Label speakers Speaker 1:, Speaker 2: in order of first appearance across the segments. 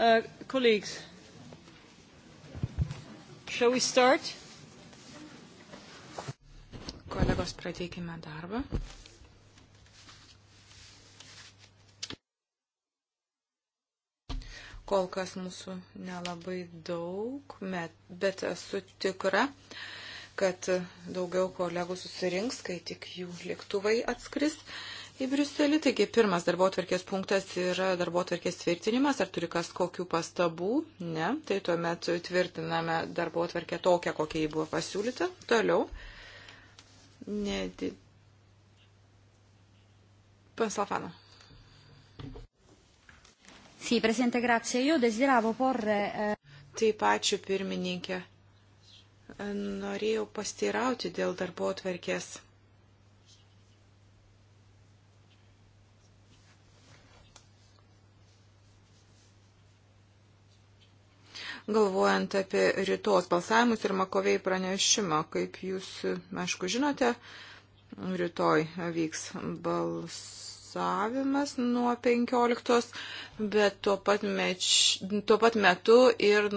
Speaker 1: Uh, colleagues, shall we start? Kolegos, pradėkime
Speaker 2: darbą. Kol kas mūsų nelabai daug, bet esu tikra, kad daugiau kolegų susirinks, kai tik jų lėktuvai atskris. Uh, į Briuselį. Taigi pirmas darbo atverkės punktas yra darbo atverkės tvirtinimas. Ar turi kas kokių pastabų? Ne. Tai tuomet tvirtiname darbo atverkę tokią, kokia jį buvo pasiūlyta. Toliau. Nedid... Panslafano.
Speaker 1: Sì, si, Presidente, grazie. Io desideravo porre... Eh...
Speaker 2: Taip, ačiū pirmininkė. Norėjau pastirauti dėl darbo atverkės galvojant apie rytos balsavimus ir Makovei pranešimą. Kaip jūs, aišku, žinote, rytoj vyks balsavimas nuo 15, bet tuo pat, meč, tuo pat metu ir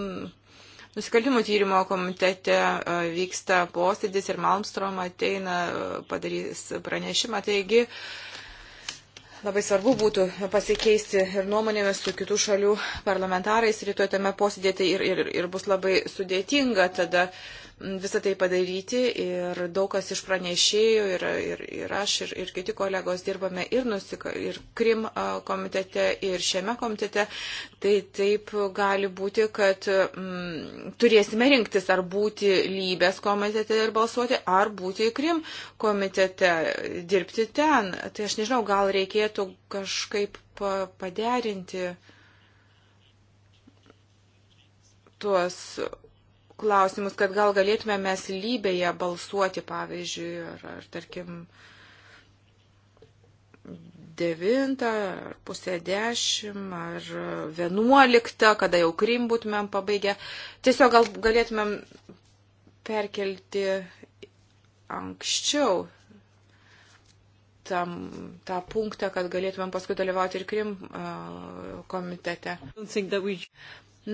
Speaker 2: Nusikaltimų tyrimo komitete e, vyksta posėdis ir Malmstrom ateina, padarys pranešimą. Taigi Labai svarbu būtų pasikeisti ir nuomonėmis su kitų šalių parlamentarais rytoj tame posėdėje tai ir, ir, ir bus labai sudėtinga tada uh, visą tai padaryti ir daug kas iš pranešėjų ir, ir, ir aš ir, ir kiti kolegos dirbame ir, nusika, ir Krim komitete ir šiame komitete, tai taip gali būti, kad mm, turėsime rinktis ar būti lybės komitete ir balsuoti, ar būti Krim komitete, dirbti ten. Tai aš nežinau, gal reikėtų kažkaip paderinti tuos klausimus, kad gal galėtume mes lybėje balsuoti, pavyzdžiui, ar, ar tarkim devintą, ar pusę dešimt, ar vienuoliktą, kada jau Krim būtumėm pabaigę. Tiesiog gal galėtumėm perkelti anksčiau tam, tą punktą, kad galėtumėm paskui dalyvauti ir Krim uh, komitete.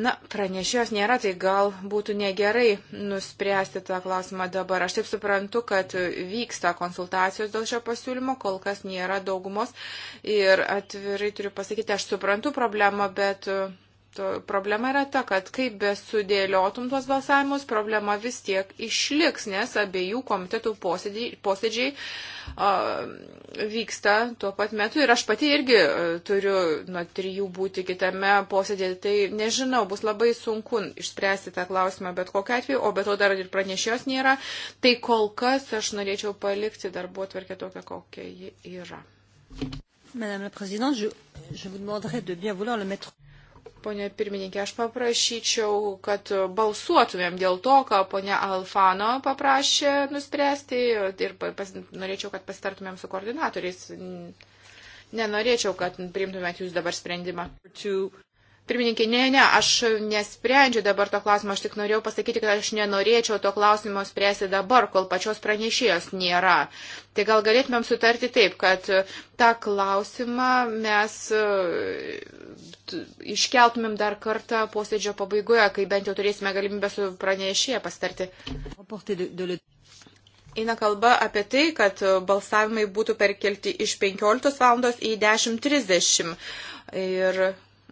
Speaker 2: Na, pranešėjos nėra, tai gal būtų negerai nuspręsti tą klausimą dabar. Aš taip suprantu, kad vyksta konsultacijos dėl šio pasiūlymo, kol kas nėra daugumos. Ir atvirai turiu pasakyti, aš suprantu problemą, bet To problema yra ta, kad kaip besudėliotum tuos balsavimus, problema vis tiek išliks, nes abiejų komitetų posėdžiai, posėdžiai a, vyksta tuo pat metu. Ir aš pati irgi turiu nuo trijų būti kitame posėdėje. Tai nežinau, bus labai sunku išspręsti tą klausimą bet kokiu atveju, o be to dar ir pranešios nėra. Tai kol kas aš norėčiau palikti darbo atverkę tokią, kokia ji yra.
Speaker 1: Madame la Présidente, je, je vous demanderai de
Speaker 2: bien vouloir le mettre. Pone pirmininkė, aš paprašyčiau, kad balsuotumėm dėl to, ką ponia Alfano paprašė nuspręsti ir pas, norėčiau, kad pasitartumėm su koordinatoriais. Nenorėčiau, kad priimtumėt jūs dabar sprendimą. Pirmininkė, ne, ne, aš nesprendžiu dabar to klausimo, aš tik norėjau pasakyti, kad aš nenorėčiau to klausimo spręsti dabar, kol pačios pranešėjos nėra. Tai gal galėtumėm sutarti taip, kad tą klausimą mes e, iškeltumėm dar kartą posėdžio pabaigoje, kai bent jau turėsime galimybę su pranešėja pastarti. Eina kalba apie tai, kad balsavimai būtų perkelti iš 15 val. į 10.30. Ir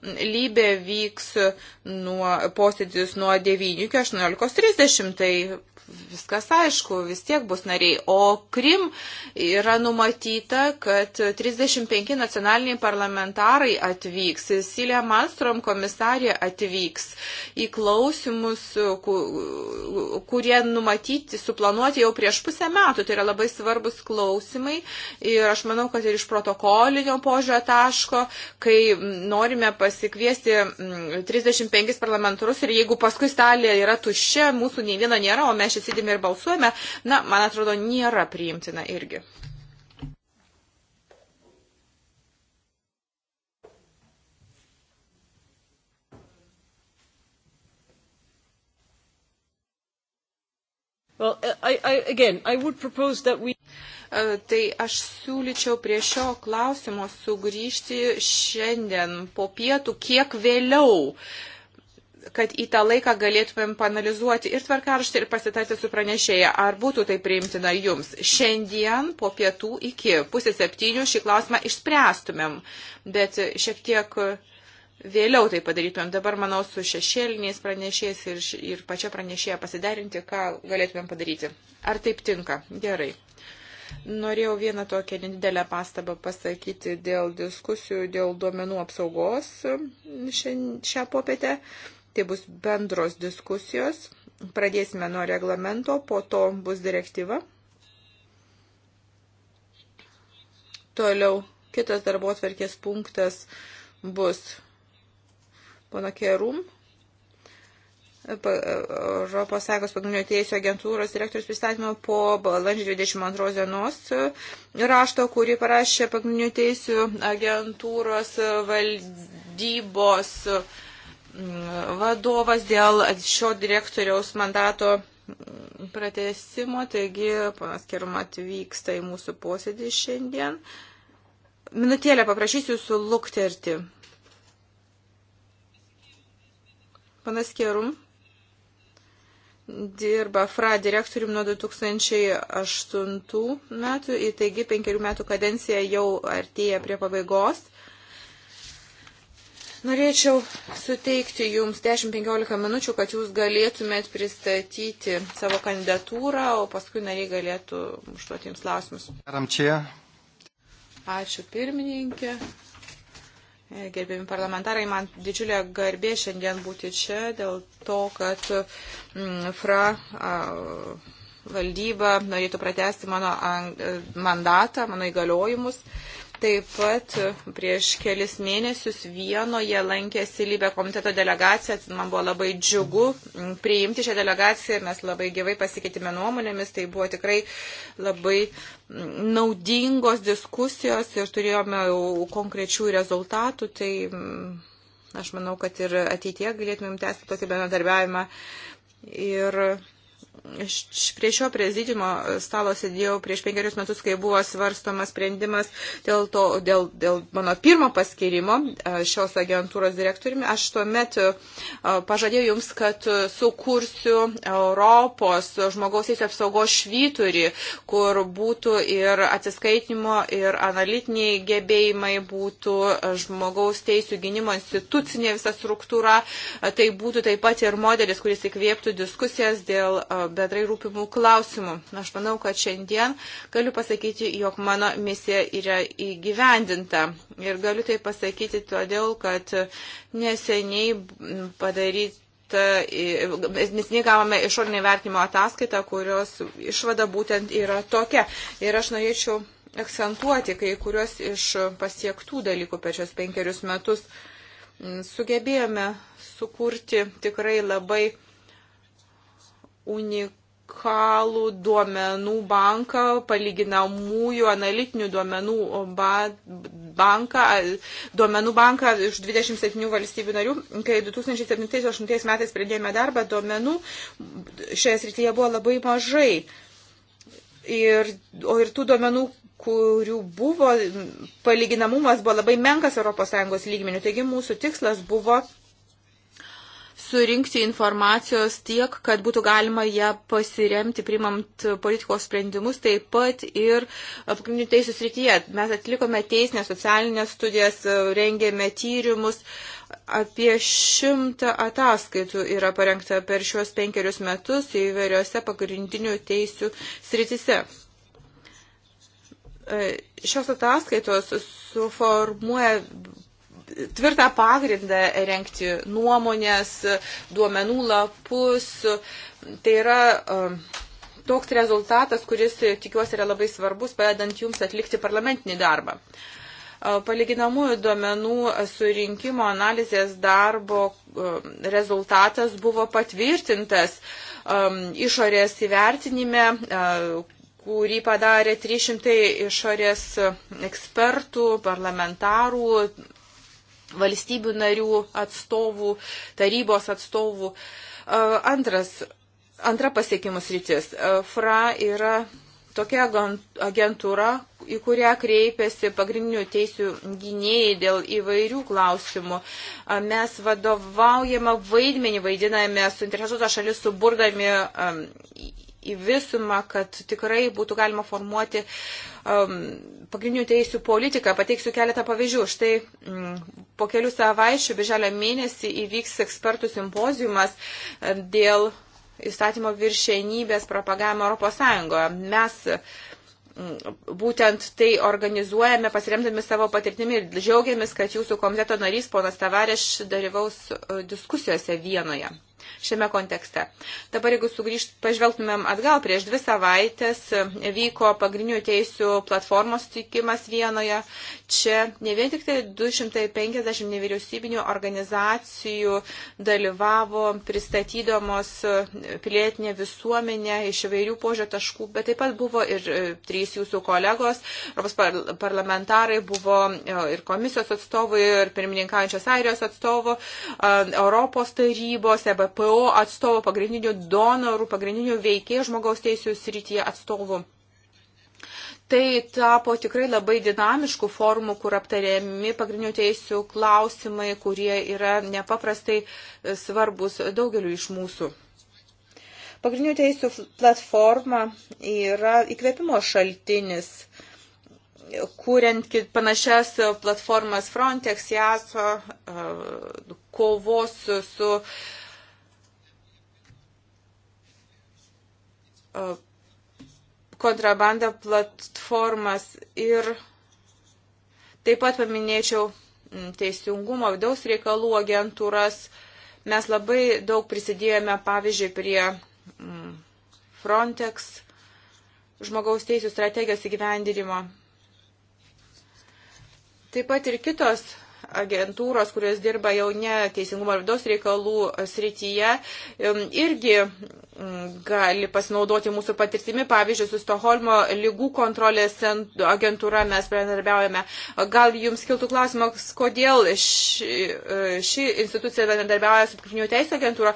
Speaker 2: Lybė vyks nuo, posėdis nuo 9 iki 18.30, tai viskas aišku, vis tiek bus nariai. O Krim yra numatyta, kad 35 nacionaliniai parlamentarai atvyks, Silė Malstrom komisarė atvyks į klausimus, kurie numatyti, suplanuoti jau prieš pusę metų. Tai yra labai svarbus klausimai ir aš manau, kad ir iš protokolinio požiūrio taško, kai norime pasirinkti, pasikviesti 35 mm, parlamentarus ir jeigu paskui stalė yra tuščia, mūsų nei vieno nėra, o mes čia sėdime ir balsuojame, na, man atrodo, nėra priimtina irgi.
Speaker 1: Well, I, I, again, I would propose that we E,
Speaker 2: tai aš siūlyčiau prie šio klausimo sugrįžti šiandien po pietų kiek vėliau kad į tą laiką galėtumėm panalizuoti ir tvarkarštį, ir pasitarti su pranešėja, ar būtų tai priimtina jums. Šiandien po pietų iki pusės septynių šį klausimą išspręstumėm, bet šiek tiek vėliau tai padarytumėm. Dabar, manau, su šešėliniais pranešėjais ir, ir pačia pranešėja pasiderinti, ką galėtumėm padaryti. Ar taip tinka? Gerai. Norėjau vieną tokią nedidelę pastabą pasakyti dėl diskusijų, dėl duomenų apsaugos šią popietę. Tai bus bendros diskusijos. Pradėsime nuo reglamento, po to bus direktyva. Toliau kitas darbo atverkės punktas bus pono Kerum Europos Sąjungos pagrindinio teisų agentūros direktorius pristatymą po balandžio 22 dienos rašto, kurį parašė pagrindinio teisų agentūros valdybos mm, vadovas dėl šio direktoriaus mandato pratesimo. Taigi, panas Kermat vyksta į mūsų posėdį šiandien. Minutėlę paprašysiu jūsų lukterti. Panas Kerum dirba FRA direktorium nuo 2008 metų, taigi penkerių metų kadencija jau artėja prie pabaigos. Norėčiau suteikti Jums 10-15 minučių, kad Jūs galėtumėt pristatyti savo kandidatūrą, o paskui nariai galėtų užduoti Jums klausimus. Ačiū pirmininkė. Gerbėmi parlamentarai, man didžiulė garbė šiandien būti čia dėl to, kad mm, FRA valdyba norėtų pratesti mano mandatą, mano įgaliojimus. Taip pat e, prieš kelis mėnesius Vienoje lankėsi Lybė komiteto delegacija. Man buvo labai džiugu priimti šią delegaciją. Mes labai gyvai pasikeitėme nuomonėmis. Tai buvo tikrai labai naudingos diskusijos ir turėjome konkrečių rezultatų. Tai aš manau, kad ir ateitie galėtumėm tęsti tokį bendradarbiavimą. Ir Prie šio prezidimo stalo sėdėjau prieš penkerius metus, kai buvo svarstomas sprendimas dėl, to, dėl, dėl mano pirmo paskirimo e, šios agentūros direktoriumi. Aš tuo metu e, pažadėjau Jums, kad sukursiu Europos žmogaus teisų apsaugos švyturį, kur būtų ir atsiskaitimo, ir analitiniai gebėjimai, būtų žmogaus teisų gynimo institucinė visa struktūra. E, tai būtų taip pat ir modelis, kuris įkvėptų diskusijas dėl bedrai rūpimų klausimų. Aš manau, kad šiandien galiu pasakyti, jog mano misija yra įgyvendinta. Ir galiu tai pasakyti todėl, kad neseniai padaryti nesiniai gavome išorinį vertinimo ataskaitą, kurios išvada būtent yra tokia. Ir aš norėčiau akcentuoti kai kuriuos iš pasiektų dalykų per šios penkerius metus. Sugebėjome sukurti tikrai labai unikalų duomenų banką, palyginamųjų analitinių duomenų ba, banką, duomenų banką iš 27 valstybių narių. Kai 2007-2008 metais pradėjome darbą, duomenų šioje srityje buvo labai mažai. Ir, o ir tų duomenų, kurių buvo palyginamumas buvo labai menkas ES lygmenių. Taigi mūsų tikslas buvo surinkti informacijos tiek, kad būtų galima ją pasiremti, primant politikos sprendimus, taip pat ir pagrindinių teisų srityje. Mes atlikome teisinės, socialinės studijas, rengėme tyrimus. Apie šimtą ataskaitų yra parengta per šiuos penkerius metus įvairiose pagrindinių teisų srityse. E, šios ataskaitos suformuoja tvirtą pagrindą renkti nuomonės, duomenų lapus. Tai yra um, toks rezultatas, kuris, tikiuosi, yra labai svarbus, padedant jums atlikti parlamentinį darbą. Uh, palyginamųjų duomenų surinkimo analizės darbo um, rezultatas buvo patvirtintas um, išorės įvertinime, uh, kurį padarė 300 išorės uh, ekspertų, parlamentarų, valstybių narių atstovų, tarybos atstovų. Antras, antra pasiekimus rytis. FRA yra tokia agentūra, į kurią kreipiasi pagrindinių teisių gynėjai dėl įvairių klausimų. Mes vadovaujamą vaidmenį vaidiname suinteresuotą šalis suburdami į visumą, kad tikrai būtų galima formuoti um, pagrindinių teisių politiką. Pateiksiu keletą pavyzdžių. Štai um, po kelių savaičių, birželio mėnesį, įvyks ekspertų simpozijumas um, e, dėl įstatymo viršenybės propagavimo Europos Sąjungoje. Mes uh, būtent tai organizuojame pasiremdami savo patirtimi ir džiaugiamės, kad jūsų komiteto narys ponas Tavareš dalyvaus e, diskusijose vienoje šiame kontekste. Dabar, jeigu sugrįžt, pažvelgtumėm atgal, prieš dvi savaitės vyko pagrindinių teisių platformos sutikimas vienoje. Čia ne vien tik tai 250 nevyriausybinių organizacijų dalyvavo pristatydamos pilietinė visuomenė iš įvairių požio taškų, bet taip pat buvo ir e, trys jūsų kolegos, Europos parlamentarai, buvo e, ir komisijos atstovai, ir pirmininkaujančios Airijos atstovų, e, Europos tarybos, EBPO NVO atstovų, pagrindinių donorų, pagrindinių veikėjų žmogaus teisų srityje atstovų. Tai tapo tikrai labai dinamiškų formų, kur aptariami pagrindinių teisų klausimai, kurie yra nepaprastai e, svarbus daugeliu iš mūsų. Pagrindinių teisų platforma yra įkvėpimo šaltinis, kuriant panašias platformas Frontex, JASO, e, kovos su kontrabandą platformas ir taip pat paminėčiau teisingumo vidaus reikalų agentūras. Mes labai daug prisidėjome, pavyzdžiui, prie Frontex žmogaus teisų strategijos įgyvendinimo. Taip pat ir kitos agentūros, kurios dirba jau ne teisingumo ir vidaus reikalų srityje, irgi gali pasinaudoti mūsų patirtimi. Pavyzdžiui, su Stoholmo lygų kontrolės agentūra mes bendarbiaujame. Gal jums kiltų klausimas, kodėl ši, e, ši institucija bendarbiauja su pagrindinių teisų agentūra?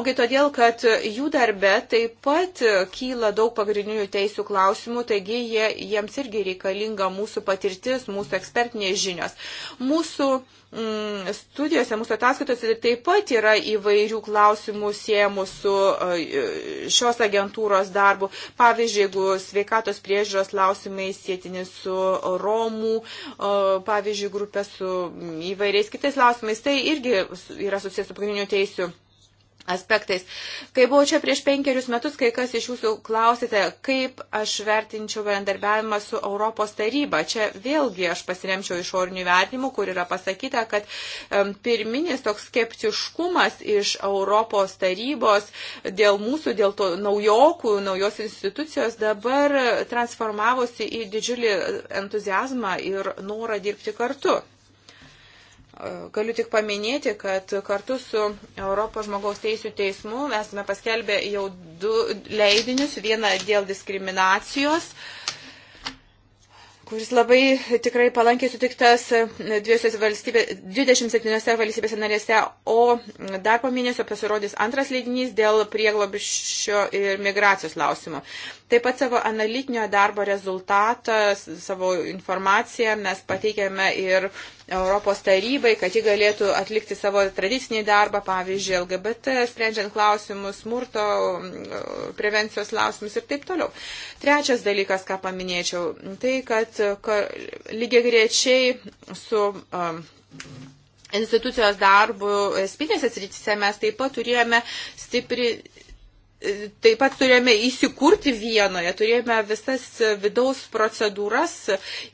Speaker 2: Ogi todėl, kad jų darbe taip pat kyla daug pagrindinių teisų klausimų, taigi jie, jiems irgi reikalinga mūsų patirtis, mūsų ekspertinės žinios. Mūsų Mm, studijose, mūsų ataskaitose taip pat yra įvairių klausimų siejamų su e, šios agentūros darbu. Pavyzdžiui, jeigu sveikatos priežiūros klausimai sėtini su Romų, e, pavyzdžiui, grupė su įvairiais kitais klausimais, tai irgi yra susijęs su pagrindiniu teisiu aspektais. Kai buvau čia prieš penkerius metus, kai kas iš jūsų klausėte, kaip aš vertinčiau bendarbiavimą su Europos taryba. Čia vėlgi aš pasiremčiau išorinių vertinimų, kur yra pasakyta, kad um, pirminis toks skeptiškumas iš Europos tarybos dėl mūsų, dėl to naujokų, naujos institucijos dabar transformavosi į didžiulį entuzijazmą ir norą dirbti kartu. Galiu tik paminėti, kad kartu su Europos žmogaus teisų teismu esame paskelbę jau du leidinius, vieną dėl diskriminacijos kuris labai tikrai palankiai sutiktas 27 valstybėse narėse, o dar po mėnesio pasirodys antras leidinys dėl prieglobiščio ir migracijos klausimų. Taip pat savo analitinio darbo rezultatą, savo informaciją mes pateikėme ir Europos tarybai, kad ji galėtų atlikti savo tradicinį darbą, pavyzdžiui, LGBT, sprendžiant klausimus, smurto mm, prevencijos klausimus ir taip toliau. Trečias dalykas, ką paminėčiau, tai, kad lygiai grečiai su um, institucijos darbu esminėse srityse mes taip pat turėjome stipri E, taip pat turėjome įsikurti vienoje, turėjome visas vidaus procedūras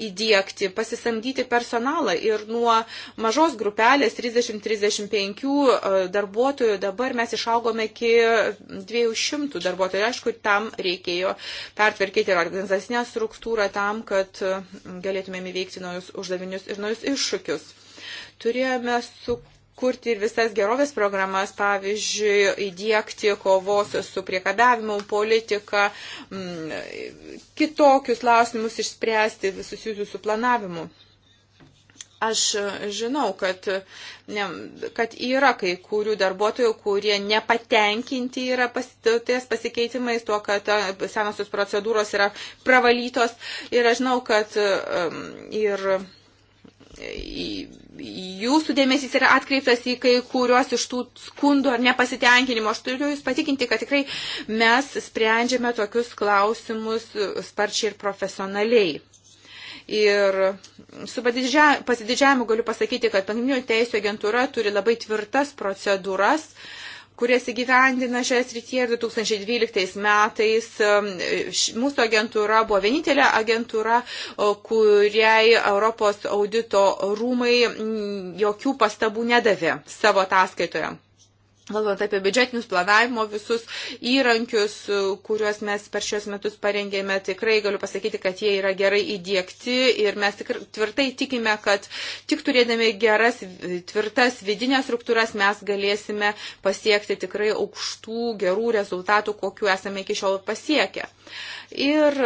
Speaker 2: įdėkti, pasisamdyti personalą ir nuo mažos grupelės 30-35 e, darbuotojų dabar mes išaugome iki 200 darbuotojų. Aišku, tam reikėjo pertvarkyti ir organizacinę struktūrą tam, kad e, galėtumėm įveikti naujus uždavinius ir naujus iššūkius. Turėjome su kurti ir visas gerovės programas, pavyzdžiui, įdėkti kovos su priekabiavimu politiką, mm, kitokius klausimus išspręsti susijusius su planavimu aš e, žinau, kad, ne, kad yra kai kurių darbuotojų, kurie nepatenkinti yra pas, ties pasikeitimais, tuo, kad e, senosios procedūros yra pravalytos. Ir aš žinau, kad um, ir jūsų dėmesys yra atkreiptas į kai kuriuos iš tų skundų ar nepasitenkinimo. Aš turiu jūs patikinti, kad tikrai mes sprendžiame tokius klausimus sparčiai ir profesionaliai. Ir su pasididžiavimu galiu pasakyti, kad pagrindinių teisų agentūra turi labai tvirtas procedūras, uh, kurias įgyvendina šioje srityje ir 2012 metais um, mūsų agentūra buvo vienintelė agentūra, kuriai Europos audito rūmai jokių pastabų nedavė savo ataskaitoje. Kalbant apie biudžetinius planavimo visus įrankius, kuriuos mes per šios metus parengėme, tikrai galiu pasakyti, kad jie yra gerai įdėkti ir mes tikrai tvirtai tikime, kad tik turėdami geras, tvirtas vidinės struktūras mes galėsime pasiekti tikrai aukštų, gerų rezultatų, kokiu esame iki šiol pasiekę. Ir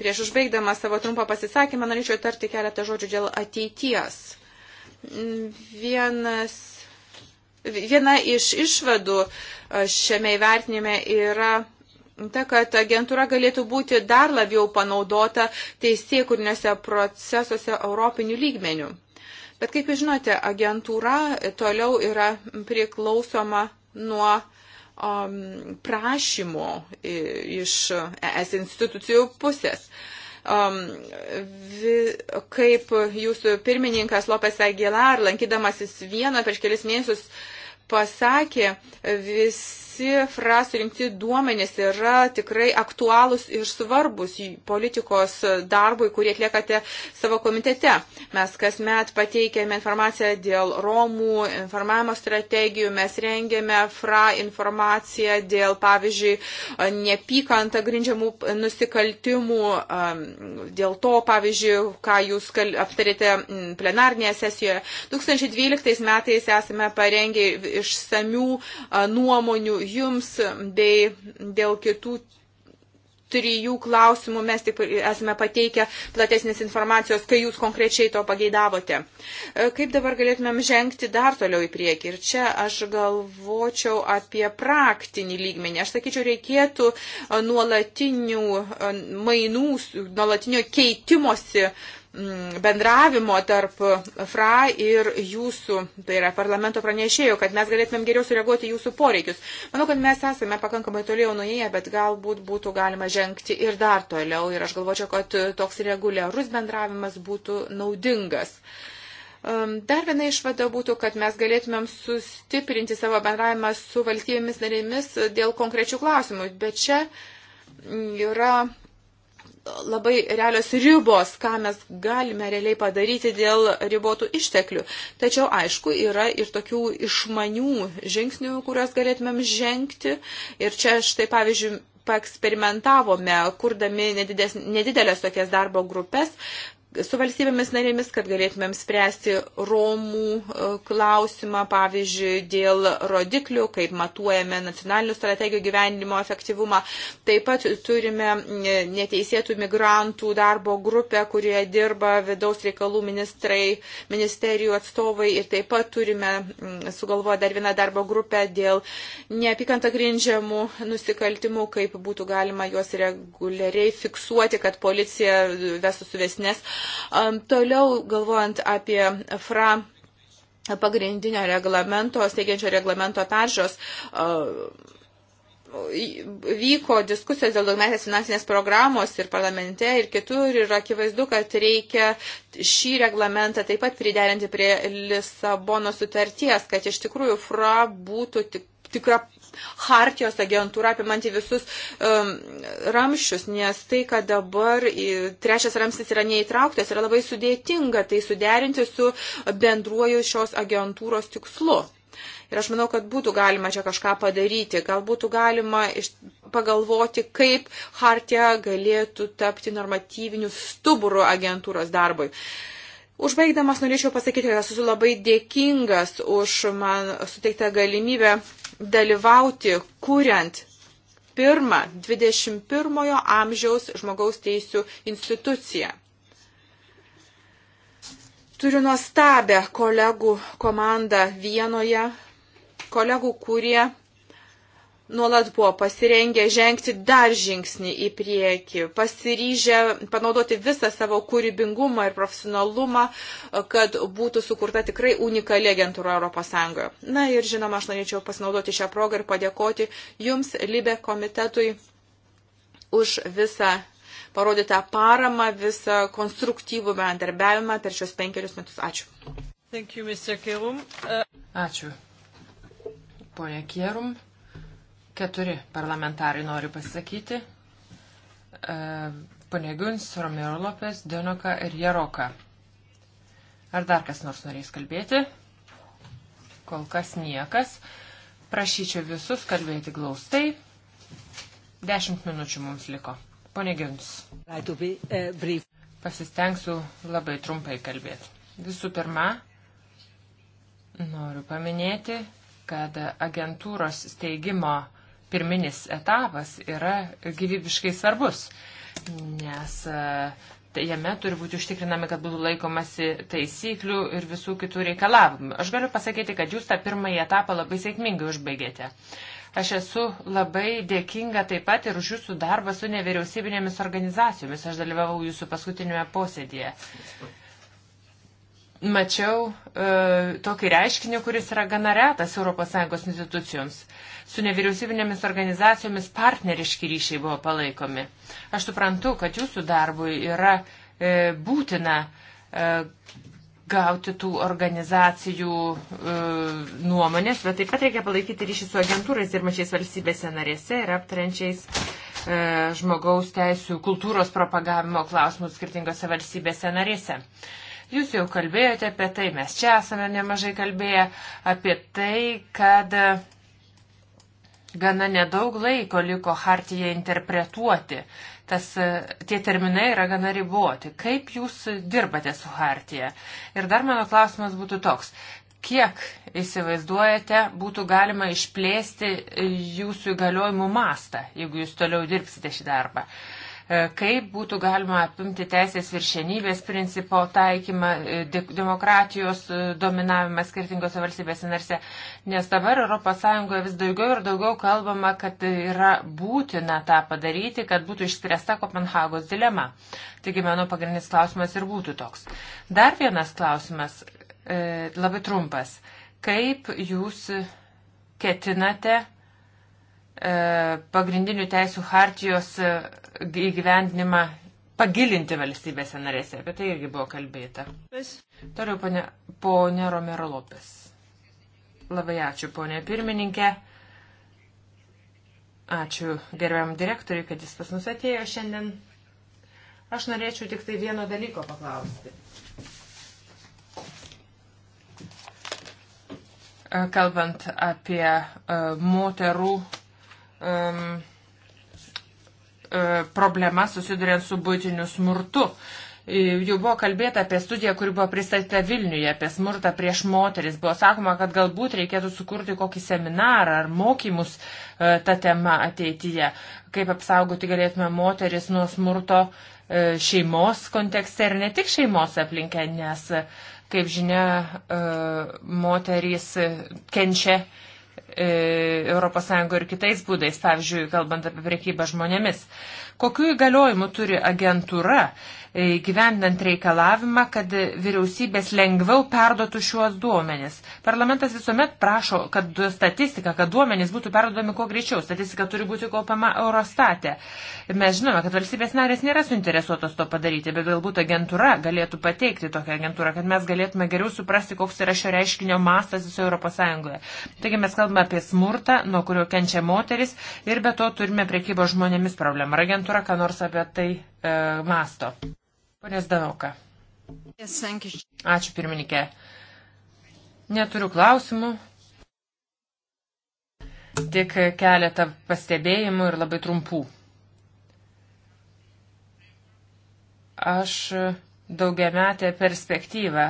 Speaker 2: prieš užbaigdama savo trumpą pasisakymą norėčiau tarti keletą žodžių dėl ateities. Vienas Viena iš išvadų e, šiame įvertinime yra ta, kad agentūra galėtų būti dar labiau panaudota teisėkurniuose procesuose europinių lygmenių. Bet kaip jūs žinote, agentūra toliau yra priklausoma nuo um, prašymo iš ES institucijų pusės. Uh, um, vi, kaip jūsų pirmininkas Lopes Aguilar, lankydamasis vieną prieš kelis mėnesius, uh, pasakė, visi FRA surinkti duomenys yra tikrai aktualūs ir svarbus politikos darbui, kurį atliekate savo komitete. Mes kasmet pateikėme informaciją dėl Romų informavimo strategijų, mes rengėme FRA informaciją dėl, pavyzdžiui, nepykantą grindžiamų nusikaltimų, dėl to, pavyzdžiui, ką jūs aptarėte plenarnėje sesijoje. 2012 metais esame parengę išsamių nuomonių jums bei dėl kitų trijų klausimų mes tik esame pateikę platesnės informacijos, kai jūs konkrečiai to pageidavote. E, kaip dabar galėtumėm žengti dar toliau į priekį? Ir čia aš galvočiau apie praktinį lygmenį. Aš sakyčiau, reikėtų nuolatinių mainų, nuolatinio keitimosi uh, Mm, bendravimo tarp FRA ir jūsų, tai yra parlamento pranešėjo, kad mes galėtumėm geriau sureaguoti jūsų poreikius. Manau, kad mes esame pakankamai toliau nuėję, bet galbūt būtų galima žengti ir dar toliau. Ir aš galvočiau, kad toks reguliarus bendravimas būtų naudingas. Um, dar viena išvada būtų, kad mes galėtumėm sustiprinti savo bendravimą su valstybėmis narėmis dėl konkrečių klausimų, bet čia yra labai realios ribos, ką mes galime realiai padaryti dėl ribotų išteklių. Tačiau, aišku, yra ir tokių išmanių žingsnių, kuriuos galėtumėm žengti. Ir čia štai, pavyzdžiui, paeksperimentavome, kurdami nedides, nedidelės tokias darbo grupės, su valstybėmis narėmis, kad galėtumėm spręsti Romų e, klausimą, pavyzdžiui, dėl rodiklių, kaip matuojame nacionalinių strategijų gyvenimo efektyvumą. Taip pat turime e, neteisėtų migrantų darbo grupę, kurioje dirba vidaus reikalų ministrai, ministerijų atstovai ir taip pat turime sugalvoję dar vieną darbo grupę dėl neapykantą grindžiamų nusikaltimų, kaip būtų galima juos reguliariai fiksuoti, kad policija vestų suvesnės Toliau, galvojant apie FRA pagrindinio reglamento, steigiančio reglamento peržos, vyko diskusijos dėl daugmetės finansinės programos ir parlamente ir kitur ir akivaizdu, kad reikia šį reglamentą taip pat priderinti prie Lisabono sutarties, kad iš tikrųjų FRA būtų tik tikra Hartijos agentūra apimanti visus um, ramščius, nes tai, kad dabar trečias ramstis yra neįtrauktas, yra labai sudėtinga tai suderinti su bendruoju šios agentūros tikslu. Ir aš manau, kad būtų galima čia kažką padaryti, gal būtų galima iš, pagalvoti, kaip Hartija galėtų tapti normatyviniu stuburu agentūros darbui. Uh, Užbaigdamas norėčiau pasakyti, kad esu labai dėkingas už man suteiktą galimybę dalyvauti, kuriant pirmą 21 amžiaus žmogaus teisų instituciją. Turiu nuostabę kolegų komandą Vienoje, kolegų, kurie nuolat buvo pasirengę žengti dar žingsnį į priekį, pasiryžę panaudoti visą savo kūrybingumą ir profesionalumą, kad būtų sukurta tikrai unikali agentūra ES. Na ir žinoma, aš norėčiau pasinaudoti šią progą ir padėkoti Jums, Libe komitetui, už visą parodytą paramą, visą konstruktyvų
Speaker 3: bendarbiavimą per šios penkerius metus. Ačiū.
Speaker 1: Thank you, Mr. Kerum. Uh...
Speaker 3: Ačiū. Pone Kerum. Keturi parlamentarai nori pasakyti. E, Paneguns, Romero Lopes, Denoka ir Jaroka. Ar dar kas nors norės kalbėti? Kol kas niekas. Prašyčiau visus kalbėti glaustai. Dešimt minučių mums liko. Paneguns. Pasistengsiu labai trumpai kalbėti. Visų pirma, noriu paminėti, kad agentūros steigimo pirminis etapas yra gyvybiškai svarbus, nes e, jame turi būti užtikrinami, kad būtų laikomasi taisyklių ir visų kitų reikalavimų. Aš galiu pasakyti, kad jūs tą pirmąjį etapą labai sėkmingai užbaigėte. Aš esu labai dėkinga taip pat ir už jūsų darbą su nevyriausybinėmis organizacijomis. Aš dalyvavau jūsų paskutinėme posėdėje mačiau e, tokį reiškinį, kuris yra gana retas ES institucijoms. Su nevyriausybinėmis organizacijomis partneriški ryšiai buvo palaikomi. Aš suprantu, kad jūsų darbui yra e, būtina e, gauti tų organizacijų e, nuomonės, bet taip pat reikia palaikyti ryšį su agentūrais ir mačiais valstybėse narėse ir aptarančiais e, žmogaus teisų kultūros propagavimo klausimus skirtingose valstybėse narėse. E, Jūs jau kalbėjote apie tai, mes čia esame nemažai kalbėję apie tai, kad gana nedaug laiko liko hartiją interpretuoti. Tas, tie terminai yra gana riboti. Kaip jūs dirbate su hartija? Ir dar mano klausimas būtų toks. Kiek įsivaizduojate, būtų galima išplėsti jūsų įgaliojimų mastą, jeigu jūs toliau dirbsite šį darbą? E, kaip būtų galima apimti teisės viršenybės principo taikymą, e, demokratijos e, dominavimą skirtingose valstybėse narse. Nes dabar ES vis daugiau ir daugiau kalbama, kad yra būtina tą padaryti, kad būtų išspręsta Kopenhagos dilema. Taigi mano pagrindinis klausimas ir būtų toks. Dar vienas klausimas, labai trumpas. Kaip jūs ketinate E, pagrindinių teisų hartijos e, įgyvendinimą pagilinti valstybėse narėse. Apie tai irgi buvo kalbėta. Toliau ponė, ponė Romero Lopes. Labai ačiū, ponė pirmininkė. Ačiū gerbiam direktoriui, kad jis pas mus atėjo šiandien. Aš norėčiau tik tai vieno dalyko paklausti. E, kalbant apie uh, moterų um, uh, problema susiduriant su būtiniu smurtu. Jau buvo kalbėta apie studiją, kuri buvo pristatyta Vilniuje, apie smurtą prieš moteris. Buvo sakoma, kad galbūt reikėtų sukurti kokį seminarą ar mokymus e, uh, tą temą ateityje, kaip apsaugoti galėtume moteris nuo smurto e, šeimos kontekste ir ne tik šeimos aplinkę, nes, kaip žinia, e, moterys kenčia ES ir kitais būdais, pavyzdžiui, kalbant apie priekybą žmonėmis. Kokiu įgaliojimu turi agentūra E, gyvendant reikalavimą, kad vyriausybės lengviau perdotų šiuos duomenis. Parlamentas visuomet prašo, kad statistika, kad duomenys būtų perdodami kuo greičiau. Statistika turi būti kaupama Eurostate. Mes žinome, kad valstybės narės nėra suinteresuotos to padaryti, bet galbūt agentūra galėtų pateikti tokią agentūrą, kad mes galėtume geriau suprasti, koks yra šio reiškinio mastas visoje Europos Sąjungoje. Taigi mes kalbame apie smurtą, nuo kurio kenčia moteris ir be to turime priekybos žmonėmis problemą. Ar agentūra ką nors apie tai e, masto? Ponės Danoka.
Speaker 2: Ačiū
Speaker 3: pirmininkė. Neturiu klausimų. Tik keletą pastebėjimų ir labai trumpų. Aš daugiametę perspektyvą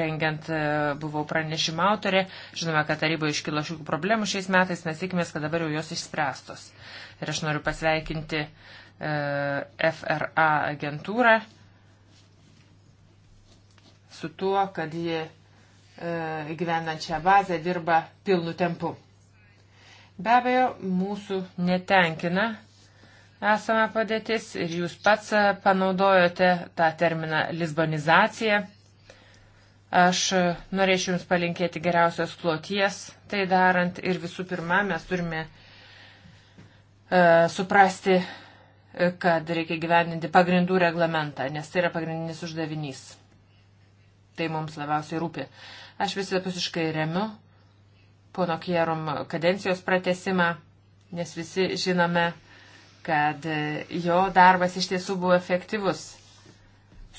Speaker 3: rengiant e, buvau pranešimo autorė. Žinome, kad taryboje iškilo šių problemų šiais metais, mes tikimės, kad dabar jau jos išspręstos. Ir aš noriu pasveikinti e, FRA agentūrą su tuo, kad ji e, gyvenančią bazę dirba pilnu tempu. Be abejo, mūsų netenkina esama padėtis ir jūs pats e, panaudojote tą terminą lisbonizacija. Aš e, norėčiau Jums palinkėti geriausios kloties, tai darant ir visų pirma mes turime e, suprasti, kad reikia gyveninti pagrindų reglamentą, nes tai yra pagrindinis uždavinys. Tai mums labiausiai rūpi. Aš visapusiškai remiu pono Kierum kadencijos pratesimą, nes visi žinome, kad jo darbas iš tiesų buvo efektyvus,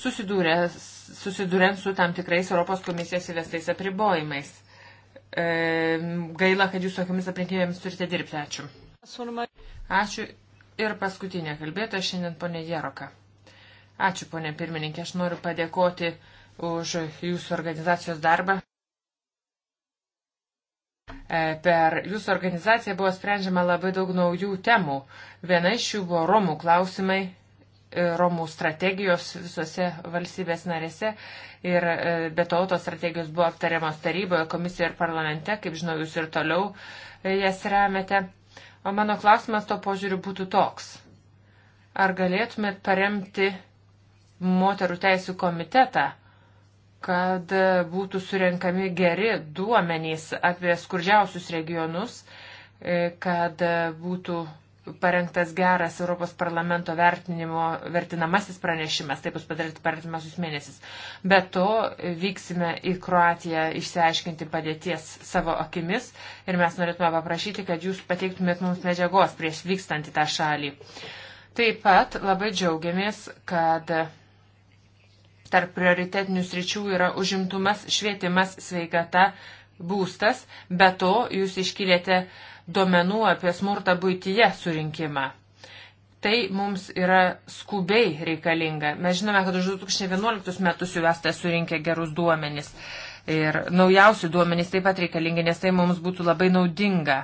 Speaker 3: susidūrent su tam tikrais Europos komisijos įvestais apribojimais. E, gaila, kad jūs tokiamis aplinkybėmis turite dirbti. Ačiū. Ačiū. Ir paskutinė kalbėtoja šiandien ponė Jeroka. Ačiū, ponė pirmininkė, aš noriu padėkoti už jūsų organizacijos darbą. E, per jūsų organizaciją buvo sprendžiama labai daug naujų temų. Viena iš jų buvo Romų klausimai, e, Romų strategijos visose valstybės narėse ir e, be to tos strategijos buvo aptariamos taryboje, komisijoje ir parlamente, kaip žinau, jūs ir toliau jas remiate. O mano klausimas to požiūriu būtų toks. Ar galėtumėt paremti moterų teisų komitetą? kad būtų surenkami geri duomenys apie skurdžiausius regionus, e, kad būtų parengtas geras Europos parlamento vertinimo, vertinamasis pranešimas, taip bus padaryti per artimiausius mėnesius. Be to vyksime į Kroatiją išsiaiškinti padėties savo akimis ir mes norėtume paprašyti, kad jūs pateiktumėt mums medžiagos prieš vykstant į tą šalį. Taip pat labai džiaugiamės, kad Tarp prioritetinių sričių yra užimtumas, švietimas, sveikata, būstas, be to jūs iškilėte duomenų apie smurtą būtyje surinkimą. Tai mums yra skubiai reikalinga. Mes žinome, kad už 2011 metus jau esate surinkę gerus duomenys. Ir naujausi duomenys taip pat reikalingi, nes tai mums būtų labai naudinga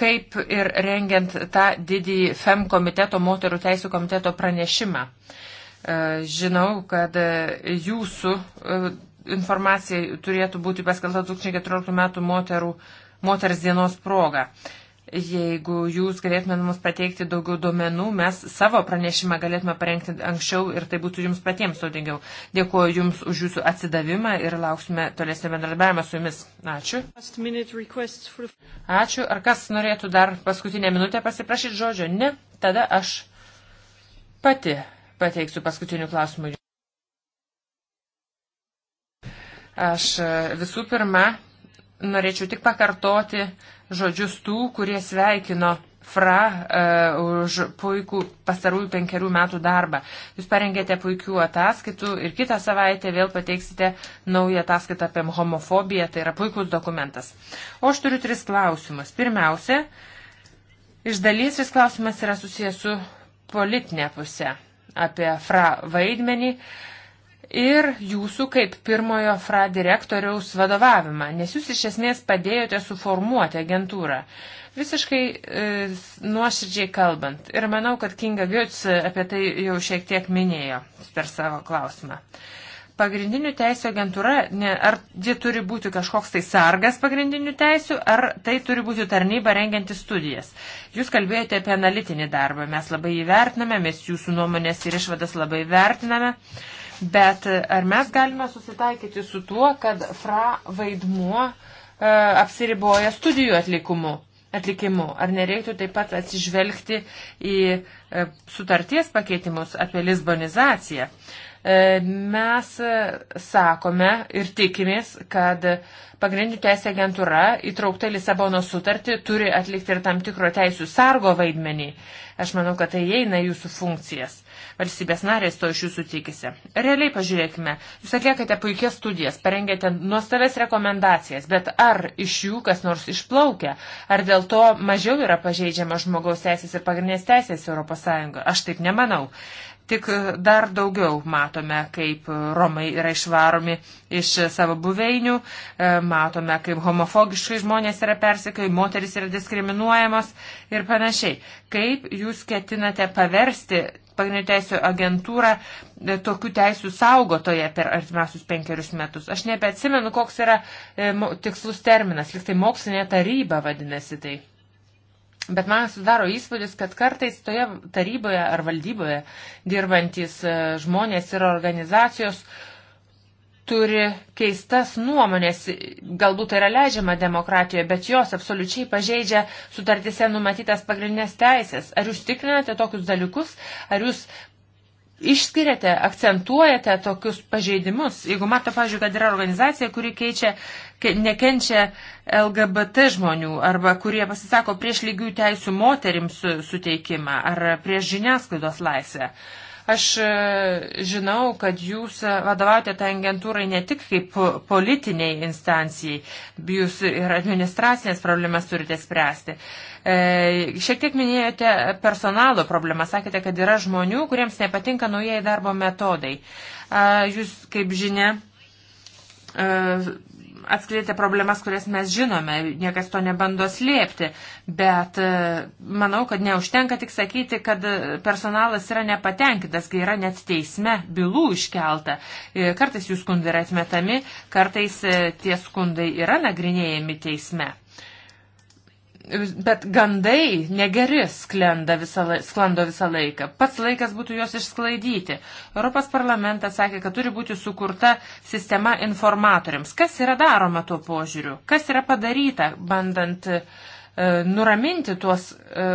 Speaker 3: kaip ir rengiant tą didįjį FEM komiteto, moterų teisų komiteto pranešimą. E, žinau, kad jūsų e, informacija turėtų būti paskelta 2014 m. Moterų, moters dienos proga. Jeigu jūs galėtumėte mums pateikti daugiau duomenų, mes savo pranešimą galėtume parengti anksčiau ir tai būtų jums patiems naudingiau. Dėkuoju Jums už Jūsų atsidavimą ir lauksime tolesnio bendradarbiavimo su Jumis. Ačiū. Ačiū. Ar kas norėtų dar paskutinę minutę pasiprašyti žodžio? Ne. Tada aš pati pateiksiu paskutinių klausimų. Aš e, visų pirma norėčiau tik pakartoti žodžius tų, kurie sveikino FRA uh, už puikų pastarųjų penkerių metų darbą. Jūs parengėte puikių ataskaitų ir kitą savaitę vėl pateiksite naują ataskaitą apie homofobiją, tai yra puikus dokumentas. O aš turiu tris klausimus. Pirmiausia, iš dalies šis klausimas yra susijęs su politinė pusė. Uh, apie FRA vaidmenį ir jūsų kaip pirmojo FRA direktoriaus vadovavimą, nes jūs iš esmės padėjote suformuoti agentūrą. Visiškai e, nuoširdžiai kalbant, ir manau, kad Kinga Giots apie tai jau šiek tiek minėjo per savo klausimą. E, Pagrindinių teisų agentūra, ne, ar ji turi būti kažkoks tai sargas pagrindinių teisų, ar tai turi būti tarnyba rengianti studijas. Jūs kalbėjote apie analitinį darbą, mes labai įvertiname, mes jūsų nuomonės ir išvadas labai vertiname, bet e, ar mes galime susitaikyti su tuo, kad fra vaidmuo e, apsiriboja studijų atlikumu? atlikimu. Ar nereiktų taip pat atsižvelgti į e, sutarties pakeitimus apie lisbonizaciją? E, mes e, sakome ir tikimės, kad pagrindinių teisė agentūra įtraukta Lisabono sutartį turi atlikti ir tam tikro teisų sargo vaidmenį. Aš manau, kad tai įeina jūsų funkcijas. Valstybės narės to iš jūsų tikisi. Realiai pažiūrėkime, jūs atliekate puikias studijas, parengėte nuostaves rekomendacijas, bet ar iš jų kas nors išplaukia, ar dėl to mažiau yra pažeidžiama žmogaus teisės ir pagrindinės teisės ES? Aš taip nemanau tik dar daugiau matome, kaip Romai yra išvaromi iš savo buveinių, e, matome, kaip homofobiškai žmonės yra persekiojami, moteris yra diskriminuojamos ir panašiai. Kaip jūs ketinate paversti pagrindinių teisų agentūrą e, tokių teisų saugotoje per artimiausius penkerius metus. Aš nebeatsimenu, koks yra e, tikslus terminas, liktai mokslinė taryba vadinasi tai. Bet man sudaro įspūdis, kad kartais toje taryboje ar valdyboje dirbantis e, žmonės ir organizacijos turi keistas nuomonės, galbūt tai yra leidžiama demokratijoje, bet jos absoliučiai pažeidžia sutartise numatytas pagrindinės teisės. Ar jūs tikrinate tokius dalykus, ar jūs išskiriate, akcentuojate tokius pažeidimus? Jeigu mato, pažiūrėjau, kad yra organizacija, kuri keičia nekenčia LGBT žmonių arba kurie pasisako prieš lygių teisų moterims suteikimą ar prieš žiniasklaidos laisvę. Aš e, žinau, kad jūs vadovaujate tą tai agentūrai ne tik kaip politiniai instancijai, jūs ir administracinės problemas turite spręsti. E, šiek tiek minėjote personalo problemą, sakėte, kad yra žmonių, kuriems nepatinka naujieji darbo metodai. E, jūs, kaip žinia, e, atskleidėte problemas, kurias mes žinome, niekas to nebando slėpti, bet e, manau, kad neužtenka tik sakyti, kad personalas yra nepatenkintas, kai yra net teisme bylų iškelta. E, kartais jų skundai yra atmetami, kartais e, tie skundai yra nagrinėjami teisme bet gandai negeri sklenda visą, sklando visą laiką. Pats laikas būtų juos išsklaidyti. Europos parlamentas sakė, kad turi būti sukurta sistema informatoriams. Kas yra daroma tuo požiūriu? Kas yra padaryta, bandant e, nuraminti tuos e,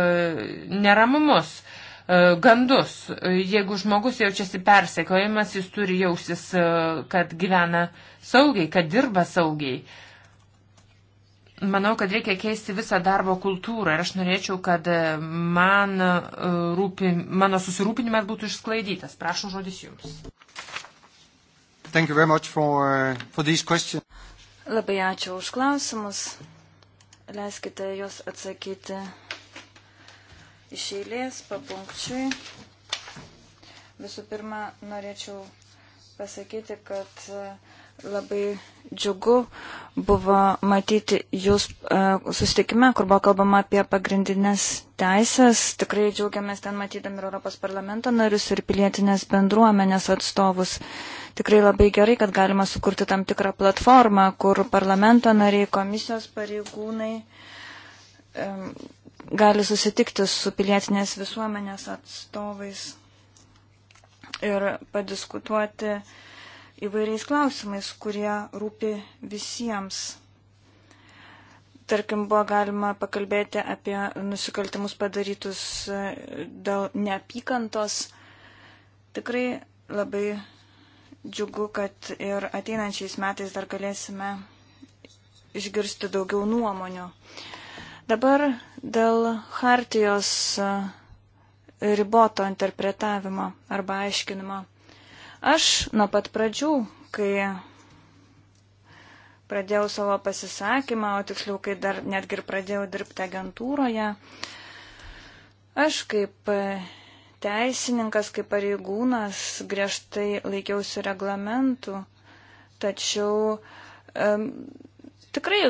Speaker 3: neramumus? E, gandus. Jeigu žmogus jaučiasi persekiojimas, jis turi jausis, e, kad gyvena saugiai, kad dirba saugiai. Manau, kad reikia keisti visą darbo kultūrą ir aš norėčiau, kad man e, rūpi, mano susirūpinimas būtų išsklaidytas. Prašau žodis Jums.
Speaker 1: For, uh, for Labai ačiū už klausimus. Leiskite juos atsakyti iš eilės, papunkčiui. Visų pirma, norėčiau pasakyti, kad uh, Labai džiugu buvo matyti jūs e, susitikime, kur buvo kalbama apie pagrindinės teisės. Tikrai džiaugiamės ten matydami ir Europos parlamento narius ir pilietinės bendruomenės atstovus. Tikrai labai gerai, kad galima sukurti tam tikrą platformą, kur parlamento nariai, komisijos pareigūnai e, gali susitikti su pilietinės visuomenės atstovais ir padiskutuoti uh, įvairiais klausimais, kurie rūpi visiems. Tarkim, buvo galima pakalbėti apie nusikaltimus padarytus e, dėl neapykantos. Tikrai labai džiugu, kad ir ateinančiais metais dar galėsime išgirsti daugiau nuomonių. Dabar dėl hartijos e, riboto interpretavimo arba aiškinimo. Aš nuo pat pradžių, kai pradėjau savo pasisakymą, o tiksliau, kai dar netgi ir pradėjau dirbti agentūroje, aš kaip teisininkas, kaip pareigūnas griežtai laikiausi reglamentų, tačiau um, tikrai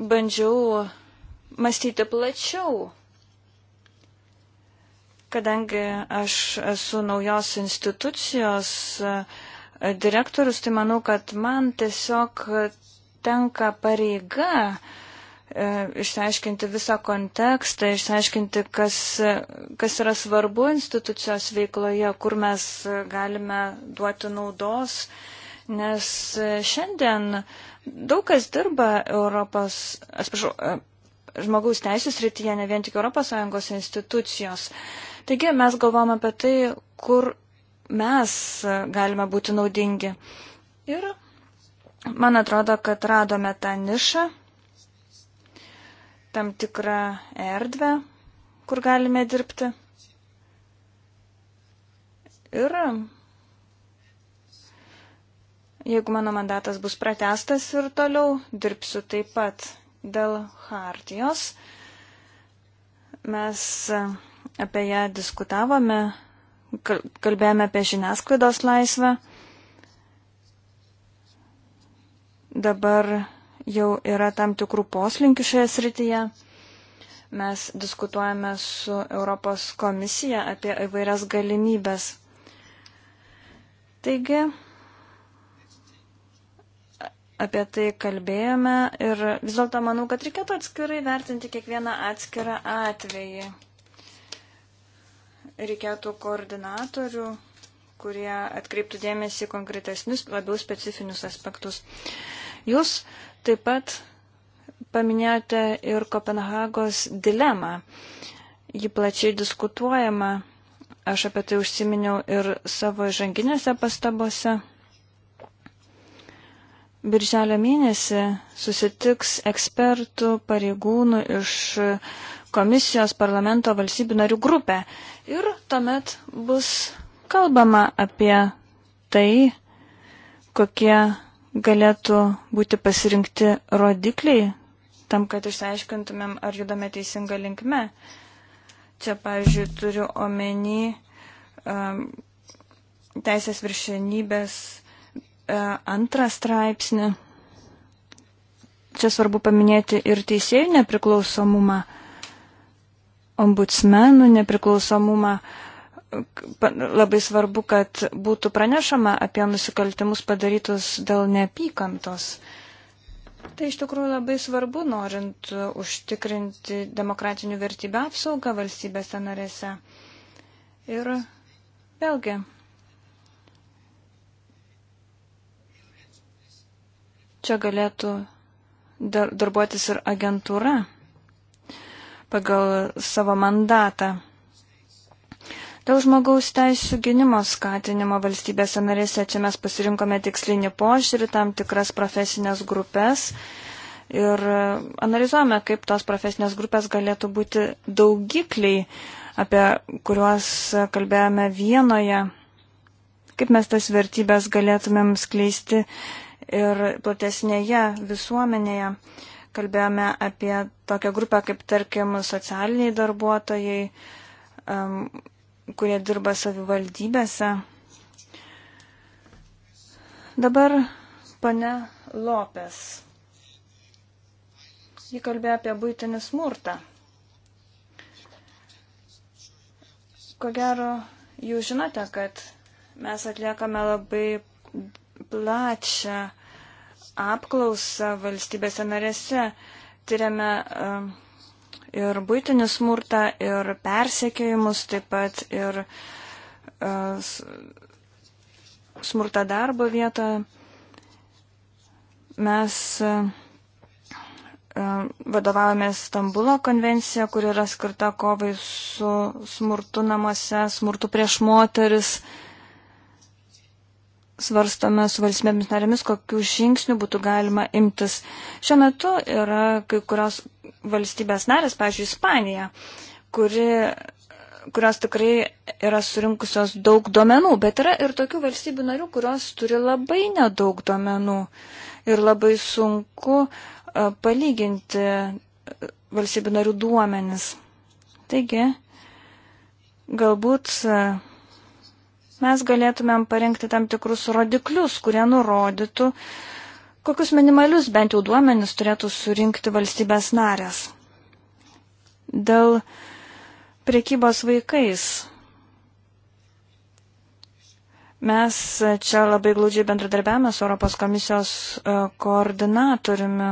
Speaker 1: bandžiau mąstyti plačiau. Kadangi aš esu naujos institucijos e, direktorius, tai manau, kad man tiesiog tenka pareiga e, išsiaiškinti visą kontekstą, išsiaiškinti, kas, kas yra svarbu institucijos veikloje, kur mes galime duoti naudos, nes šiandien daug kas dirba Europos, atsiprašau, e, žmogaus teisės rytyje, ne vien tik ES institucijos. Uh, Taigi mes galvom apie tai, kur mes galime būti naudingi. Ir man atrodo, kad radome tą nišą, tam tikrą erdvę, kur galime dirbti. Ir jeigu mano mandatas bus pratestas ir toliau dirbsiu taip pat dėl hartijos, mes apie ją diskutavome, kalbėjome apie žiniasklaidos laisvę. Dabar jau yra tam tikrų poslinkių šioje srityje. Mes diskutuojame su Europos komisija apie įvairias galimybės. Taigi, apie tai kalbėjome ir vis dėlto manau, kad reikėtų atskirai vertinti kiekvieną atskirą atvejį reikėtų koordinatorių, kurie atkreiptų dėmesį konkretesnius, labiau specifinius aspektus. Jūs taip pat paminėjote ir Kopenhagos dilemą. Ji plačiai diskutuojama. Aš apie tai užsiminiau ir savo žanginėse pastabose. Birželio mėnesį susitiks ekspertų pareigūnų iš komisijos parlamento valstybių narių grupę. Ir tuomet bus kalbama apie tai, kokie galėtų būti pasirinkti rodikliai tam, kad išsiaiškintumėm, ar judame teisinga linkme. Čia, pavyzdžiui, turiu omeny um, teisės viršenybės uh, antrą straipsnį. Čia svarbu paminėti ir teisėjų nepriklausomumą. Uh, ombudsmenų nepriklausomumą. Labai svarbu, kad būtų pranešama apie nusikaltimus padarytus dėl neapykantos. Tai iš tikrųjų labai svarbu, norint užtikrinti demokratinių vertybių apsaugą valstybėse narėse. Ir vėlgi. Čia galėtų dar, darbuotis ir agentūra pagal savo mandatą. Dėl žmogaus teisų gynimo skatinimo valstybėse narėse čia mes pasirinkome tikslinį požiūrį, tam tikras profesinės grupės ir analizuojame, kaip tos profesinės grupės galėtų būti daugikliai, apie kuriuos kalbėjome vienoje, kaip mes tas vertybės galėtumėm skleisti ir platesnėje visuomenėje. Uh, Kalbėjome apie tokią grupę kaip, tarkim, socialiniai darbuotojai, um, kurie dirba savivaldybėse. Dabar pane Lopes. Ji kalbėjo apie būtinį smurtą. Ko gero, jūs žinote, kad mes atliekame labai plačią apklausą valstybėse narėse. Tyriame e, ir būtinį smurtą, ir persekiojimus, taip pat ir e, smurtą darbo vietoje. Mes e, vadovavome Stambulo konvenciją, kur yra skirta kovai su smurtu namuose, smurtu prieš moteris. Uh, svarstome su valstybėmis narėmis, kokių žingsnių būtų galima imtis. Šiuo metu yra kai kurios valstybės narės, pavyzdžiui, Ispanija, kuri, kurios tikrai yra surinkusios daug duomenų, bet yra ir tokių valstybių narių, kurios turi labai nedaug duomenų ir labai sunku e, palyginti e, valstybių narių duomenis. Taigi, galbūt e, mes galėtumėm parengti tam tikrus rodiklius, kurie nurodytų, kokius minimalius bent jau duomenis turėtų surinkti valstybės narės. Dėl priekybos vaikais. Mes čia labai glaudžiai bendradarbiavame su Europos komisijos e, koordinatoriumi,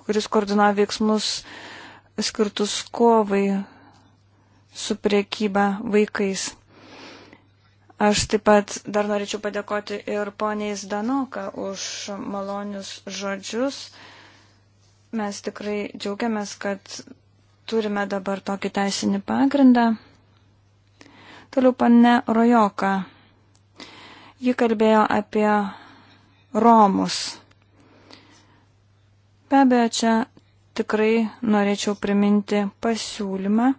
Speaker 1: kuris koordinuoja veiksmus skirtus kovai su priekyba vaikais. Aš taip pat dar norėčiau padėkoti ir poniai Zdanoka už malonius žodžius. Mes tikrai džiaugiamės, kad turime dabar tokį teisinį pagrindą. Toliau pane Rojoka. Ji kalbėjo apie Romus. Be abejo, čia tikrai norėčiau priminti pasiūlymą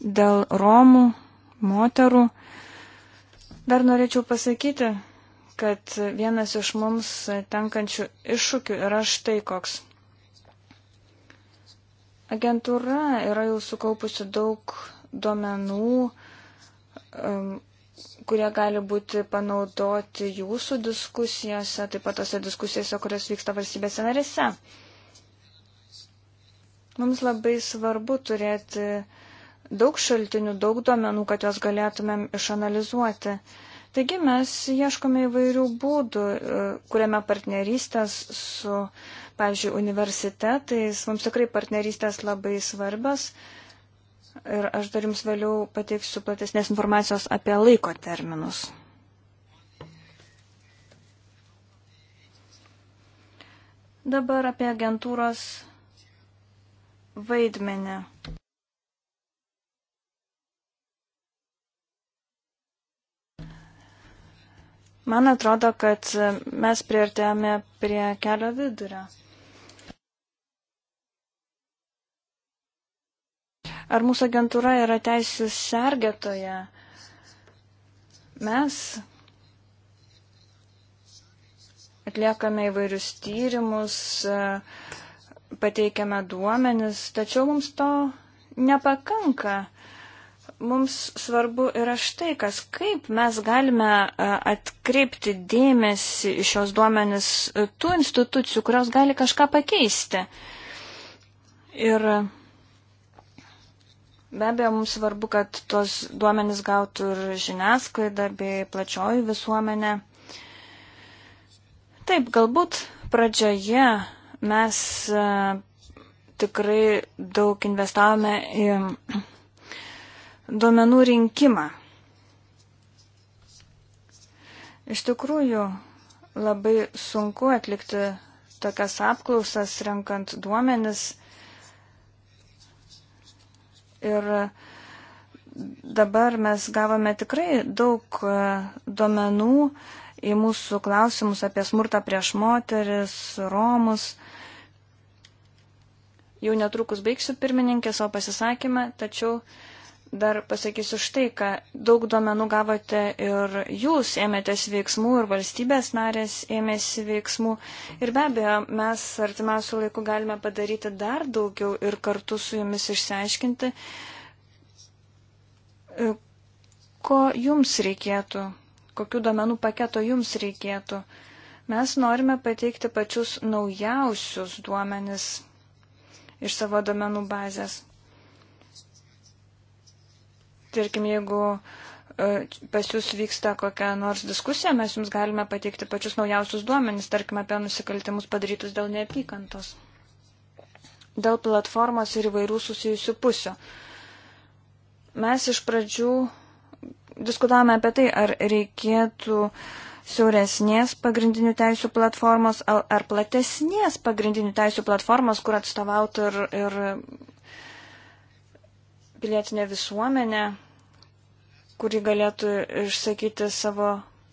Speaker 1: dėl Romų, moterų. Dar norėčiau pasakyti, kad vienas iš mums tenkančių iššūkių yra štai koks. Agentūra yra jau sukaupusi daug duomenų, um, kurie gali būti panaudoti jūsų diskusijose, taip pat tose diskusijose, kurios vyksta valstybėse narėse. Mums labai svarbu turėti uh, daug šaltinių, daug duomenų, kad juos galėtumėm išanalizuoti. Taigi mes ieškome įvairių būdų, e, kuriame partnerystės su, pavyzdžiui, universitetais. Mums tikrai partnerystės labai svarbios. Ir aš dar jums vėliau pateiksiu platesnės informacijos apie laiko terminus. Dabar apie agentūros vaidmenį. Man atrodo, kad mes priartėjome prie kelio vidurio. Ar mūsų agentūra yra teisų sergėtoje? Mes atliekame įvairius tyrimus, pateikiame duomenis, tačiau mums to nepakanka mums svarbu yra štai kas, kaip mes galime e, atkreipti dėmesį į šios duomenis e, tų institucijų, kurios gali kažką pakeisti. Ir be abejo, mums svarbu, kad tos duomenis gautų ir žiniasklaida bei plačioji visuomenė. Taip, galbūt pradžioje mes e, tikrai daug investavome į duomenų rinkimą. Iš tikrųjų, labai sunku atlikti tokias apklausas, renkant duomenis. Ir dabar mes gavome tikrai daug e, duomenų į mūsų klausimus apie smurtą prieš moteris, romus. Jau netrukus baigsiu pirmininkės savo pasisakymą, tačiau uh, dar pasakysiu štai, ką daug duomenų gavote ir jūs ėmėtės veiksmų ir valstybės narės ėmėsi veiksmų. Ir be abejo, mes artimiausių laikų galime padaryti dar daugiau ir kartu su jumis išsiaiškinti, e, ko jums reikėtų, kokiu duomenų paketo jums reikėtų. Mes norime pateikti pačius naujausius duomenis iš savo duomenų bazės. Tarkim, jeigu e, pas jūs vyksta kokia nors diskusija, mes jums galime pateikti pačius naujausius duomenys, tarkim, apie nusikaltimus padarytus dėl neapykantos, dėl platformos ir įvairių susijusių pusių. Mes iš pradžių diskutavome apie tai, ar reikėtų siauresnės pagrindinių teisų platformos, ar platesnės pagrindinių teisų platformos, kur atstovautų ir, ir pilietinė visuomenė, kuri galėtų išsakyti savo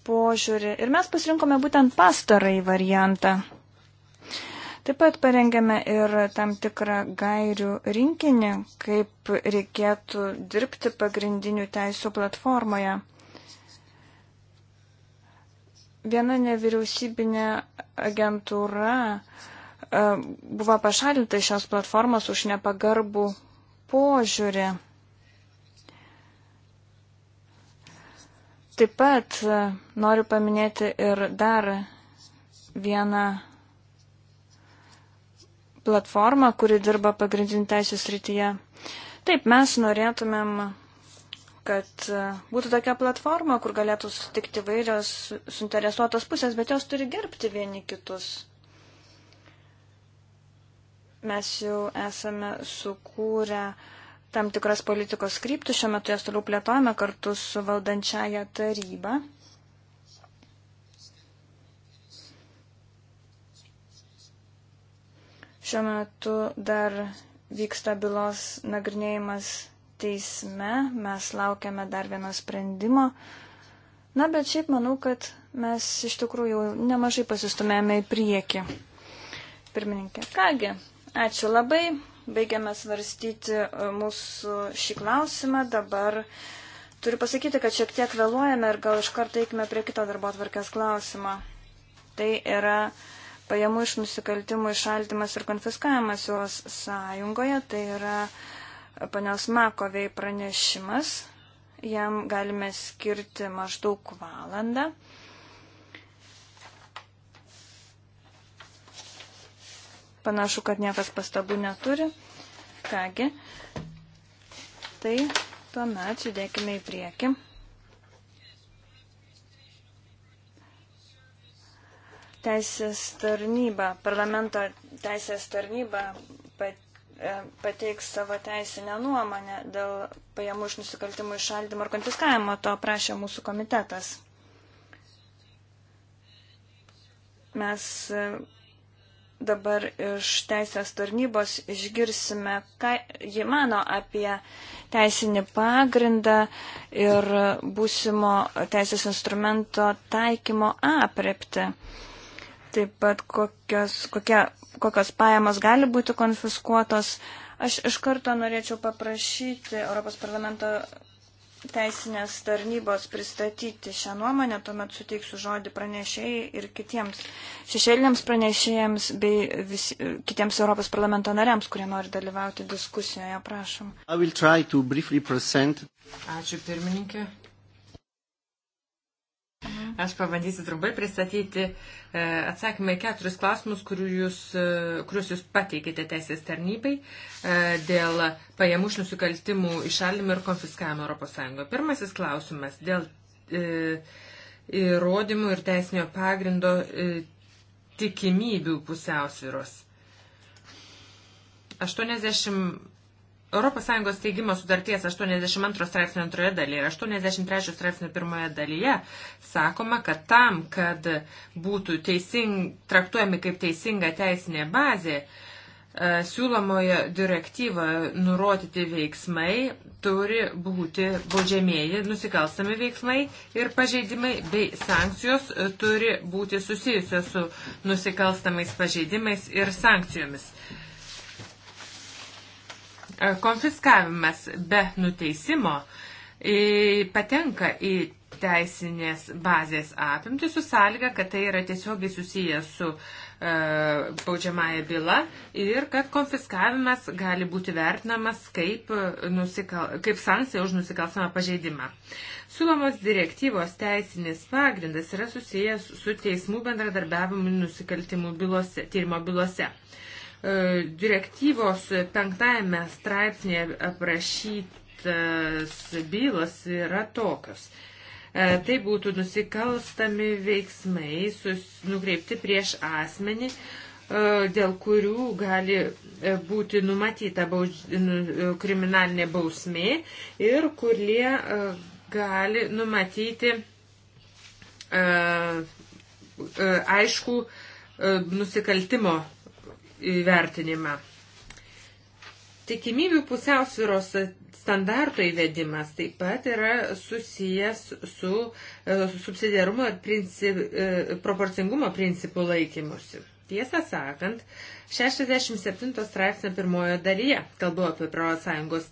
Speaker 1: požiūrį. Ir mes pasirinkome būtent pastarąjį variantą. Taip pat parengėme ir tam tikrą gairių rinkinį, kaip reikėtų dirbti pagrindinių teisų platformoje. Viena nevyriausybinė agentūra e, buvo pašalinta iš šios platformos už nepagarbų požiūrį. Taip pat e, noriu paminėti ir dar vieną platformą, kuri dirba pagrindinį teisės rytyje. Taip, mes norėtumėm, kad e, būtų tokia platforma, kur galėtų sutikti vairios suinteresuotos pusės, bet jos turi gerbti vieni kitus. Mes jau esame sukūrę tam tikras politikos kryptis, šiuo metu jas toliau plėtojame kartu su valdančiaja taryba. Šiuo metu dar vyksta bylos nagrinėjimas teisme, mes laukiame dar vieno sprendimo. Na, bet šiaip manau, kad mes iš tikrųjų nemažai pasistumėjome į priekį. Pirmininkė, kągi, Ačiū labai. Baigiame svarstyti e, mūsų šį klausimą. Dabar turiu pasakyti, kad šiek tiek vėluojame ir gal iš karto eikime prie kito darbo atvarkės klausimo. Tai yra pajamų iš nusikaltimų išaldimas ir konfiskavimas jos sąjungoje. Tai yra panios Makoviai pranešimas. Jam galime skirti maždaug valandą. Panašu, kad niekas pastabų neturi. Kągi, tai tuomet judėkime į priekį. Teisės tarnyba, parlamento teisės tarnyba e, pateiks savo teisinę nuomonę dėl pajamų iš nusikaltimų išaldymo ir konfiskavimo, to prašė mūsų komitetas. Mes e, dabar iš teisės tarnybos išgirsime, ką ji mano apie teisinį pagrindą ir būsimo teisės instrumento taikymo aprepti. Taip pat kokios, kokie, kokios pajamos gali būti konfiskuotos. Aš iš karto norėčiau paprašyti Europos parlamento teisinės tarnybos pristatyti šią nuomonę, tuomet suteiksiu žodį pranešėjai ir kitiems šešėliniams pranešėjams bei vis, kitiems Europos parlamento nariams, kurie nori dalyvauti diskusijoje. Prašom. Ačiū pirmininkė. Aš pabandysiu trumpai pristatyti e,
Speaker 3: atsakymą į keturis klausimus, jūs, e, kuriuos jūs pateikėte teisės tarnybai e, dėl pajamų iš nusikaltimų išalimo ir konfiskavimo ES. Pirmasis klausimas dėl įrodymų ir teisinio pagrindo tikimybių pusiausviros. 80 ES teigimo sutarties 82 straipsnio antroje dalyje ir 83 straipsnio pirmoje dalyje sakoma, kad tam, kad būtų teising, traktuojami kaip teisinga teisinė bazė, e, siūlomoje direktyvoje nurodyti veiksmai turi būti baudžiamieji nusikalstami veiksmai ir pažeidimai bei sankcijos e, turi būti susijusios su nusikalstamais pažeidimais ir sankcijomis. E, konfiskavimas be nuteisimo e, patenka į teisinės bazės apimti su sąlyga, kad tai yra tiesiogiai susijęs su e, baudžiamąją bylą ir kad konfiskavimas gali būti vertinamas kaip, nusikal, kaip sankcija už nusikalstamą pažeidimą. Siūlomos direktyvos teisinis pagrindas yra susijęs su teismų bendradarbiavimu nusikaltimų bylose, tyrimo bylose. E, direktyvos penktajame straipsnėje aprašytas bylas yra tokios. E, tai būtų nusikalstami veiksmai sus, nukreipti prieš asmenį, e, dėl kurių gali būti numatyta baudž... Nu, kriminalinė bausmė ir kurie gali numatyti aišku nusikaltimo įvertinimą. Tikimybių pusiausvyros standarto įvedimas taip pat yra susijęs su e, subsidiarumo ir princip, e, proporcingumo principų laikymusi. Tiesą sakant, 67 straipsnio pirmojo dalyje, kalbu apie ES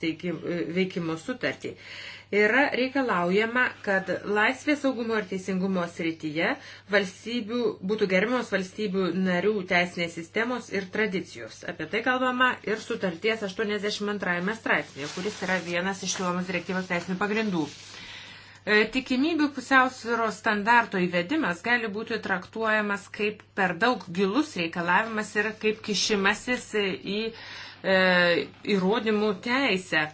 Speaker 3: veikimo sutartį, yra reikalaujama, kad laisvės saugumo ir teisingumo srityje būtų gerbiamos valstybių narių teisinės sistemos ir tradicijos. Apie tai kalbama ir sutarties 82 straipsnėje, kuris yra vienas iš siūlomos direktyvos teisinių pagrindų. E, tikimybių pusiausvyros standarto įvedimas gali būti traktuojamas kaip per daug gilus reikalavimas ir kaip kišimasis į e, įrodymų teisę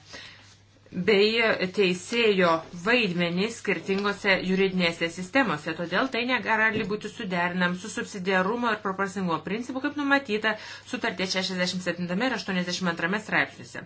Speaker 3: bei teisėjo vaidmenį skirtingose juridinėse sistemose. Todėl tai negali būti suderinam su subsidiarumo ir proporcingumo principu, kaip numatyta sutartė 67 ir 82 straipsniuose.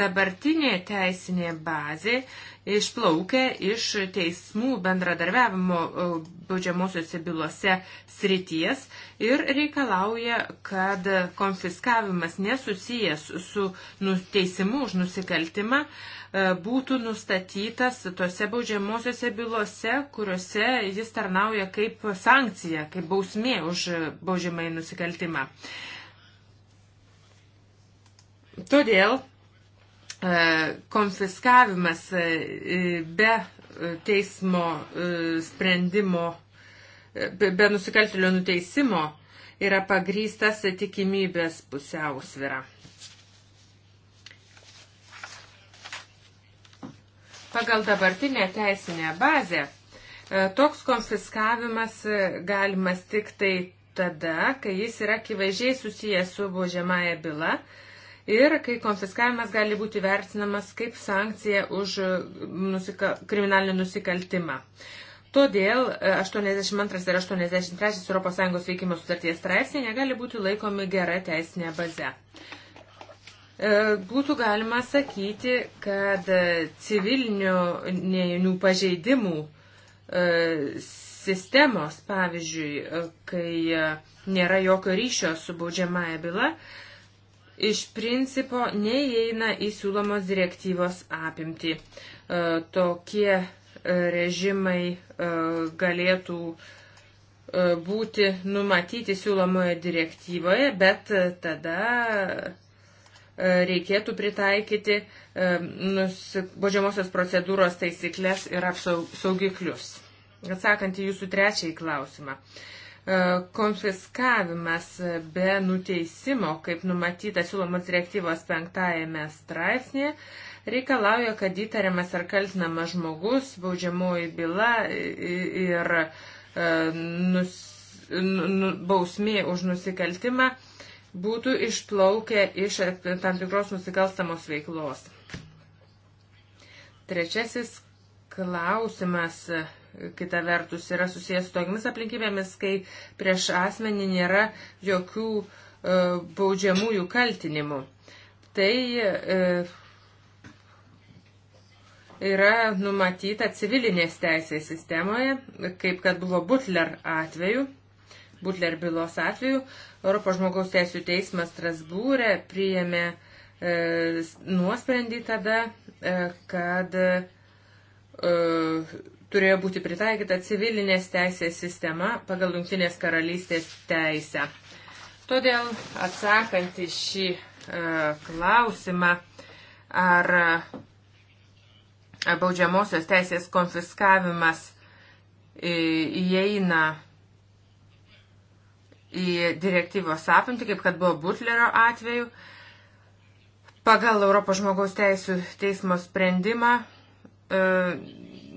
Speaker 3: Dabartinė teisinė bazė išplaukia iš teismų bendradarbiavimo e, baudžiamosiuose bylose srities ir reikalauja, kad konfiskavimas nesusijęs su nu, teisimu už nusikaltimą e, būtų nustatytas tose baudžiamosiuose bylose, kuriuose jis tarnauja kaip sankcija, kaip bausmė už baudžiamąjį nusikaltimą. Todėl E, konfiskavimas e, e, be teismo sprendimo, be nusikaltėlio nuteisimo yra pagrystas tikimybės pusiausvira. Pagal dabartinę teisinę bazę toks konfiskavimas galimas tik tai tada, kai jis yra akivaizdžiai susijęs su baudžiamąją bylą ir kai konfiskavimas gali būti vertinamas kaip sankcija už nusika, kriminalinį nusikaltimą. Todėl 82 e, ir 83 ES veikimo sutarties straipsniai negali būti laikomi gera teisinė baze. E, būtų galima sakyti, kad e, civilinių pažeidimų sistemos, pavyzdžiui, kai nėra jokio ryšio su baudžiamąją bylą, iš principo neįeina į siūlomos direktyvos apimti. E, tokie e, režimai e, galėtų būti numatyti siūlomoje direktyvoje, bet tada reikėtų pritaikyti baudžiamosios procedūros taisyklės ir apsaugiklius. Atsakant į jūsų trečiąjį klausimą. Uh, E, konfiskavimas be nuteisimo, kaip numatyta siūlomos direktyvos penktajame straipsnėje, reikalauja, kad įtariamas ar kaltinamas žmogus, baudžiamoji byla ir e, nus, n, nu, nu, bausmė už nusikaltimą būtų išplaukę iš tam tikros nusikalstamos veiklos. Trečiasis klausimas kita vertus, yra susijęs su tokiamis aplinkybėmis, kai prieš asmenį nėra jokių e, baudžiamųjų kaltinimų. Tai e, yra numatyta civilinės teisės sistemoje, kaip kad buvo Butler atveju, Butler bylos atveju, Europos žmogaus teisų teismas Strasbūrė priėmė e, nuosprendį tada, e, kad e, turėjo būti pritaikyta civilinės teisės sistema pagal Junktinės karalystės teisę. Todėl atsakant į šį e, klausimą, ar e, baudžiamosios teisės konfiskavimas e, įeina į direktyvos apimti, kaip kad buvo Butlerio atveju, pagal Europos žmogaus teisų teismo sprendimą e,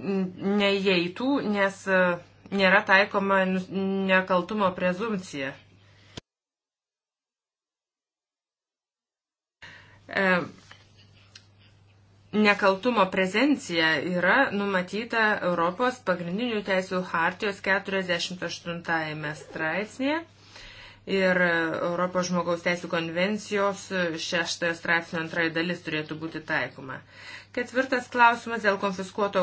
Speaker 3: neįeitų, nes e, nėra taikoma nekaltumo prezumcija. E, nekaltumo prezencija yra numatyta Europos pagrindinių teisų hartijos 48 straipsnėje ir Europos žmogaus teisų konvencijos šeštojo straipsnio antroji dalis turėtų būti taikoma. Ketvirtas klausimas dėl konfiskuoto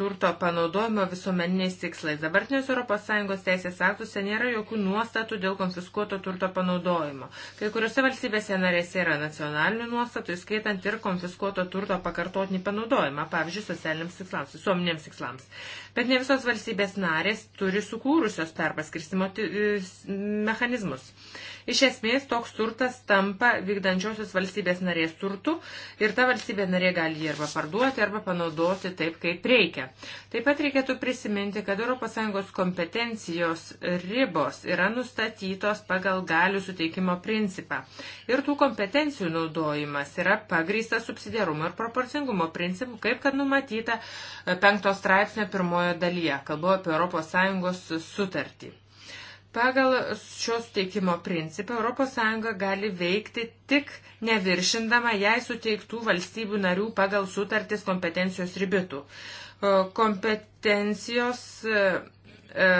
Speaker 3: turto panaudojimo visuomeniniais tikslais. Dabartinės ES teisės aktuose nėra jokių nuostatų dėl konfiskuoto turto panaudojimo. Kai kuriuose valstybėse narėse yra nacionalinių nuostatų, įskaitant ir konfiskuoto turto pakartotinį panaudojimą, pavyzdžiui, socialiniams tikslams, visuomeniniams tikslams. Bet ne visos valstybės narės turi sukūrusios perpaskirstimo mechanizmus. Iš esmės, toks turtas tampa vykdančiosios valstybės narės turtu ir ta valstybė narė gali jį arba parduoti, arba panaudoti taip, kaip reikia. Taip pat reikėtų prisiminti, kad ES kompetencijos ribos yra nustatytos pagal galių suteikimo principą. Ir tų kompetencijų naudojimas yra pagrįstas subsidiarumo ir proporcingumo principu, kaip kad numatyta penktos straipsnio pirmojo dalyje. Kalbu apie ES sutartį. Pagal šios teikimo principą ES gali veikti tik neviršindama jai suteiktų valstybių narių pagal sutartis kompetencijos ribitų. Kompetencijos, e, e,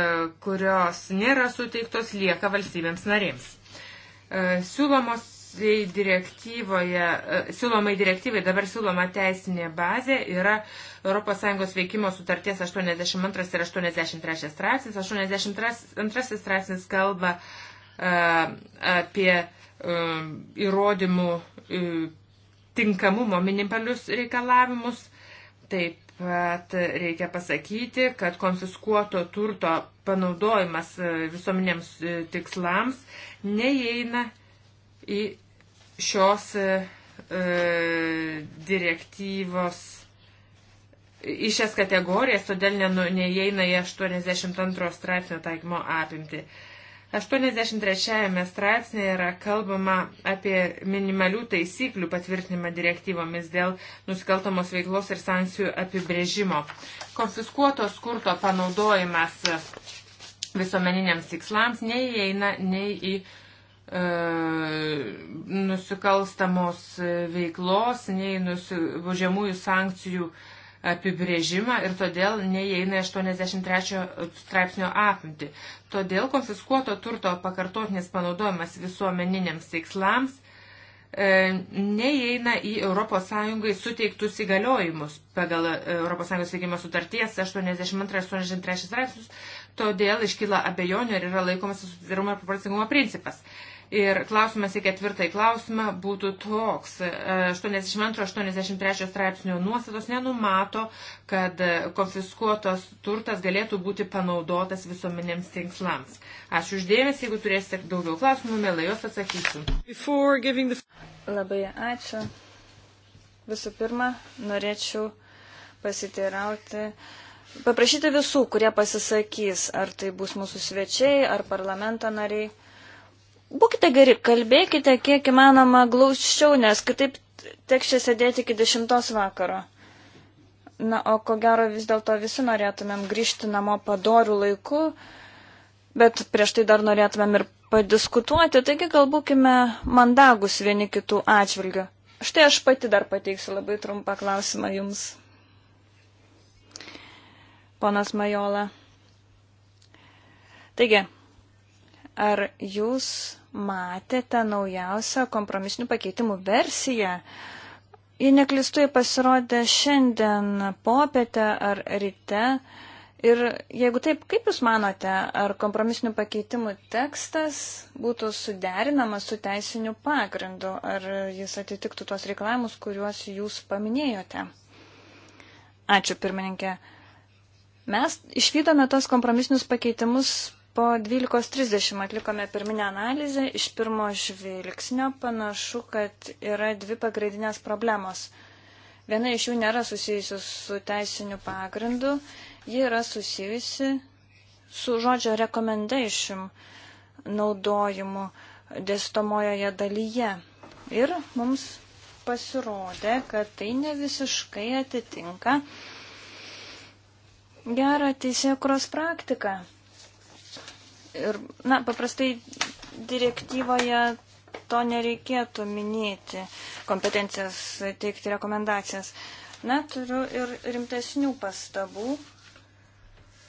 Speaker 3: kurios nėra suteiktos, lieka valstybėms narėms. E, siūlomos direktyvoje, e, siūlomai direktyvai dabar siūloma teisinė bazė yra ES veikimo sutarties 82 ir 83 straipsnis. 82 straipsnis kalba e, apie e, įrodymų tinkamumo minimalius reikalavimus. Taip pat reikia pasakyti, kad konfiskuoto turto panaudojimas visuomenėms tikslams neįeina į šios e, e, direktyvos į šias kategorijas, todėl neįeina į 82 straipsnio taikymo apimti. 83 straipsnėje yra kalbama apie minimalių taisyklių patvirtinimą direktyvomis dėl nusikaltamos veiklos ir sankcijų apibrėžimo. Konfiskuotos skurto panaudojimas visuomeniniams tikslams neįeina nei į E, nusikalstamos veiklos, nei baudžiamųjų sankcijų apibrėžimą ir todėl neįeina 83 straipsnio apimti. Todėl konfiskuoto turto pakartotinis panaudojimas visuomeniniams tikslams e, neįeina į ES suteiktus įgaliojimus pagal ES veikimo sutarties 82-83 straipsnius, todėl iškyla abejonių ir yra laikomas susidarumo ir proporcingumo principas. Ir klausimas į ketvirtąjį klausimą būtų toks. 82-83 straipsnio nuostatos nenumato, kad konfiskuotas turtas galėtų būti panaudotas visuomenėms tinklams. Ačiū uždėmesi, jeigu turėsite daugiau klausimų, mielai juos atsakysiu.
Speaker 1: The... Labai ačiū. Visų pirma, norėčiau pasiteirauti. Paprašyti visų, kurie pasisakys, ar tai bus mūsų svečiai, ar parlamento nariai būkite geri, kalbėkite kiek įmanoma glaučiau, nes kitaip teks čia sėdėti iki dešimtos vakaro. Na, o ko gero vis dėlto visi norėtumėm grįžti namo padorių laiku, bet prieš tai dar norėtumėm ir padiskutuoti, taigi gal būkime mandagus vieni kitų atžvilgių. Štai aš pati dar pateiksiu labai trumpą klausimą jums. Ponas Majola. Taigi, ar jūs matėte naujausią kompromisinių pakeitimų versiją? Jei neklistu, jie pasirodė šiandien popietę ar ryte. Ir jeigu taip, kaip Jūs manote, ar kompromisinių pakeitimų tekstas būtų suderinamas su teisiniu pagrindu, ar jis atitiktų tuos reikalavimus, kuriuos Jūs paminėjote? Ačiū, pirmininkė. Mes išvykome tos kompromisinius pakeitimus Po 12.30 atlikome pirminę analizę. Iš pirmo žvilgsnio panašu, kad yra dvi pagrindinės problemos. Viena iš jų nėra susijusi su teisiniu pagrindu, ji yra susijusi su žodžio recommendation naudojimu dėstomojoje dalyje. Ir mums pasirodė, kad tai ne visiškai atitinka gerą teisėkros praktiką. Ir, na, paprastai direktyvoje to nereikėtų minėti, kompetencijas teikti rekomendacijas. Na, turiu ir rimtesnių pastabų.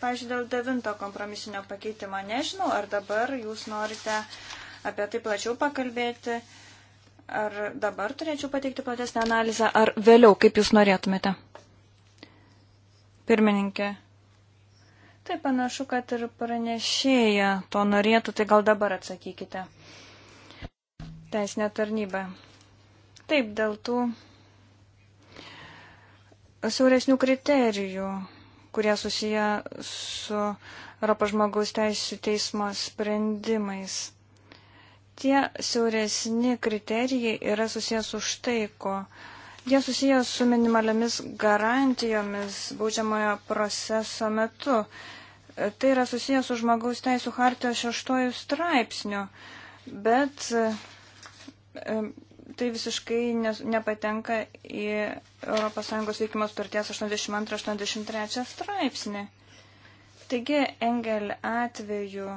Speaker 1: Pavyzdžiui, dėl devinto kompromisinio pakeitimo nežinau, ar dabar jūs norite apie tai plačiau pakalbėti, ar dabar turėčiau pateikti platesnę analizę, ar vėliau, kaip jūs norėtumėte. Pirmininkė, Tai panašu, kad ir pranešėja to norėtų, tai gal dabar atsakykite. Teisinė tarnyba. Taip, dėl tų siauresnių kriterijų, kurie susiję su Europos žmogaus teisų teismo sprendimais. Tie siauresni kriterijai yra susijęs už tai, ko uh, Jie susijęs su minimaliomis garantijomis baudžiamojo proceso metu. E, tai yra susijęs su žmogaus teisų hartijos šeštojų straipsniu, bet e, e, tai visiškai nepatenka į ES veikimo sutarties 82-83 straipsnį. Taigi Engel atveju,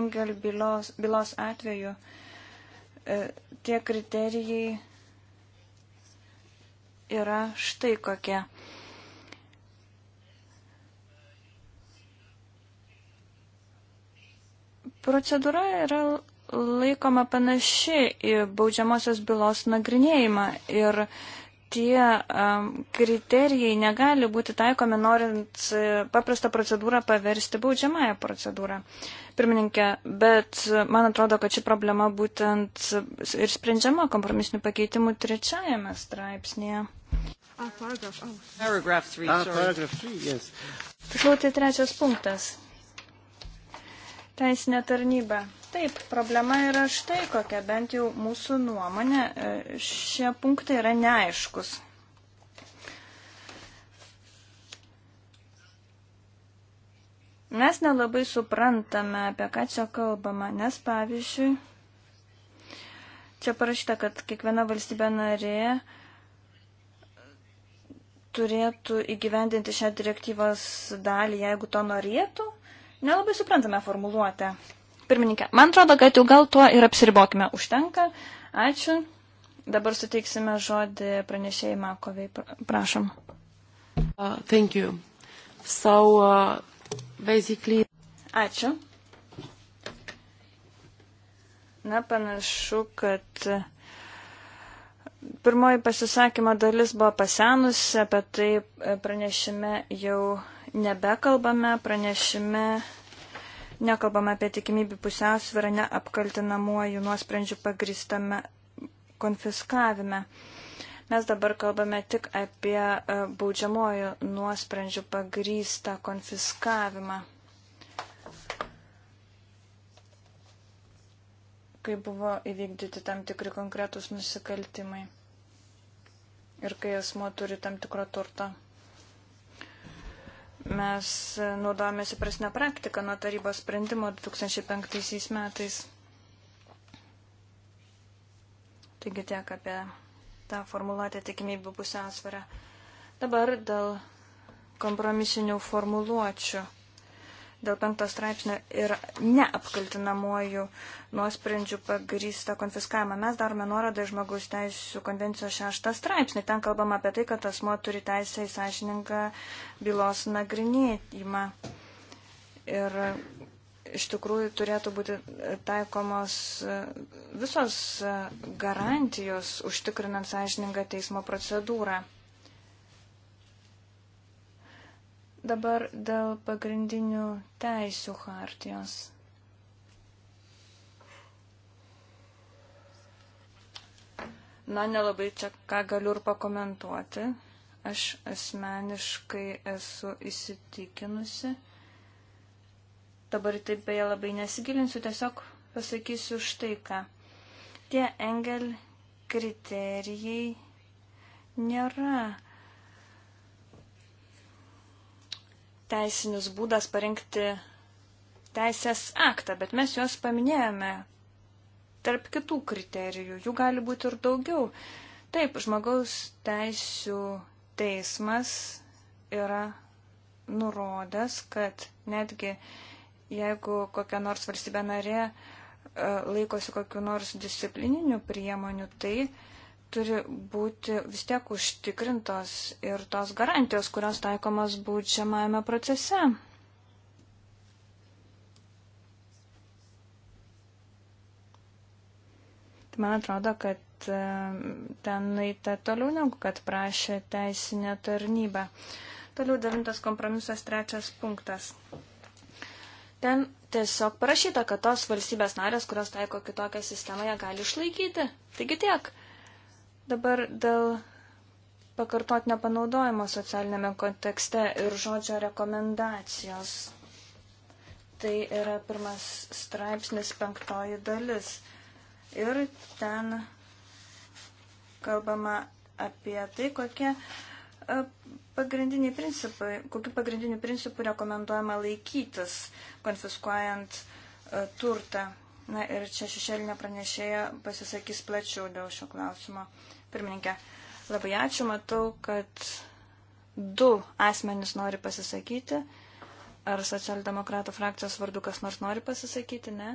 Speaker 1: Engel bylos, bylos atveju tie kriterijai yra štai kokia. Procedūra yra laikoma panaši į baudžiamosios bylos nagrinėjimą ir uh, tie um, kriterijai negali būti taikomi, norint e, paprastą procedūrą paversti baudžiamąją procedūrą. Pirmininkė, bet man atrodo, kad ši problema būtent ir sprendžiama kompromisinių pakeitimų trečiajame straipsnėje.
Speaker 3: Ah, paragraph, oh.
Speaker 1: paragraph three, ah, paragraph three, yes. Tiksliau, tai trečias punktas. Teisinė tarnyba Taip, problema yra štai kokia, bent jau mūsų nuomonė, e, šie punktai yra neaiškus. Mes nelabai suprantame, apie ką čia kalbama, nes pavyzdžiui, čia parašyta, kad kiekviena valstybė narė turėtų įgyvendinti šią direktyvos dalį, jeigu to norėtų. Nelabai suprantame formuluotę. Pirmininkė, man atrodo, kad jau gal tuo ir apsiribokime. Užtenka. Ačiū. Dabar suteiksime žodį pranešėjai Makoviai. Prašom. Uh, thank you. So, uh, basically... Ačiū. Na, panašu, kad uh, pirmoji pasisakymo dalis buvo pasenusi, apie tai uh, pranešime jau nebekalbame, pranešime Nekalbame apie tikimybį pusiausvyrą neapkaltinamuoju nuosprendžiu pagristame konfiskavime. Mes dabar kalbame tik apie e, baudžiamojų nuosprendžių pagrystą konfiskavimą. Kai buvo įvykdyti tam tikri konkretūs nusikaltimai ir kai asmo turi tam tikro turto. Mes naudojamės įprasnę praktiką nuo tarybos sprendimo 2005 metais. Taigi tiek apie tą formuluotę tikimybių pusiausvarę. Dabar dėl kompromisinių formuluočių dėl penktos straipsnio ir neapkaltinamojų nuosprendžių pagrįsta konfiskavimą. Mes darome nuorodą į žmogaus teisų konvencijos šeštą straipsnį. Ten kalbam apie tai, kad asmo turi teisę į sąžininką bylos nagrinėjimą. Ir iš tikrųjų turėtų būti taikomos visos garantijos užtikrinant sąžiningą teismo procedūrą. Dabar dėl pagrindinių teisių hartijos. Na, nelabai čia ką galiu ir pakomentuoti. Aš asmeniškai esu įsitikinusi. Dabar taip beje labai nesigilinsiu, tiesiog pasakysiu štai ką. Tie engel kriterijai nėra teisinis būdas parinkti teisės aktą, bet mes juos paminėjome tarp kitų kriterijų. Jų gali būti ir daugiau. Taip, žmogaus teisų teismas yra nurodęs, kad netgi jeigu kokia nors valstybė narė e, laikosi kokiu nors disciplininiu priemoniu, tai uh, turi būti vis tiek užtikrintos ir tos garantijos, kurios taikomas būčiamajame procese. Tai man atrodo, kad e, ten eita toliau negu kad prašė teisinė tarnyba. Toliau devintas kompromisas, trečias punktas. Ten tiesiog parašyta, kad tos valstybės narės, kurios taiko kitokią sistemą, ją gali išlaikyti. Taigi tiek. Dabar dėl pakartotinio panaudojimo socialinėme kontekste ir žodžio rekomendacijos. Tai yra pirmas straipsnis penktoji dalis. Ir ten kalbama apie tai, kokie e, pagrindiniai principai, kokiu pagrindiniu principu rekomenduojama laikytis, konfiskuojant e, turtą. Na ir čia šešėlinė pranešėja pasisakys plačiau dėl šio klausimo. Uh, Pirmininkė, labai ačiū, matau, kad du asmenys nori pasisakyti. Ar socialdemokratų frakcijos vardu kas nors nori pasisakyti? Ne.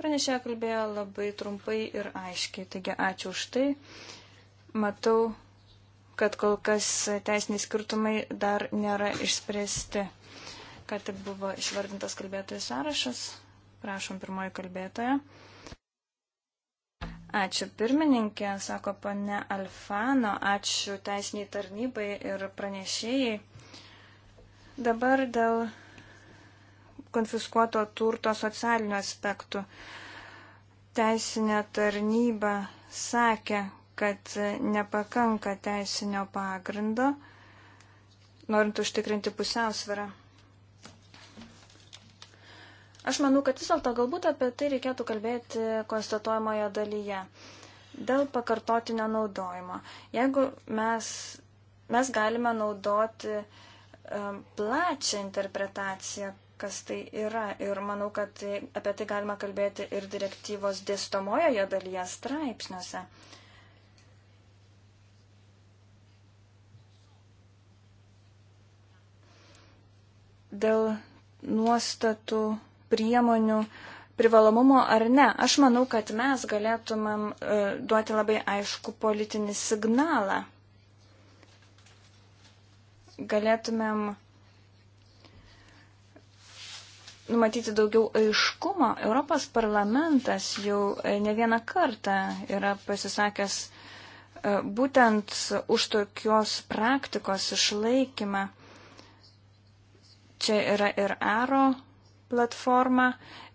Speaker 1: Pranešė kalbėjo labai trumpai ir aiškiai, taigi ačiū už tai. Matau, kad kol kas teisiniai skirtumai dar nėra išspręsti. Ką tik buvo išvardintas kalbėtojų sąrašas. Prašom pirmoji kalbėtoja. Ačiū pirmininkė, sako pane Alfano, ačiū teisiniai tarnybai ir pranešėjai. Dabar dėl konfiskuoto turto socialinių aspektų. Teisinė tarnyba sakė, kad nepakanka teisinio pagrindo, norint užtikrinti pusiausvirą. Aš manau, kad vis dėlto galbūt apie tai reikėtų kalbėti konstatuojamoje dalyje. Dėl pakartotinio naudojimo. Jeigu mes, mes galime naudoti um, plačią interpretaciją, kas tai yra, ir manau, kad tai, apie tai galima kalbėti ir direktyvos dėstomojoje dalyje straipsniuose. Dėl nuostatų priemonių privalomumo ar ne. Aš manau, kad mes galėtumėm e, duoti labai aišku politinį signalą. Galėtumėm numatyti daugiau aiškumo. Europos parlamentas jau e, ne vieną kartą yra pasisakęs e, būtent už tokios praktikos išlaikymą. Čia yra ir aro platformą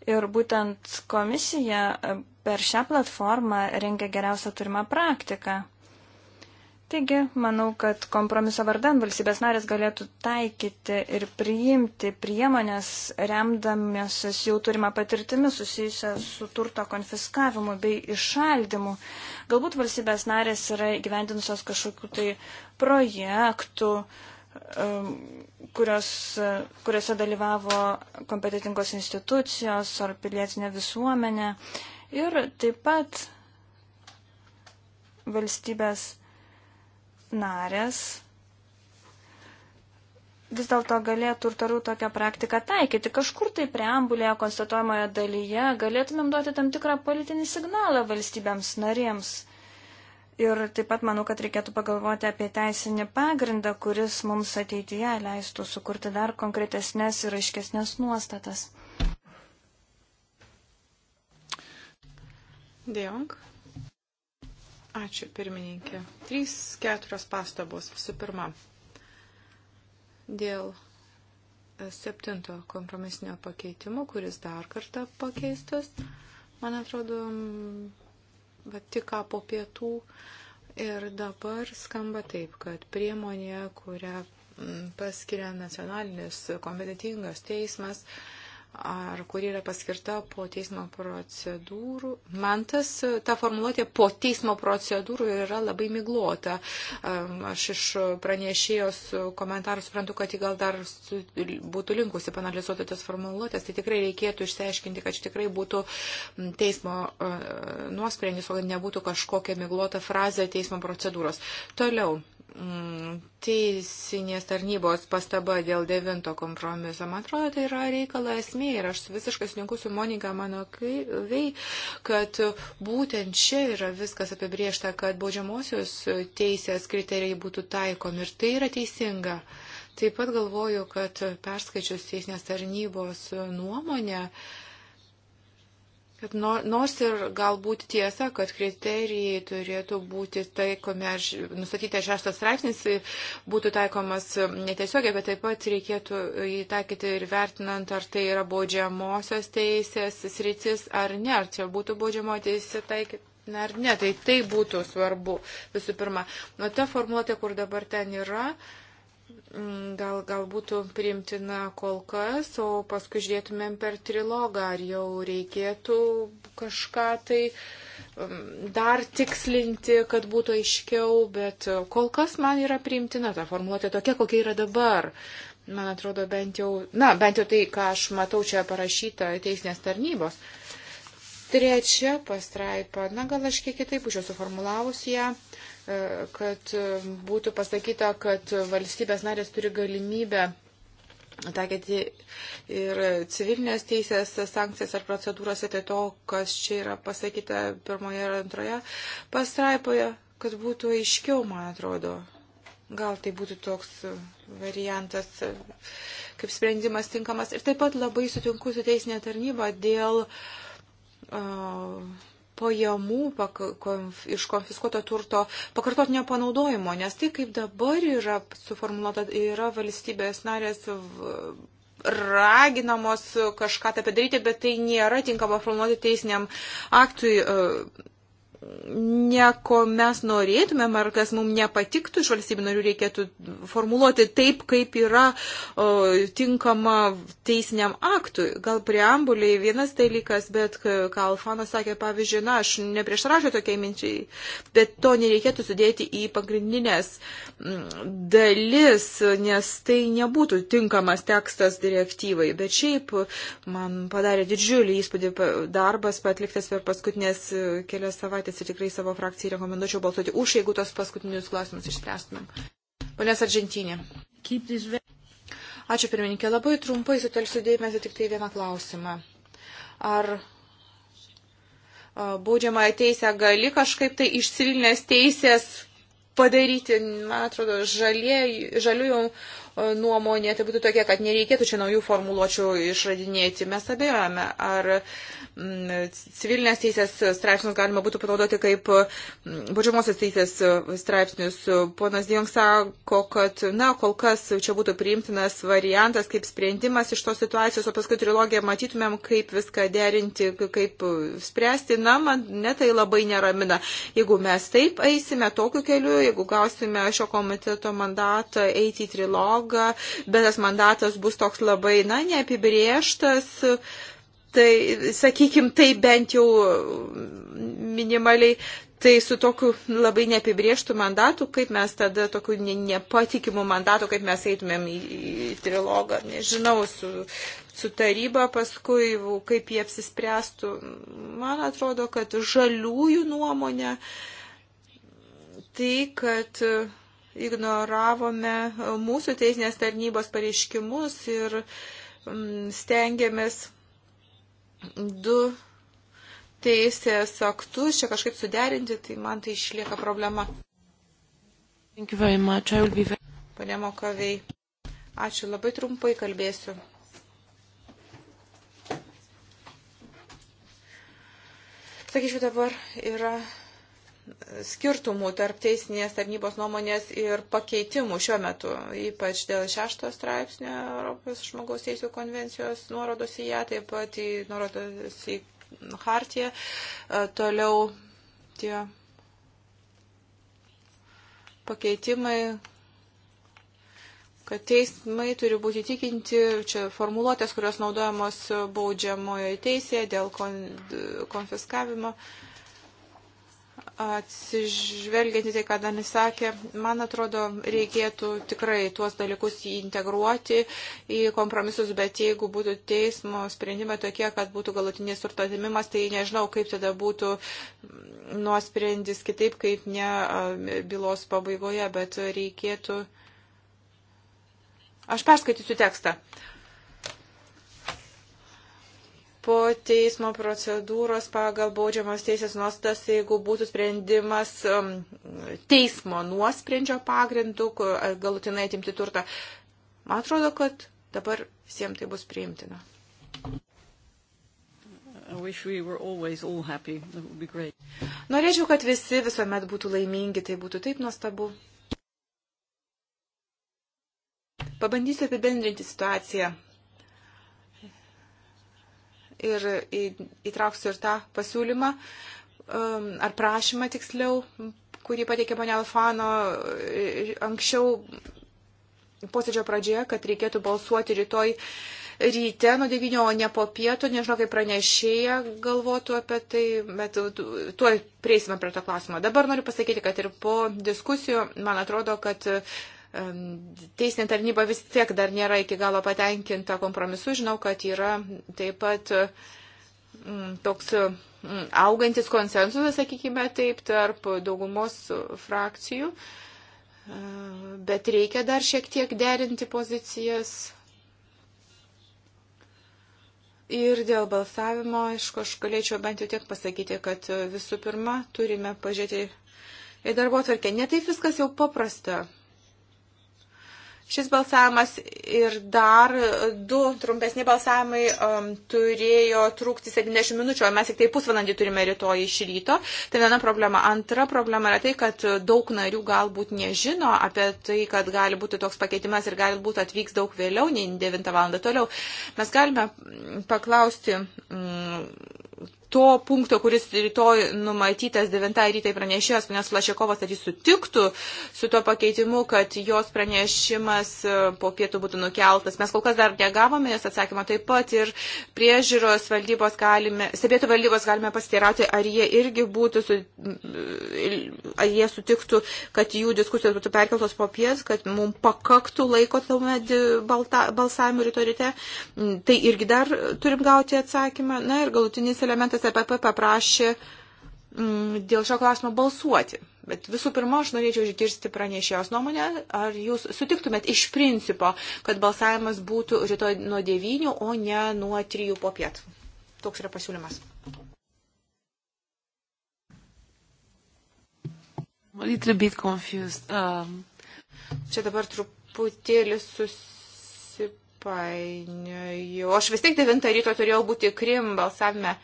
Speaker 1: ir būtent komisija e, per šią platformą rengia geriausią turimą praktiką. Taigi, manau, kad kompromiso vardan valstybės narės galėtų taikyti ir priimti priemonės, remdamėsis jau turimą patirtimį susijusią su turto konfiskavimu bei išaldimu. Galbūt valstybės narės yra įgyvendinusios kažkokiu tai projektų, uh, Um, kurios, uh, kuriuose dalyvavo kompetitingos institucijos ar pilietinė visuomenė ir taip pat valstybės narės vis dėlto galėtų ir tarų tokią praktiką taikyti. Kažkur tai preambulėje konstatuojamoje dalyje galėtumėm duoti tam tikrą politinį signalą valstybėms narėms. Ir taip pat manau, kad reikėtų pagalvoti apie teisinį pagrindą, kuris mums ateityje leistų sukurti dar konkretesnės ir aiškesnės nuostatas. Dėjong.
Speaker 2: Ačiū, pirmininkė. Trys, keturios pastabos. Visų pirma, dėl septinto kompromisinio pakeitimo, kuris dar kartą pakeistas, man atrodo, va, tik ką po pietų. Ir dabar skamba taip, kad priemonė, kurią mm, paskiria nacionalinis kompetitingas teismas, uh, ar kuri yra paskirta po teismo procedūrų. Man tas, ta formuluotė po teismo procedūrų yra labai miglota. Aš iš pranešėjos komentarų suprantu, kad ji gal dar būtų linkusi panalizuoti tas formuluotės. Tai tikrai reikėtų išsiaiškinti, kad tikrai būtų teismo nuosprendis, o kad nebūtų kažkokia miglota frazė teismo procedūros. Toliau. Mm, teisinės tarnybos pastaba dėl devinto kompromiso. Man atrodo, tai yra reikalo esmė ir aš visiškai sutinku su Monika mano vei, kad būtent čia yra viskas apibriešta, kad baudžiamosios teisės kriterijai būtų taikomi ir tai yra teisinga. Taip pat galvoju, kad perskaičius teisinės tarnybos nuomonę, uh, kad nors ir galbūt tiesa, kad kriterijai turėtų būti taikomi, nustatytas šeštas straipsnis būtų taikomas netiesiogiai, bet taip pat reikėtų įtakyti ir vertinant, ar tai yra baudžiamosios teisės sritis ar ne, ar čia būtų baudžiamo teisė taikyti. Na ar ne, tai tai būtų svarbu visų pirma. Nuo ta formuotė, kur dabar ten yra, uh, Mm, gal, gal būtų priimtina kol kas, o paskui žiūrėtumėm per trilogą, ar jau reikėtų kažką tai mm, dar tikslinti, kad būtų aiškiau, bet kol kas man yra priimtina ta formuluotė tokia, kokia yra dabar. Man atrodo, bent jau, na, bent jau tai, ką aš matau čia parašyta teisinės tarnybos. Trečia pastraipa, na, gal aš kiek kitaip būčiau suformulavusi ją. Ja kad būtų pasakyta, kad valstybės narės turi galimybę taikyti ir civilinės teisės sankcijas ar procedūras atė to, kas čia yra pasakyta pirmoje ir antroje pastraipoje, kad būtų aiškiau, man atrodo. Gal tai būtų toks variantas, kaip sprendimas tinkamas. Ir taip pat labai sutinku su teisinė tarnyba dėl uh, pajamų iš konfiskuoto turto pakartotinio panaudojimo, nes tai kaip dabar yra suformuoluota, yra valstybės narės raginamos kažką tą tai padaryti, bet tai nėra tinkama formuoti teisiniam aktui e, ne ko mes norėtumėm ar kas mums nepatiktų iš valstybių narių reikėtų formuluoti taip, kaip yra o, tinkama teisiniam aktui. Gal preambuliai vienas dalykas, bet ką Alfanas sakė, pavyzdžiui, na, aš neprieštaraučiau tokiai minčiai, bet to nereikėtų sudėti į pagrindinės mm, dalis, nes tai nebūtų tinkamas tekstas direktyvai. Bet šiaip man padarė didžiulį įspūdį darbas patliktas per paskutinės e, kelias savaitės debatais ir tikrai savo frakcijai rekomenduočiau balsuoti už, jeigu tos paskutinius klausimus išspręstumėm. Ponės Argentinė. Ačiū pirmininkė, labai trumpai sutelksiu dėmesį tik tai vieną klausimą. Ar baudžiamąją teisę gali kažkaip tai iš civilinės teisės padaryti, man atrodo, žalėjų nuomonė tai būtų tokia, kad nereikėtų čia naujų formuluočių išradinėti. Mes abejojame, ar mm, civilinės teisės straipsnius galima būtų panaudoti kaip mm, baudžiamosios teisės straipsnius. Ponas Dijong sako, kad, na, kol kas čia būtų priimtinas variantas kaip sprendimas iš tos situacijos, o paskui trilogiją matytumėm, kaip viską derinti, kaip spręsti. Na, mane tai labai neramina. Jeigu mes taip eisime tokiu keliu, jeigu gausime šio komiteto mandatą eiti į trilogą, dialogą, bet tas mandatas bus toks labai, na, neapibrieštas. Tai, sakykime, tai bent jau minimaliai, Tai su tokiu labai neapibrieštų mandatu, kaip mes tada, tokiu ne, nepatikimų mandatu, kaip mes eitumėm į, į trilogą, nežinau, su, su taryba paskui, kaip jie apsispręstų. Man atrodo, kad žaliųjų nuomonė tai, kad uh, ignoravome e, mūsų teisinės tarnybos pareiškimus ir stengiamės du teisės aktus čia kažkaip suderinti, tai man tai išlieka problema. Be... Pane Mokavei, ačiū labai trumpai kalbėsiu. Sakyčiau, dabar yra skirtumų tarp teisinės tarnybos nuomonės ir pakeitimų šiuo metu, ypač dėl šešto straipsnio Europos žmogaus teisų konvencijos nuorodos į ją, taip pat į nuorodos į hartiją. E, toliau tie pakeitimai, kad teismai turi būti tikinti, čia formuluotės, kurios naudojamos baudžiamojo teisėje dėl konfiskavimo. Uh, Atsižvelgiant į tai, ką Danis sakė, man atrodo, reikėtų tikrai tuos dalykus integruoti į kompromisus, bet jeigu būtų teismo sprendimai tokie, kad būtų galutinis turto atimimas, tai nežinau, kaip tada būtų nuosprendis kitaip, kaip ne bylos pabaigoje, bet reikėtų. Aš perskaitysiu tekstą. Uh, po teismo procedūros pagal baudžiamos teisės nuostas, jeigu būtų sprendimas um, teismo nuosprendžio pagrindų, galutinai atimti turtą. Man atrodo, kad dabar visiems tai bus priimtina. We Norėčiau, kad visi visuomet būtų laimingi, tai būtų taip nuostabu. Pabandysiu apibendrinti situaciją ir įtrauksiu ir tą pasiūlymą, um, ar prašymą tiksliau, kurį pateikė ponia Alfano e, anksčiau posėdžio pradžioje, kad reikėtų balsuoti rytoj ryte nuo 9, o ne po pietų, nežinau, kaip pranešėja galvotų apie tai, bet tuo prieisime prie to klausimo. Dabar noriu pasakyti, kad ir po diskusijų, man atrodo, kad Teisinė tarnyba vis tiek dar nėra iki galo patenkinta kompromisu. Žinau, kad yra taip pat mm, toks mm, augantis konsensusas, sakykime taip, tarp daugumos frakcijų, bet reikia dar šiek tiek derinti pozicijas. Ir dėl balsavimo, aišku, aš galėčiau bent jau tiek pasakyti, kad visų pirma turime pažiūrėti į darbo tvarkę. Netaip viskas jau paprasta. Šis balsavimas ir dar du trumpesni balsavimai um, turėjo trūkti 70 minučių, o mes tik tai pusvalandį turime rytoj iš ryto. Tai viena problema. Antra problema yra tai, kad daug narių galbūt nežino apie tai, kad gali būti toks pakeitimas ir galbūt atvyks daug vėliau nei 9 val. toliau. Mes galime paklausti mm, to punkto, kuris rytoj numatytas 9 rytai pranešėjos, nes Flašekovas, ar jis sutiktų su to pakeitimu, kad jos pranešimas e, po pietų būtų nukeltas. Mes kol kas dar negavome jos atsakymą taip pat ir priežiūros valdybos galime, stebėtų valdybos galime pasiteirauti, ar jie irgi būtų, su, e, ar jie sutiktų, kad jų diskusijos būtų perkeltos po pies, kad mums pakaktų laiko tuomet balsavimų rytoj ryte. Tai irgi dar turim gauti atsakymą. Na ir galutinis elementas EPP paprašė mm, dėl šio klausimo balsuoti. Bet visų pirma, aš norėčiau išgirsti pranešėjos nuomonę, ar jūs sutiktumėt iš principo, kad balsavimas būtų rytoj nuo 9, o ne nuo 3 po pietų. Toks yra pasiūlymas.
Speaker 3: A little bit confused.
Speaker 2: Um... Čia dabar truputėlį susipainiojau. Aš vis tiek 9 ryto turėjau būti Krim balsavime. Uh,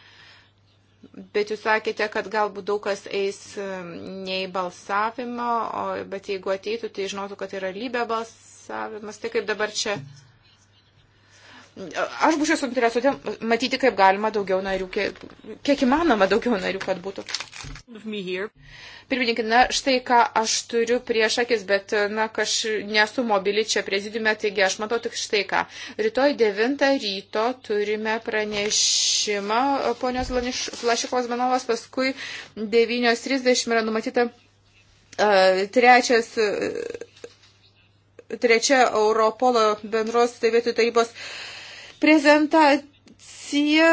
Speaker 2: Bet jūs sakėte, kad galbūt daug kas eis ne į balsavimą, o, bet jeigu ateitų, tai žinotų, kad tai yra lybė balsavimas. Tai kaip dabar čia. Mhm. Aš būčiau suinteresuoti matyti, kaip galima daugiau narių, kiek, kiek įmanoma daugiau narių, kad būtų. Pirmininkai, na štai ką aš turiu prieš akis, bet, na, aš nesu mobili čia prezidiume, taigi aš matau tik štai ką. Rytoj 9 ryto turime pranešimą ponios Lašikos Manovas, paskui 9.30 yra numatyta uh, trečias. Uh, trečia Europolo bendros stebėtojų tarybos uh, prezentacija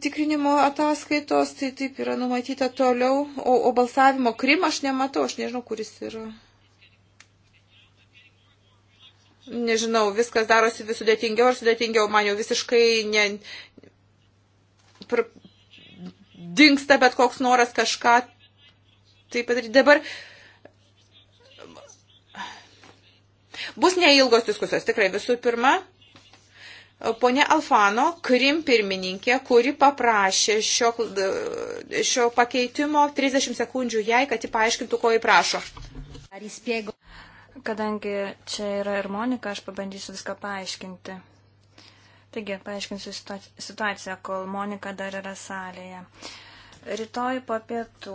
Speaker 2: tikrinimo ataskaitos, tai taip yra numatyta toliau, o, o balsavimo Krim aš nematau, aš nežinau, kuris yra. Nežinau, viskas darosi vis sudėtingiau ir sudėtingiau, man jau visiškai ne, pr, dinksta bet koks noras kažką tai padaryti. Dabar bus neilgos diskusijos, tikrai visų pirma, Pone Alfano, Krim pirmininkė, kuri paprašė šio, šio pakeitimo 30 sekundžių jai, kad ji paaiškintų, ko jį
Speaker 1: prašo. Kadangi čia yra ir Monika, aš pabandysiu viską paaiškinti. Taigi, paaiškinsiu situaciją, kol Monika dar yra salėje. Rytoj po pietų,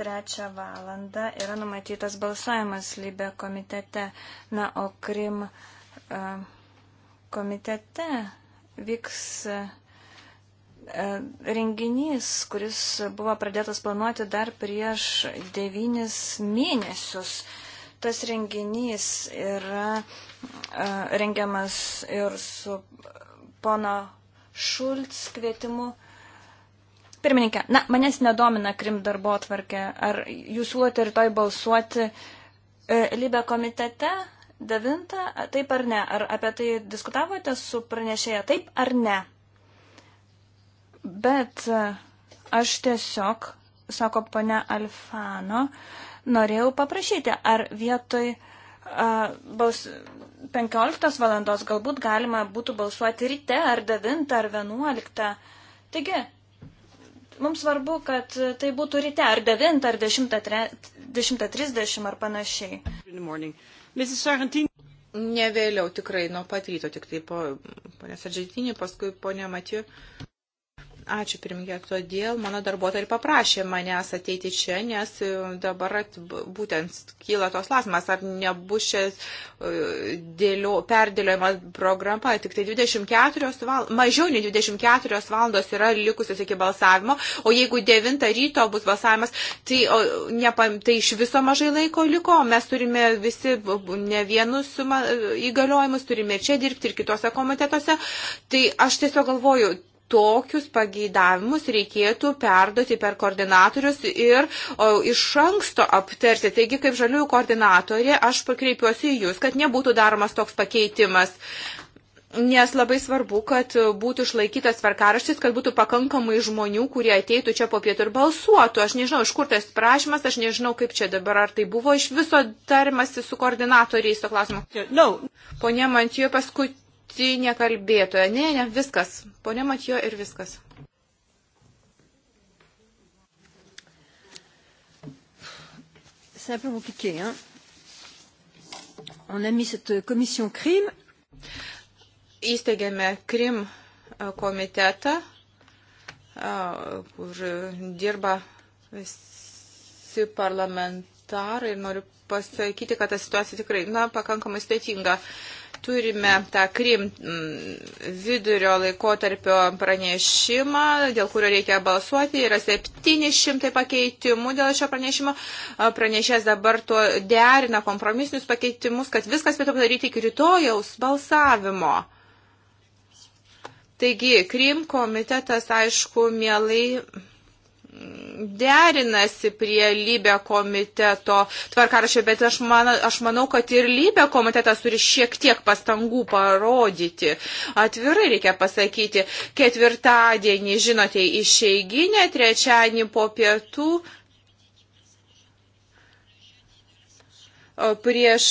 Speaker 1: trečią valandą, yra numatytas balsavimas Libė komitete, na, o Krim. Uh, komitete vyks e, renginys, kuris buvo pradėtas planuoti dar prieš devynis mėnesius. Tas renginys yra e, rengiamas ir su pono Šulc kvietimu. Pirmininkė, na, manęs nedomina Krim darbo atvarkė. Ar jūs siūlote rytoj balsuoti e, Libe komitete 9, taip ar ne? Ar apie tai diskutavote su pranešėja, taip ar ne? Bet e, aš tiesiog, sako ponia Alfano, norėjau paprašyti, ar vietoj a, e, baus, 15 valandos galbūt galima būtų balsuoti ryte, ar 9, ar 11. Taigi, mums svarbu, kad tai būtų ryte, ar 9, ar 10.30 10, ar panašiai. Ne
Speaker 2: vėliau, tikrai, nuo pat ryto, tik tai po ponės Argentinį, paskui ponė Matiju. Ačiū pirmininkė, todėl mano darbuotojai ir paprašė manęs ateiti čia, nes e, dabar būtent kyla tos lasmas, ar nebus čia e, perdėliojama programa, tik tai 24 val, mažiau nei 24 valandos yra likusios iki balsavimo, o jeigu 9 ryto bus balsavimas, tai, o, ne, tai iš viso mažai laiko liko, mes turime visi ne vienus įgaliojimus, turime čia dirbti ir kitose komitetuose, tai aš tiesiog galvoju, tokius pageidavimus reikėtų perduoti per koordinatorius ir o, iš anksto aptarti. Taigi, kaip žaliųjų koordinatorė, aš pakreipiuosi į Jūs, kad nebūtų daromas toks pakeitimas. Nes labai svarbu, kad būtų išlaikytas tvarkaraštis, kad būtų pakankamai žmonių, kurie ateitų čia po pietų ir balsuotų. Aš nežinau, iš kur tas prašymas, aš nežinau, kaip čia dabar, ar tai buvo iš viso tarimasi su koordinatoriais to klausimo. No. Pone Mantijo, paskutinė paskutinė kalbėtoja. Ne, ne, viskas. Pone Matijo ir viskas.
Speaker 1: C'est un peu compliqué. Hein? On a mis cette commission
Speaker 2: crime. Įsteigėme krim uh, komitetą, uh, kur dirba visi parlamentarai ir noriu pasakyti, kad ta situacija tikrai, na, pakankamai sudėtinga. Uh, turime tą Krim mm, vidurio laikotarpio pranešimą, dėl kurio reikia balsuoti. Yra 700 pakeitimų dėl šio pranešimo. Pranešęs dabar tuo derina kompromisinius pakeitimus, kad viskas spėtų padaryti iki rytojaus balsavimo. Taigi, Krim komitetas, aišku, mielai derinasi prie lybė komiteto tvarkarašio, bet aš, man, aš manau, kad ir lybė komitetas turi šiek tiek pastangų parodyti. Atvirai reikia pasakyti, ketvirtadienį, žinote, išeiginė, trečiadienį po pietų prieš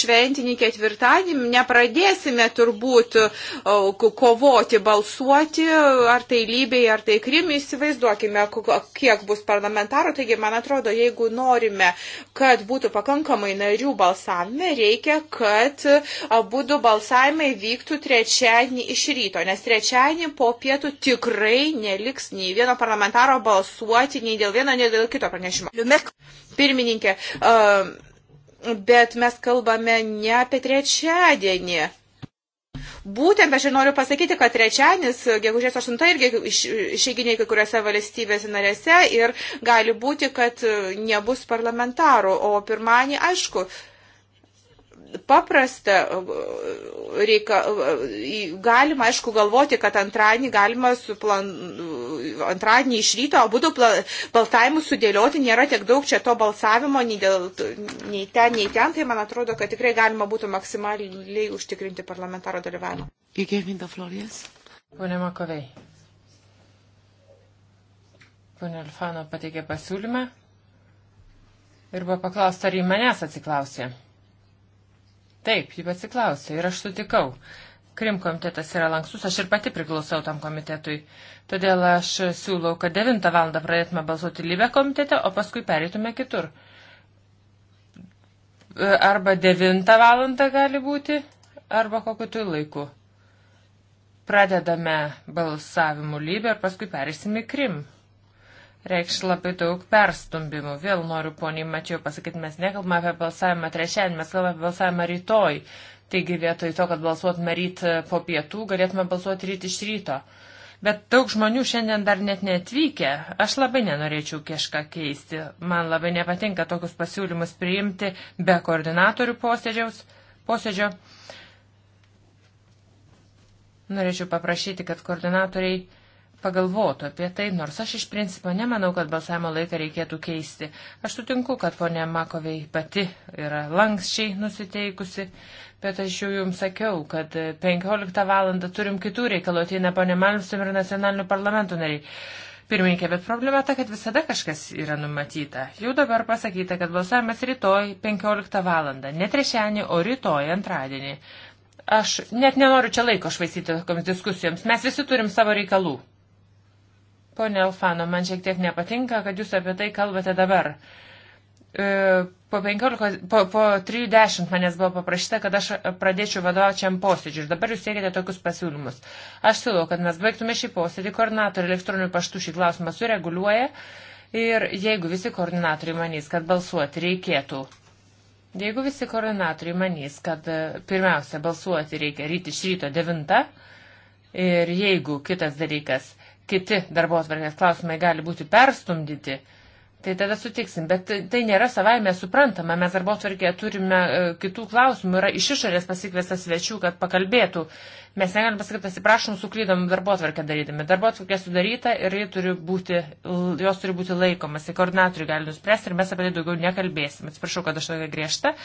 Speaker 2: šventinį ketvirtadienį nepradėsime turbūt kovoti, balsuoti, ar tai Lybijai, ar tai Krimai, įsivaizduokime, kiek bus parlamentarų. Taigi, man atrodo, jeigu norime, kad būtų pakankamai narių balsavime, reikia, kad būtų balsavimai vyktų trečiadienį iš ryto, nes trečiadienį po pietų tikrai neliks nei vieno parlamentaro balsuoti, nei dėl vieno, nei dėl kito pranešimo. Pirmininkė, uh, bet mes kalbame ne apie trečiadienį. Būtent aš ir noriu pasakyti, kad trečianis, gegužės 8 irgi išeiginiai kai kuriuose valstybėse narėse ir gali būti, kad nebus parlamentarų, o pirmanį, aišku, paprasta, reika, galima, aišku, galvoti, kad antradienį galima su plan, antradienį iš ryto abu du baltavimus sudėlioti, nėra tiek daug čia to balsavimo, nei, dėl, nei ten, nei ten, tai man atrodo, kad tikrai galima būtų maksimaliai užtikrinti parlamentaro dalyvavimą.
Speaker 3: Įgėminta Florijas. Pone Makovei. Pone Alfano pateikė pasiūlymą ir buvo paklausta, ar į manęs atsiklausė. Taip, jį pasiklausė ir aš sutikau. Krim komitetas yra lankstus, aš ir pati priklausau tam komitetui. Todėl aš siūlau, kad 9 val. pradėtume balsuoti lybę komitete, o paskui pereitume kitur. E, arba 9 val. gali būti, arba kokiu tu laiku. Pradedame balsavimu lybę ir paskui perėsime krim reikš labai daug perstumbimų. Vėl noriu poniai Mačiau pasakyti, mes nekalbame apie balsavimą trečiadienį, mes kalbame apie balsavimą rytoj. Taigi vietoj to, kad balsuotume ryt e, po pietų, galėtume balsuoti ryt iš ryto. Bet daug žmonių šiandien dar net netvykę. Aš labai nenorėčiau kažką keisti. Man labai nepatinka tokius pasiūlymus priimti be koordinatorių posėdžio. Norėčiau paprašyti, kad koordinatoriai pagalvotų apie tai, nors aš iš principo nemanau, kad balsavimo laiką reikėtų keisti. Aš sutinku, kad ponė Makovei pati yra lankščiai nusiteikusi, bet aš jau jums sakiau, kad 15 val. turim kitų reikalų, ateina ponė Malmström ir nacionalinių parlamentų nariai. Pirminkė, bet problema ta, kad visada kažkas yra numatyta. Jau dabar pasakyta, kad balsavimas rytoj 15 val. Ne trešianį, o rytoj antradienį. Aš net nenoriu čia laiko švaistyti tokiams diskusijoms. Mes visi turim savo reikalų. Pone Alfano, man šiek tiek nepatinka, kad jūs apie tai kalbate dabar. E, po, 15, po, po 30 manęs buvo paprašyta, kad aš pradėčiau vadovauti šiam posėdžiui ir dabar jūs siekite tokius pasiūlymus. Aš siūlau, kad mes baigtume šį posėdį, koordinatoriai elektroniniu paštu šį klausimą sureguliuoja ir jeigu visi koordinatoriai manys, kad balsuoti reikėtų Jeigu visi koordinatoriai manys, kad e, pirmiausia balsuoti reikia ryt iš ryto 9 ir jeigu kitas dalykas kiti darbo atvarkės klausimai gali būti perstumdyti, tai tada sutiksim. Bet tai, tai nėra savaime suprantama. Mes darbo atvarkėje turime e, kitų klausimų, yra iš išorės pasikviestas svečių, kad pakalbėtų. Mes negalim pasakyti, pasiprašom, suklydom darbo atvarkę darydami. Darbo atvarkė sudaryta ir turi būti, jos turi būti laikomas. Tai koordinatoriai gali nuspręsti ir mes apie tai daugiau nekalbėsim. Atsiprašau, kad aš tokia griežta,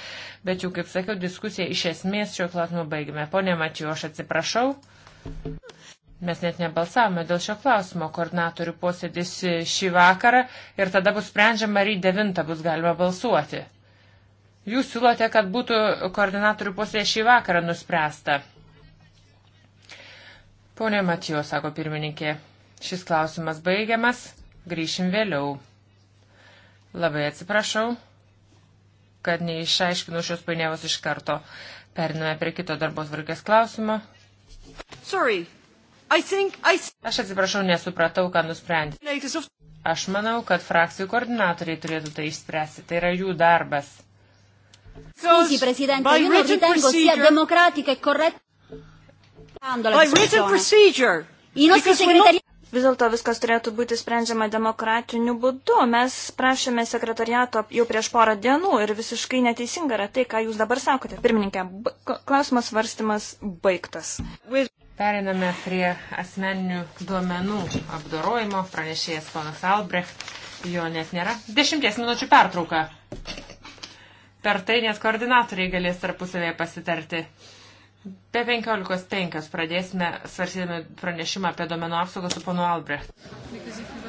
Speaker 3: bet jau, kaip sakiau, diskusiją iš esmės šio klausimo baigime. Pone Mačiu, aš atsiprašau. Mes net nebalsavome dėl šio klausimo. Koordinatorių posėdis šį vakarą ir tada bus sprendžiama, ar į devintą bus galima balsuoti. Jūs siūlote, kad būtų koordinatorių posėdė šį vakarą nuspręsta. Pone Matijo, sako pirmininkė, šis klausimas baigiamas, grįšim vėliau. Labai atsiprašau, kad neišaiškinau šios painiavos iš karto. Periname prie kito darbos vargės klausimo. Sorry, I think, I... Aš atsiprašau, nesupratau, ką nusprendė. Aš manau, kad frakcijų koordinatoriai turėtų tai išspręsti. Tai yra jų darbas. Scusi, Presidente, io non ritengo sia democratica e corretta. I nostri segretari...
Speaker 1: Vis dėlto viskas turėtų būti sprendžiama demokratiniu būdu. Mes prašėme sekretariato jau prieš porą dienų ir visiškai neteisinga yra tai, ką jūs dabar sakote. Pirmininkė, klausimas svarstymas baigtas. With...
Speaker 3: Periname prie asmeninių duomenų apdorojimo. Pranešėjas ponas Albrecht, jo net nėra. Dešimties minučių pertrauka. Per tai net koordinatoriai galės tarpusavėje pasitarti. Be 15.05 pradėsime svarstydami pranešimą apie duomenų apsaugą su ponu Albrecht.
Speaker 1: Because if...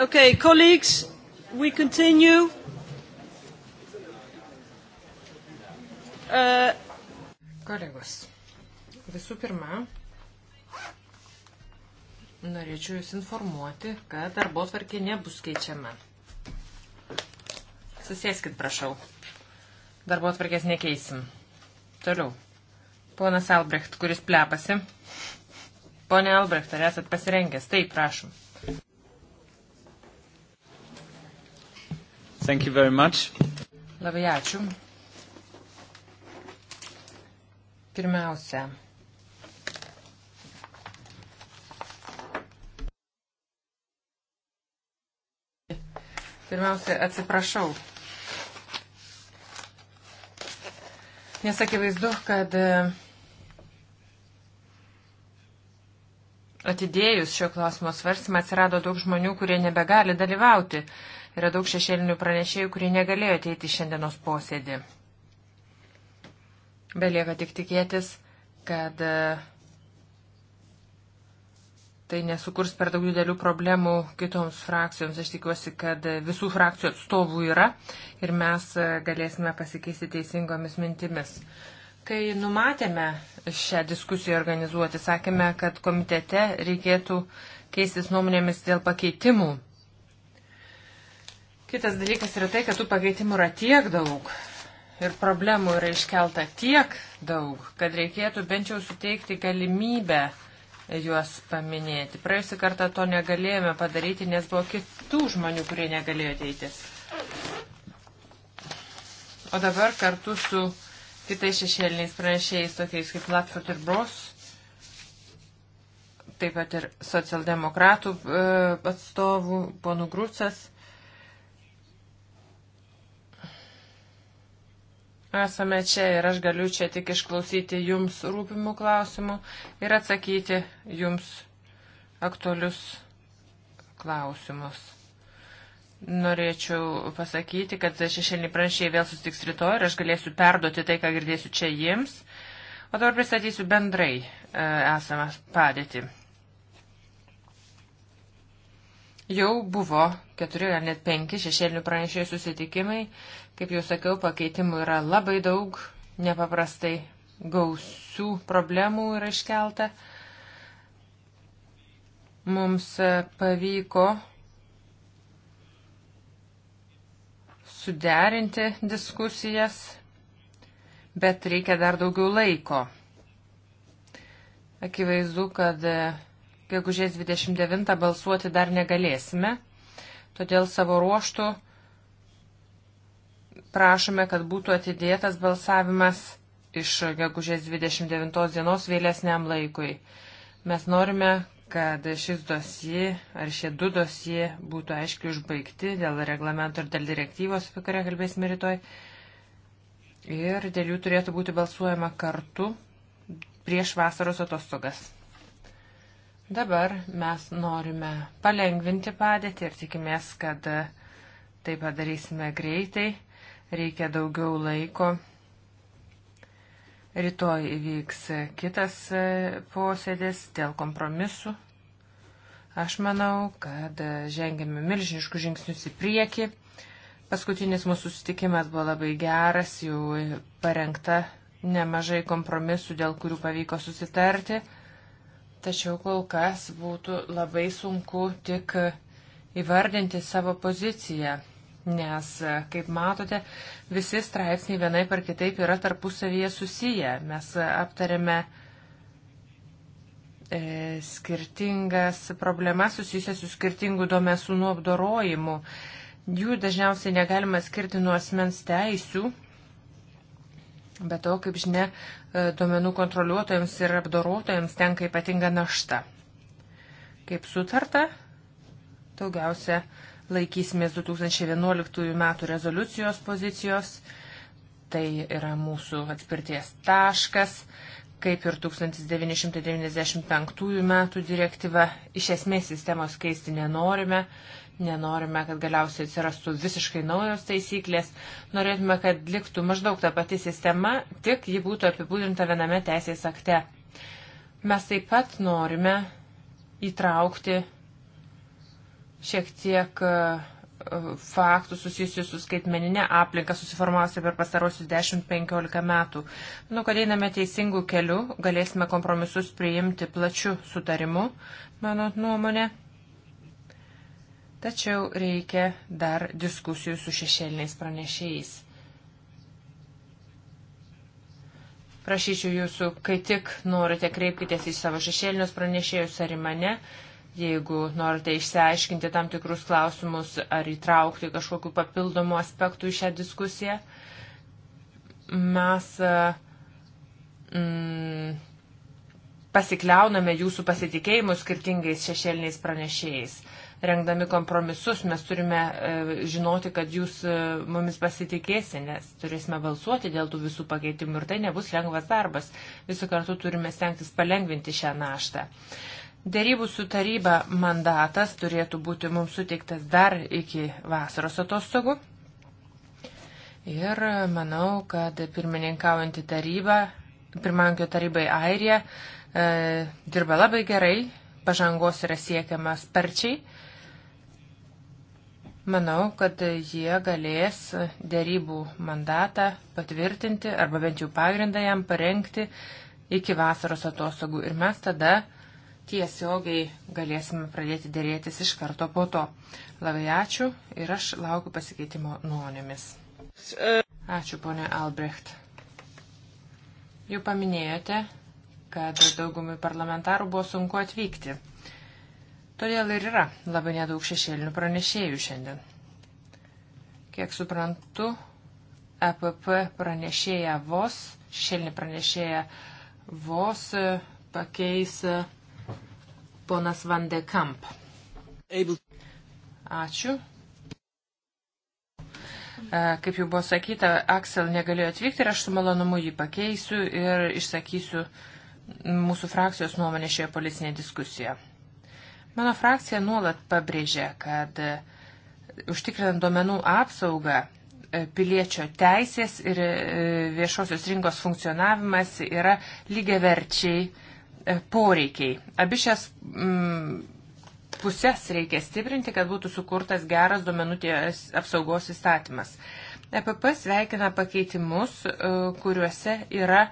Speaker 1: Okay, colleagues, we continue. Uh,
Speaker 3: Kolegos, visų pirma, norėčiau Jūs informuoti, kad darbo tvarkė nebus keičiama. Susėskit, prašau. Darbo tvarkės nekeisim. Toliau. Ponas Albrecht, kuris plepasi. Pone Albrecht, ar esat pasirengęs? Taip, prašom.
Speaker 2: Thank you very much.
Speaker 3: Labai ačiū. Pirmiausia, Pirmiausia, atsiprašau. Nes akivaizdu, kad e, atidėjus šio klausimo svarstymą atsirado daug žmonių, kurie nebegali dalyvauti. Yra daug šešėlinių pranešėjų, kurie negalėjo ateiti šiandienos posėdį. Belieka tik tikėtis, kad e, tai nesukurs per daug didelių problemų kitoms frakcijoms. Aš tikiuosi, kad visų frakcijų atstovų yra ir mes e, galėsime pasikeisti teisingomis mintimis. Kai numatėme šią diskusiją organizuoti, sakėme, kad komitete reikėtų keistis nuomonėmis dėl pakeitimų Kitas dalykas yra tai, kad tų pakeitimų yra tiek daug ir problemų yra iškelta tiek daug, kad reikėtų bent jau suteikti galimybę juos paminėti. Praėjusį kartą to negalėjome padaryti, nes buvo kitų žmonių, kurie negalėjo ateiti. O dabar kartu su kitais šešėliniais pranešėjais, tokiais kaip Latford ir Bros, taip pat ir socialdemokratų e, atstovų, ponų Grūcas, Esame čia ir aš galiu čia tik išklausyti jums rūpimų klausimų ir atsakyti jums aktualius klausimus. Norėčiau pasakyti, kad šešėlį pranešėjai vėl sustiks rytoj ir aš galėsiu perduoti tai, ką girdėsiu čia jiems. O dabar pristatysiu bendrai e, esamą padėtį. Jau buvo keturi ar net penki šešėlinių pranešėjų susitikimai. Kaip jau sakiau, pakeitimų yra labai daug, nepaprastai gausių problemų yra iškelta. Mums e, pavyko suderinti diskusijas, bet reikia dar daugiau laiko. Akivaizdu, kad e, gegužės 29 balsuoti dar negalėsime, todėl savo ruoštų prašome, kad būtų atidėtas balsavimas iš gegužės 29 dienos vėlesniam laikui. Mes norime, kad šis dosie ar šie du dosie būtų aiškiai užbaigti dėl reglamento ir dėl direktyvos, apie kurią kalbėsime rytoj. Ir dėl jų turėtų būti balsuojama kartu prieš vasaros atostogas. Dabar mes norime palengvinti padėtį ir tikimės, kad tai padarysime greitai. Reikia daugiau laiko. Rytoj įvyks kitas e, posėdis dėl kompromisų. Aš manau, kad žengėme milžiniškus žingsnius į priekį. Paskutinis mūsų susitikimas buvo labai geras, jau parengta nemažai kompromisų, dėl kurių pavyko susitarti. Tačiau kol kas būtų labai sunku tik įvardinti savo poziciją, nes, kaip matote, visi straipsniai vienai par kitaip yra tarpusavyje susiję. Mes aptarėme e, skirtingas problemas susijusias su skirtingų duomenų nuobdorojimu. Jų dažniausiai negalima skirti nuo asmens teisių, Be to, kaip žinia, e, duomenų kontroliuotojams ir apdorotojams tenka ypatinga našta. Kaip sutarta, daugiausia laikysimės 2011 m. rezoliucijos pozicijos. Tai yra mūsų atspirties taškas, kaip ir 1995 m. direktyva. Iš esmės sistemos keisti nenorime nenorime, kad galiausiai atsirastų visiškai naujos taisyklės, norėtume, kad liktų maždaug ta pati sistema, tik ji būtų apibūdinta viename teisės akte. Mes taip pat norime įtraukti šiek tiek e, faktų susijusių su skaitmeninė aplinka susiformavusi per pastarosius 10-15 metų. Nu, kad einame teisingų kelių, galėsime kompromisus priimti plačiu sutarimu, mano nuomonė. Tačiau reikia dar diskusijų su šešėliniais pranešėjais. Prašyčiau jūsų, kai tik norite, kreipkitės į savo šešėlinius pranešėjus ar į mane, jeigu norite išsiaiškinti tam tikrus klausimus ar įtraukti kažkokiu papildomu aspektu į šią diskusiją. Mes e, mm, pasikliauname jūsų pasitikėjimu skirtingais šešėliniais pranešėjais rengdami kompromisus, mes turime e, žinoti, kad jūs e, mumis pasitikėsite, nes turėsime balsuoti dėl tų visų pakeitimų ir tai nebus lengvas darbas. Visų kartu turime stengtis palengvinti šią naštą. Dėrybų su taryba mandatas turėtų būti mums suteiktas dar iki vasaros atostogų. Ir manau, kad pirmininkaujantį tarybą, pirmininkio tarybai Airija e, dirba labai gerai, pažangos yra siekiama sparčiai Manau, kad jie galės dėrybų mandatą patvirtinti arba bent jau pagrindą jam parengti iki vasaros atostogų ir mes tada tiesiogiai galėsime pradėti dėrėtis iš karto po to. Labai ačiū ir aš laukiu pasikeitimo nuomonėmis. Ačiū, ponė Albrecht. Jau paminėjote, kad daugumai parlamentarų buvo sunku atvykti. Todėl ir yra labai nedaug šešėlinių pranešėjų šiandien. Kiek suprantu, EPP pranešėja vos, šešėlinį pranešėja vos e, pakeis e, ponas Van de Kamp. Ačiū. E, kaip jau buvo sakyta, Aksel negalėjo atvykti ir aš su malonumu jį pakeisiu ir išsakysiu mūsų frakcijos nuomonę šioje policinėje diskusijoje. Mano frakcija nuolat pabrėžia, kad e, užtikrinant duomenų apsaugą e, piliečio teisės ir e, viešosios rinkos funkcionavimas yra lygiaverčiai poreikiai. Abi šias mm, pusės reikia stiprinti, kad būtų sukurtas geras duomenų apsaugos įstatymas. EPP sveikina pakeitimus, kuriuose yra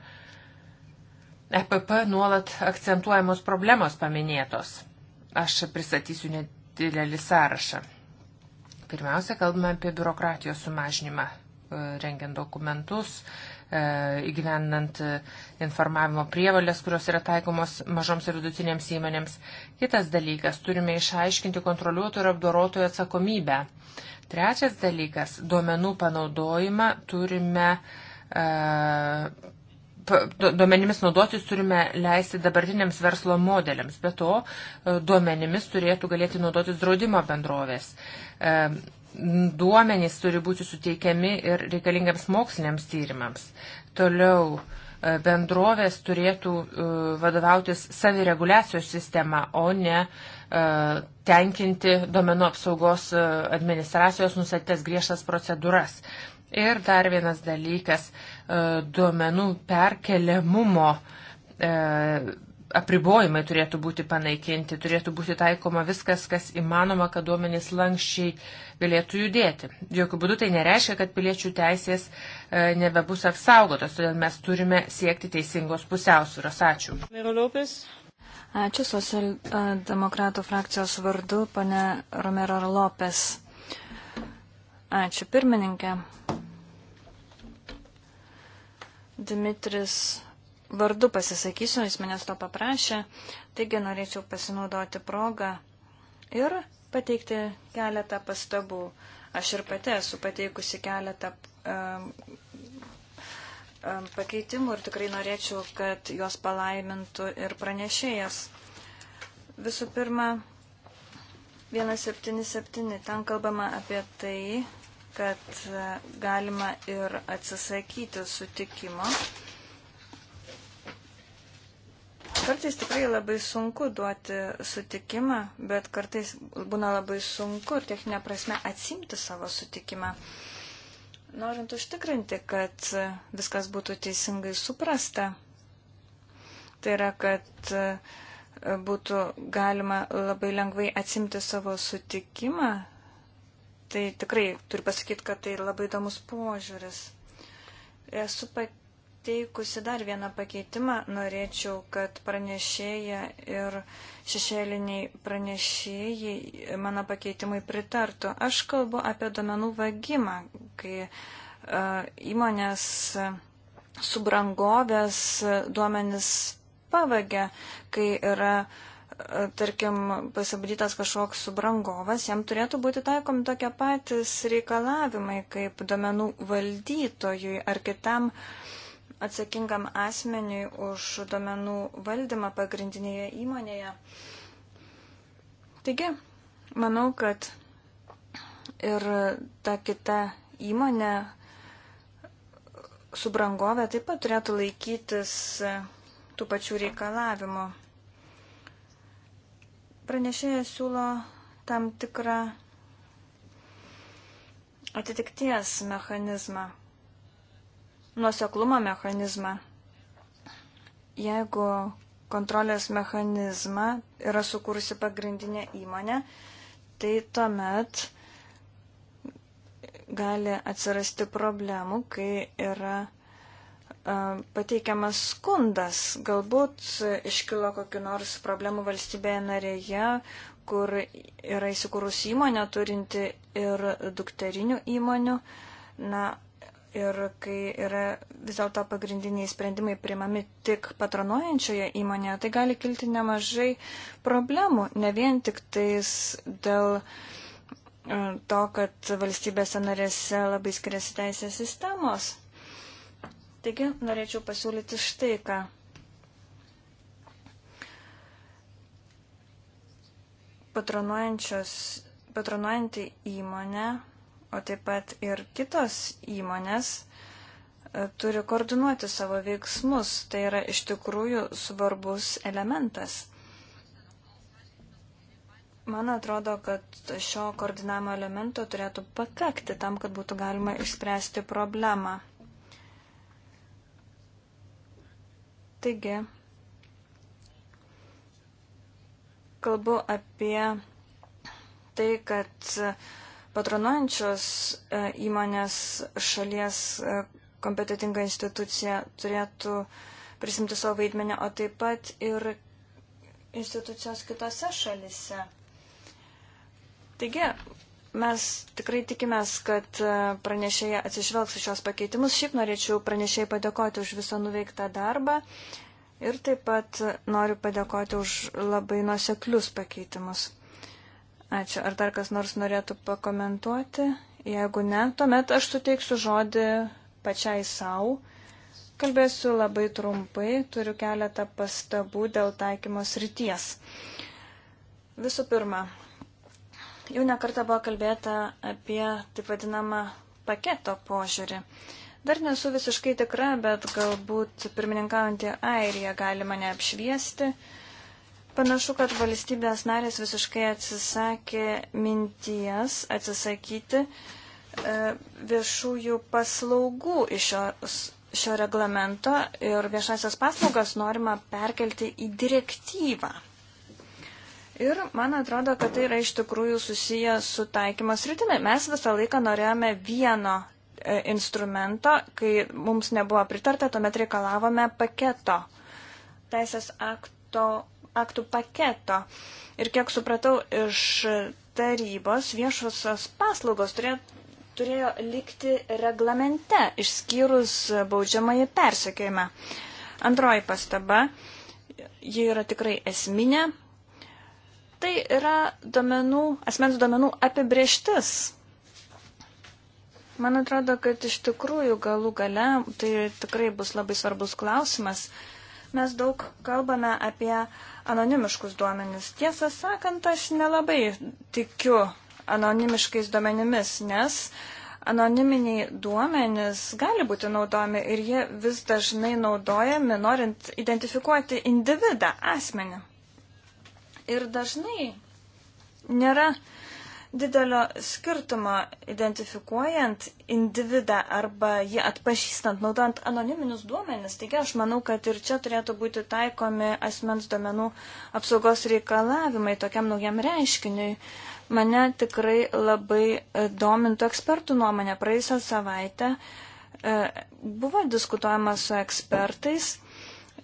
Speaker 3: EPP nuolat akcentuojamos problemos paminėtos. Aš pristatysiu nedidelį sąrašą. Pirmiausia, kalbame apie biurokratijos sumažinimą, e, rengiant dokumentus, e, įgyvendant e, informavimo prievalės, kurios yra taikomos mažoms ir vidutinėms įmonėms. Kitas dalykas, turime išaiškinti kontroliuotojų ir apdorotojų atsakomybę. Trečias dalykas, duomenų panaudojimą turime uh, duomenimis naudotis turime leisti dabartiniams verslo modeliams. Be to, e, duomenimis turėtų galėti naudotis draudimo bendrovės. E, duomenys turi būti suteikiami ir reikalingiams moksliniams tyrimams. Toliau e, bendrovės turėtų vadovautis savireguliacijos sistema, o ne tenkinti domenų apsaugos administracijos nusatytas griežtas procedūras. Ir dar vienas dalykas E, duomenų perkeliamumo e, apribojimai turėtų būti panaikinti, turėtų būti taikoma viskas, kas įmanoma, kad duomenys lankščiai galėtų judėti. Jokių būdų tai nereiškia, kad piliečių teisės e, nebebus apsaugotos, todėl mes turime siekti teisingos pusiausvyros. Ačiū.
Speaker 1: Ačiū socialdemokratų frakcijos vardu, pane Romero Lopes. Ačiū pirmininkė. Dimitris vardu pasisakysiu, jis manęs to paprašė, taigi norėčiau pasinaudoti progą ir pateikti keletą pastabų. Aš ir pati esu pateikusi keletą um, um, pakeitimų ir tikrai norėčiau, kad juos palaimintų ir pranešėjas. Visų pirma, 177, ten kalbama apie tai, kad galima ir atsisakyti sutikimo. Kartais tikrai labai sunku duoti sutikimą, bet kartais būna labai sunku ir techninė prasme atsimti savo sutikimą. Norint užtikrinti, kad viskas būtų teisingai suprasta, tai yra, kad e, būtų galima labai lengvai atsimti savo sutikimą, Tai tikrai turiu pasakyti, kad tai labai įdomus požiūris. Esu pateikusi dar vieną pakeitimą. Norėčiau, kad pranešėja ir šešėliniai pranešėjai mano pakeitimui pritartų. Aš kalbu apie domenų vagimą, kai uh, įmonės subrangovės duomenis pavagia, kai yra uh, tarkim, pasibdytas kažkoks subrangovas, jam turėtų būti taikomi tokie patys reikalavimai kaip domenų valdytojui ar kitam atsakingam asmeniui už domenų valdymą pagrindinėje įmonėje. Taigi, manau, kad ir ta kita įmonė subrangovė taip pat turėtų laikytis tų pačių reikalavimų. Pranešėjas siūlo tam tikrą atitikties mechanizmą, nuoseklumo mechanizmą. Jeigu kontrolės mechanizmą yra sukūrusi pagrindinė įmonė, tai tuomet gali atsirasti problemų, kai yra pateikiamas skundas. Galbūt iškilo kokiu nors problemu valstybėje narėje, kur yra įsikūrus įmonė turinti ir dukterinių įmonių. Na, ir kai yra vis dėlto pagrindiniai sprendimai priimami tik patronuojančioje įmonėje, tai gali kilti nemažai problemų, ne vien tik tais dėl e, to, kad valstybėse narėse labai skiriasi teisės sistemos. Taigi norėčiau pasiūlyti štai ką. Patronuojanti įmonė, o taip pat ir kitos įmonės e, turi koordinuoti savo veiksmus. Tai yra iš tikrųjų svarbus elementas. Man atrodo, kad šio koordinavimo elemento turėtų pakakti tam, kad būtų galima išspręsti problemą. Taigi, kalbu apie tai, kad patronuojančios e, įmonės šalies e, kompetitinga institucija turėtų prisimti savo vaidmenį, o taip pat ir institucijos kitose šalise. Taigi, Mes tikrai tikimės, kad e, pranešėja atsižvelgs į šios pakeitimus. Šiaip norėčiau pranešėjai padėkoti už visą nuveiktą darbą ir taip pat noriu padėkoti už labai nuoseklius pakeitimus. Ačiū. Ar dar kas nors norėtų pakomentuoti? Jeigu ne, tuomet aš suteiksiu žodį pačiai savo. Kalbėsiu labai trumpai, turiu keletą pastabų dėl taikymos ryties. Visų pirma, Jau nekarta buvo kalbėta apie taip vadinamą paketo požiūrį. Dar nesu visiškai tikra, bet galbūt pirmininkaujantį Airiją gali mane apšviesti. Panašu, kad valstybės narės visiškai atsisakė minties atsisakyti e, viešųjų paslaugų iš šios, šio reglamento ir viešasias paslaugas norima perkelti į direktyvą. Ir man atrodo, kad tai yra iš tikrųjų susiję su taikymas rytimi. Mes visą laiką norėjome vieno e, instrumento, kai mums nebuvo pritarta, tuomet reikalavome paketo, teisės akto, aktų paketo. Ir kiek supratau iš tarybos, viešosios paslaugos turėjo, turėjo likti reglamente, išskyrus baudžiamąjį persekiojimą. Antroji pastaba, ji yra tikrai esminė, Tai yra domenų, asmens domenų apibrieštis. Man atrodo, kad iš tikrųjų galų gale tai tikrai bus labai svarbus klausimas. Mes daug kalbame apie anonimiškus duomenis. Tiesą sakant, aš nelabai tikiu anonimiškais duomenimis, nes anoniminiai duomenys gali būti naudojami ir jie vis dažnai naudojami, norint identifikuoti individą, asmenį. Ir dažnai nėra didelio skirtumo identifikuojant individą arba jį atpažįstant, naudojant anoniminius duomenis. Taigi aš manau, kad ir čia turėtų būti taikomi asmens duomenų apsaugos reikalavimai tokiam naujam reiškiniui. Mane tikrai labai domintų ekspertų nuomonė. Praėjusią savaitę e, buvo diskutuojama su ekspertais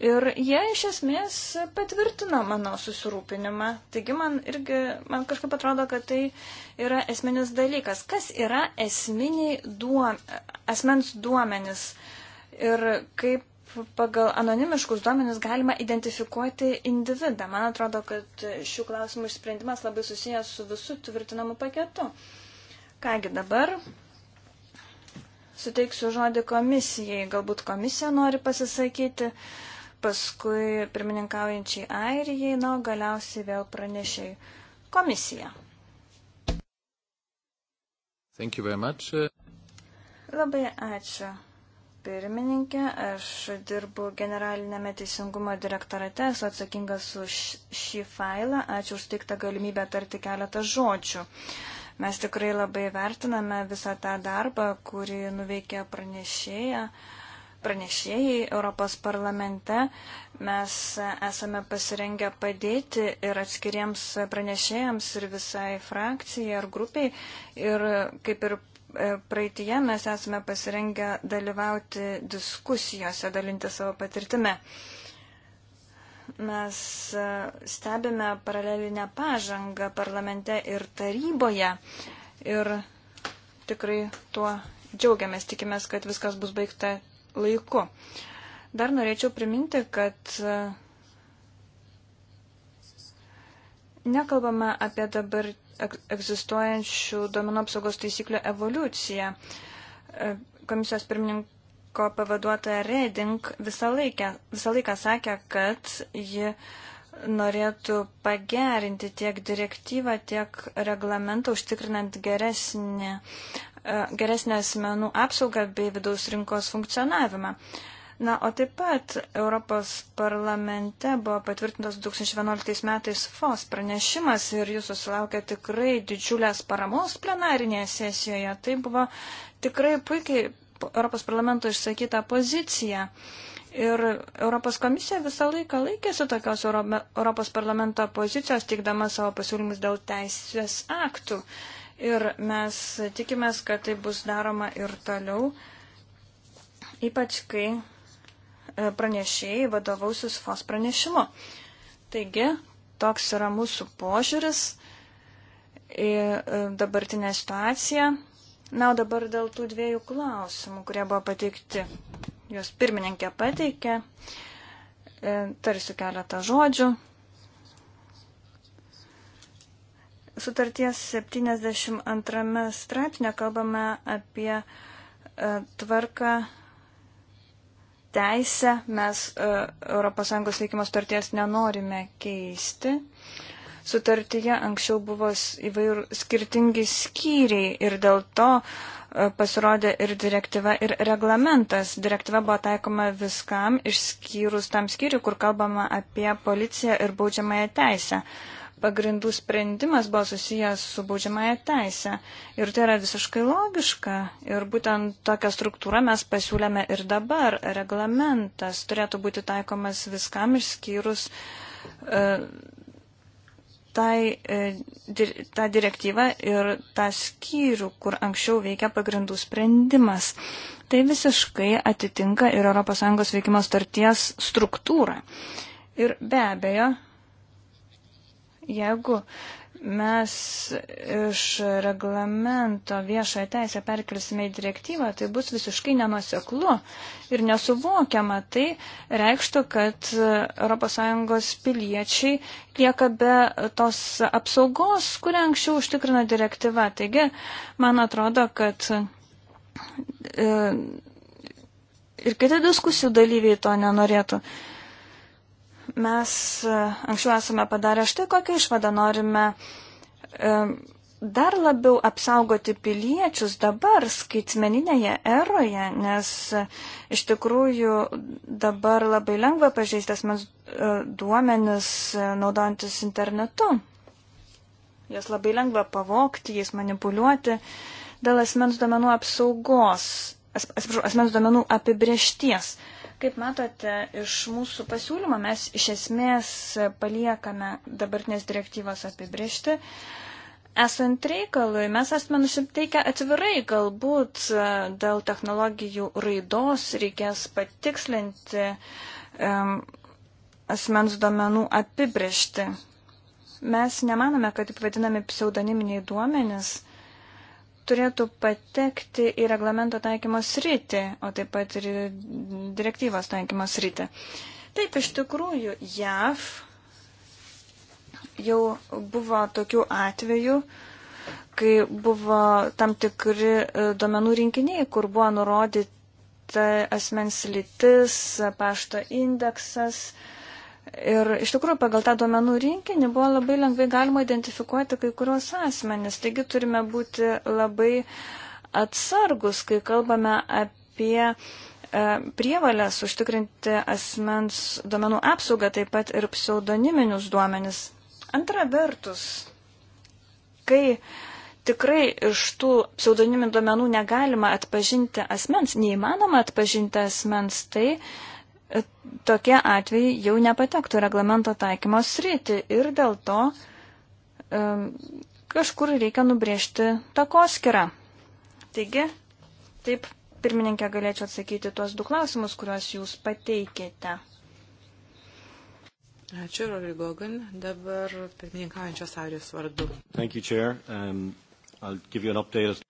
Speaker 1: Ir jie iš esmės patvirtino mano susirūpinimą. Taigi man irgi, man kažkaip atrodo, kad tai yra esminis dalykas. Kas yra esminiai duom, asmens duomenis ir kaip pagal anonimiškus duomenis galima identifikuoti individą. Man atrodo, kad šių klausimų išsprendimas labai susijęs su visų tvirtinamu paketu. Kągi dabar suteiksiu žodį komisijai. Galbūt komisija nori pasisakyti. Uh, paskui pirmininkaujančiai Airijai, na, nu, galiausiai vėl pranešiai komisija. Thank you very much. Labai ačiū. Pirmininkė, aš dirbu generalinėme teisingumo direktorate, esu atsakingas už šį failą. Ačiū už teiktą galimybę tarti keletą žodžių. Mes tikrai labai vertiname visą tą darbą, kurį nuveikė pranešėja. Uh, pranešėjai Europos parlamente. Mes esame pasirengę padėti ir atskiriems pranešėjams, ir visai frakcijai ar grupiai. Ir kaip ir e, praeitie mes esame pasirengę dalyvauti diskusijose, dalinti savo patirtime. Mes e, stebime paralelinę pažangą parlamente ir taryboje. Ir tikrai tuo džiaugiamės, tikimės, kad viskas bus baigta laiku. Dar norėčiau priminti, kad e, nekalbame apie dabar egzistuojančių duomenų apsaugos taisyklių evoliuciją. E, komisijos pirmininko pavaduotoja Reding visą laiką, visą laiką sakė, kad ji norėtų pagerinti tiek direktyvą, tiek reglamentą, užtikrinant geresnį E, geresnę asmenų apsaugą bei vidaus rinkos funkcionavimą. Na, o taip pat Europos parlamente buvo patvirtintas 2011 metais FOS pranešimas ir jis susilaukė tikrai didžiulės paramos plenarinėje sesijoje. Tai buvo tikrai puikiai Europos parlamento išsakyta pozicija. Ir Europos komisija visą laiką laikėsi tokios Europos parlamento pozicijos, teikdama savo pasiūlymus dėl teisės aktų ir mes tikimės, kad tai bus daroma ir toliau, ypač kai e, pranešėjai vadovausis FOS pranešimu. Taigi, toks yra mūsų požiūris į e, dabartinę situaciją. Na, o dabar dėl tų dviejų klausimų, kurie buvo pateikti. Jos pirmininkė pateikė, e, tarsiu keletą žodžių. Sutarties 72 straipsnė kalbame apie e, tvarką teisę. Mes ES veikimo sutarties nenorime keisti. Sutartyje anksčiau buvo įvairių skirtingi skyriai ir dėl to e, pasirodė ir direktyva, ir reglamentas. Direktyva buvo taikoma viskam išskyrus tam skyriui, kur kalbama apie policiją ir baudžiamąją teisę pagrindų sprendimas buvo susijęs su baudžiamąją teisę. Ir tai yra visiškai logiška. Ir būtent tokią struktūrą mes pasiūlėme ir dabar. Reglamentas turėtų būti taikomas viskam išskyrus uh, tai, e, tą direktyvą ir tą skyrių, kur anksčiau veikia pagrindų sprendimas. Tai visiškai atitinka ir ES veikimo starties struktūrą. Ir be abejo, Jeigu mes iš reglamento viešoje teisę perkelsime į direktyvą, tai bus visiškai nenuseklu ir nesuvokiama. Tai reikštų, kad ES piliečiai lieka be tos apsaugos, kurią anksčiau užtikrina direktyva. Taigi, man atrodo, kad. E, ir kiti diskusijų dalyviai to nenorėtų. E, Mes e, anksčiau esame padarę štai kokią išvadą norime e, dar labiau apsaugoti piliečius dabar skaitmeninėje eroje, nes e, iš tikrųjų dabar labai lengva pažeistas mes duomenis naudojantis internetu. Jas labai lengva pavokti, jais manipuliuoti dėl asmens duomenų apsaugos, atsiprašau, asmens duomenų apibriešties. Kaip matote, iš mūsų pasiūlymo mes iš esmės paliekame dabartinės direktyvos apibriežti. Esant reikalui, mes esame nusiteikę atvirai, galbūt e, dėl technologijų raidos reikės patikslinti um, asmens duomenų apibriežti. Mes nemanome, kad taip vadinami pseudoniminiai duomenys uh, turėtų patekti į reglamento taikymos rytį, o taip pat ir direktyvos taikymos rytį. Taip, iš tikrųjų, JAV jau buvo tokių atvejų, kai buvo tam tikri e, duomenų rinkiniai, kur buvo nurodyti asmens lytis, pašto indeksas, uh, Ir iš tikrųjų pagal tą duomenų rinkinį buvo labai lengvai galima identifikuoti kai kurios asmenys. Taigi turime būti labai atsargus, kai kalbame apie e, prievalės užtikrinti asmens duomenų apsaugą, taip pat ir pseudoniminius duomenis. Antra vertus, kai tikrai iš tų pseudoniminių duomenų negalima atpažinti asmens, neįmanoma atpažinti asmens, tai tokie atvejai jau nepatektų reglamento taikymos sritį ir dėl to um, kažkur reikia nubrėžti takoskirą. Taigi, taip pirmininkė galėčiau atsakyti tuos du klausimus, kuriuos jūs pateikėte.
Speaker 2: Ačiū, Rory Gogan. Dabar pirmininkaujančios Airijos vardu.
Speaker 1: Thank you, Chair. Um, I'll give you an update.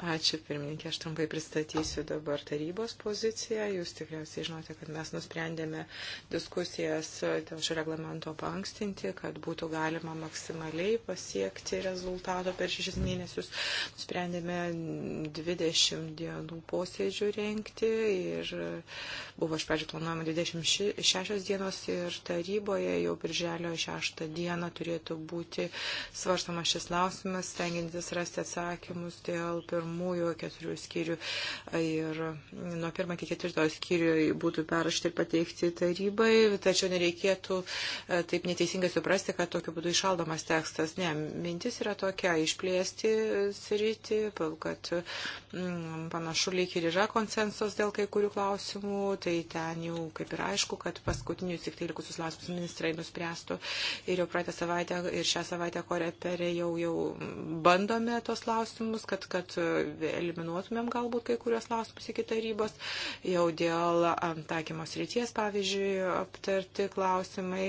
Speaker 2: Ačiū, pirmininkė, aš trumpai pristatysiu dabar tarybos poziciją. Jūs tikriausiai žinote, kad mes nusprendėme diskusijas dėl šio reglamento pankstinti, kad būtų galima maksimaliai pasiekti rezultato per šešis mėnesius. Nusprendėme 20 dienų posėdžių renkti ir buvo iš pradžių planuojama 26 dienos ir taryboje jau birželio 6 dieną turėtų būti svarstamas šis klausimas, stengiantis rasti atsakymus dėl pirmų pirmųjų keturių skyrių ir nuo pirmą iki ketvirto skyrių būtų perrašti ir pateikti tarybai, tačiau nereikėtų taip neteisingai suprasti, kad tokiu būdu išaldomas tekstas. Ne, mintis yra tokia - išplėsti sritį, kad mm, panašu lyg ir yra konsensus dėl kai kurių klausimų, tai ten jau kaip ir aišku, kad paskutinius tik tai likusius klausimus ministrai nuspręstų ir jau praeitą savaitę ir šią savaitę korepere jau, jau bandome tos klausimus, kad, kad eliminuotumėm galbūt kai kurios klausimus iki tarybos, jau dėl taikymos ryties, pavyzdžiui, aptarti klausimai,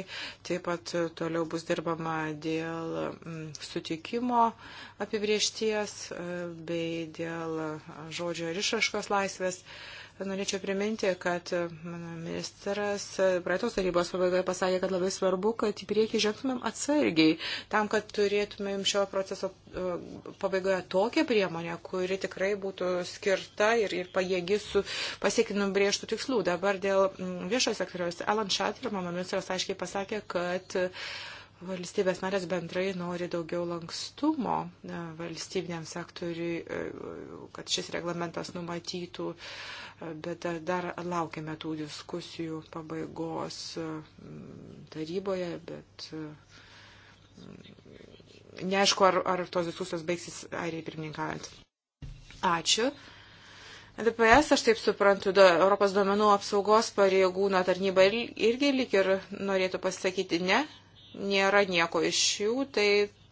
Speaker 2: taip pat e, toliau bus dirbama dėl sutikimo apibriešties e, bei dėl e, žodžio ir išraškos laisvės. Uh, Norėčiau priminti, kad mano ministras praeitos tarybos pabaigoje pasakė, kad labai svarbu, kad į priekį žengtumėm atsargiai, tam, kad turėtumėm šio proceso e, pabaigoje tokią priemonę, kuri tikrai būtų skirta ir, ir pajėgi su pasiekti nubrėžtų tikslų. Dabar dėl viešojo sektoriaus Alan Shatter, mano ministras, aiškiai pasakė, kad uh, valstybės narės bendrai nori daugiau lankstumo e, valstybiniam sektoriui, e, kad šis reglamentas numatytų, e, bet dar laukiame tų diskusijų pabaigos taryboje, bet neaišku, ar, ar tos diskusijos baigsis airiai pirmininkaujant. Ačiū. DPS, aš taip suprantu, do, Europos duomenų apsaugos pareigūno tarnyba irgi lik ir norėtų pasakyti ne, nėra nieko iš jų, tai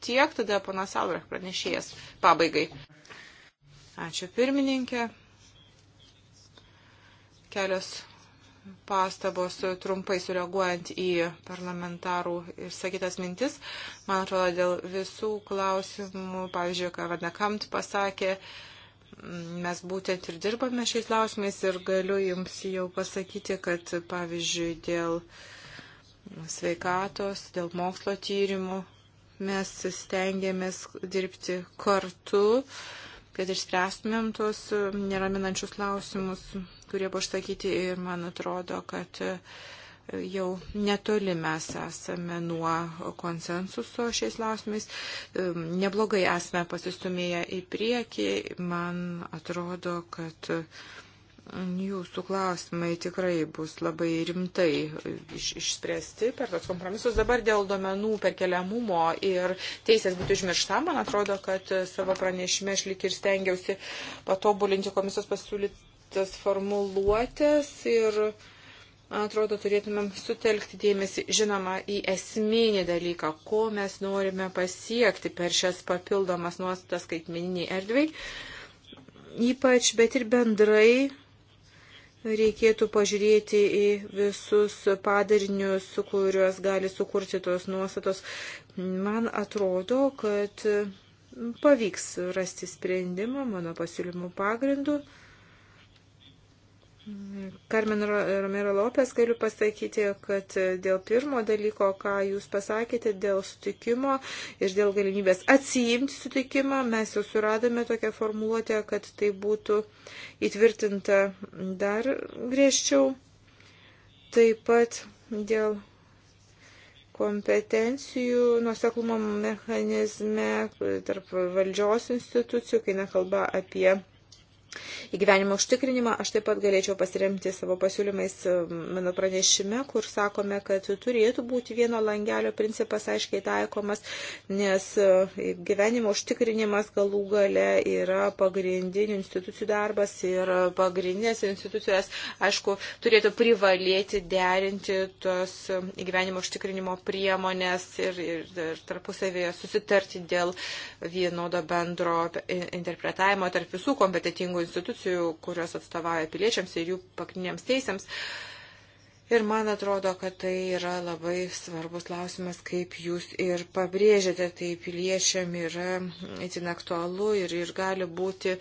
Speaker 2: tiek tada panas Albrech pranešėjas pabaigai. Ačiū pirmininkė. Kelios pastabos trumpai sureaguojant į parlamentarų išsakytas mintis. Man atrodo, dėl visų klausimų, pavyzdžiui, ką Vadnekamt pasakė, mes būtent ir dirbame šiais klausimais ir galiu jums jau pasakyti, kad, pavyzdžiui, dėl uh, sveikatos, dėl mokslo tyrimų. Mes stengiamės dirbti kartu, kad išspręstumėm tuos neraminančius klausimus, kurie buvo išsakyti ir man atrodo, kad e, jau netoli mes esame nuo konsensuso šiais klausimais. E, neblogai esame pasistumėję į priekį. Man atrodo, kad Jūsų klausimai tikrai bus labai rimtai iš, išspręsti per tos kompromisus. Dabar dėl domenų perkeliamumo ir teisės būtų užmiršta, man atrodo, kad savo pranešime aš lik ir stengiausi patobulinti komisijos pasiūlytas formuluotės ir, man atrodo, turėtumėm sutelkti dėmesį, žinoma, į esminį dalyką, ko mes norime pasiekti per šias papildomas nuostatas skaitmeniniai erdvei. Ypač, bet ir bendrai reikėtų pažiūrėti į visus padarinius, kuriuos gali sukurti tos nuostatos. Man atrodo, kad pavyks rasti sprendimą mano pasiūlymų pagrindų. Carmen Romero Lopes galiu pasakyti, kad dėl pirmo dalyko, ką jūs pasakėte, dėl sutikimo ir dėl galimybės atsiimti sutikimą, mes jau suradome tokią formuluotę, kad tai būtų įtvirtinta dar griežčiau. Taip pat dėl kompetencijų nuoseklumo mechanizme tarp valdžios institucijų, kai nekalba apie įgyvenimo užtikrinimą, aš taip pat galėčiau pasiremti savo pasiūlymais e, mano pranešime, kur sakome, kad turėtų būti vieno langelio principas aiškiai taikomas, nes e, gyvenimo užtikrinimas galų gale yra pagrindinių institucijų darbas ir pagrindinės institucijos, aišku, turėtų privalėti derinti tos e, gyvenimo užtikrinimo priemonės ir, ir, ir tarpusavėje susitarti dėl vienodo bendro interpretavimo tarp visų kompetitingų skirtingų institucijų, kurios atstovauja piliečiams ir jų pagrindiniams teisėms. Ir man atrodo, kad tai yra labai svarbus klausimas, kaip jūs ir pabrėžėte, tai piliečiam yra itin aktualu ir, ir gali būti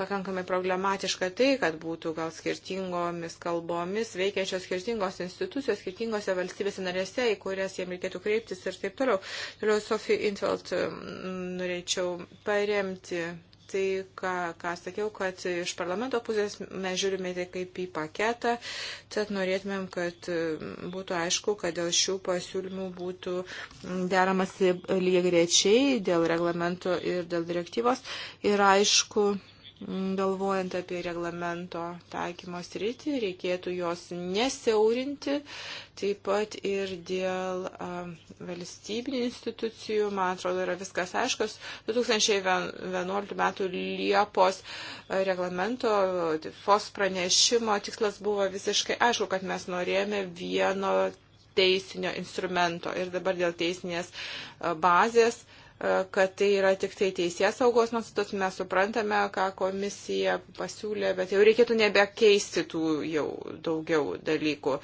Speaker 2: pakankamai problematiška tai, kad būtų gal skirtingomis kalbomis veikiančios skirtingos institucijos, skirtingose valstybėse narėse, į kurias jiems reikėtų kreiptis ir taip toliau. Toliau Sofija Infeld norėčiau paremti tai, ką, ką sakiau, kad iš parlamento pusės mes žiūrime tai kaip į paketą, tad norėtumėm, kad būtų aišku, kad dėl šių pasiūlymų būtų deramasi lygiai grečiai dėl reglamento ir dėl direktyvos. Ir aišku, galvojant apie reglamento taikymo sritį, reikėtų jos nesiaurinti, taip pat ir dėl valstybinių institucijų, man atrodo, yra viskas aiškas. 2011 m. Liepos reglamento FOS pranešimo tikslas buvo visiškai aišku, kad mes norėjome vieno teisinio instrumento ir dabar dėl teisinės bazės kad tai yra tik tai teisės saugos nuostatos, mes suprantame, ką komisija pasiūlė, bet jau reikėtų nebekeisti tų jau daugiau dalykų.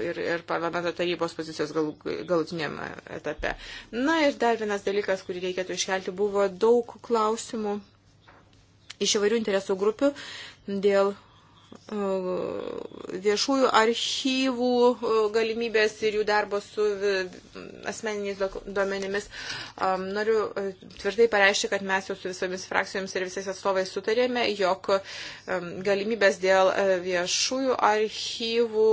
Speaker 2: Ir, ir parlamento tarybos pozicijos gal, galutiniam etape. Na ir dar vienas dalykas, kurį reikėtų iškelti, buvo daug klausimų iš įvairių interesų grupių dėl E, viešųjų archyvų e, galimybės ir jų darbo su asmeniniais duomenimis. E, noriu tvirtai pareišti, kad mes jau su visomis frakcijomis ir visais atstovais sutarėme, jog galimybės dėl viešųjų archyvų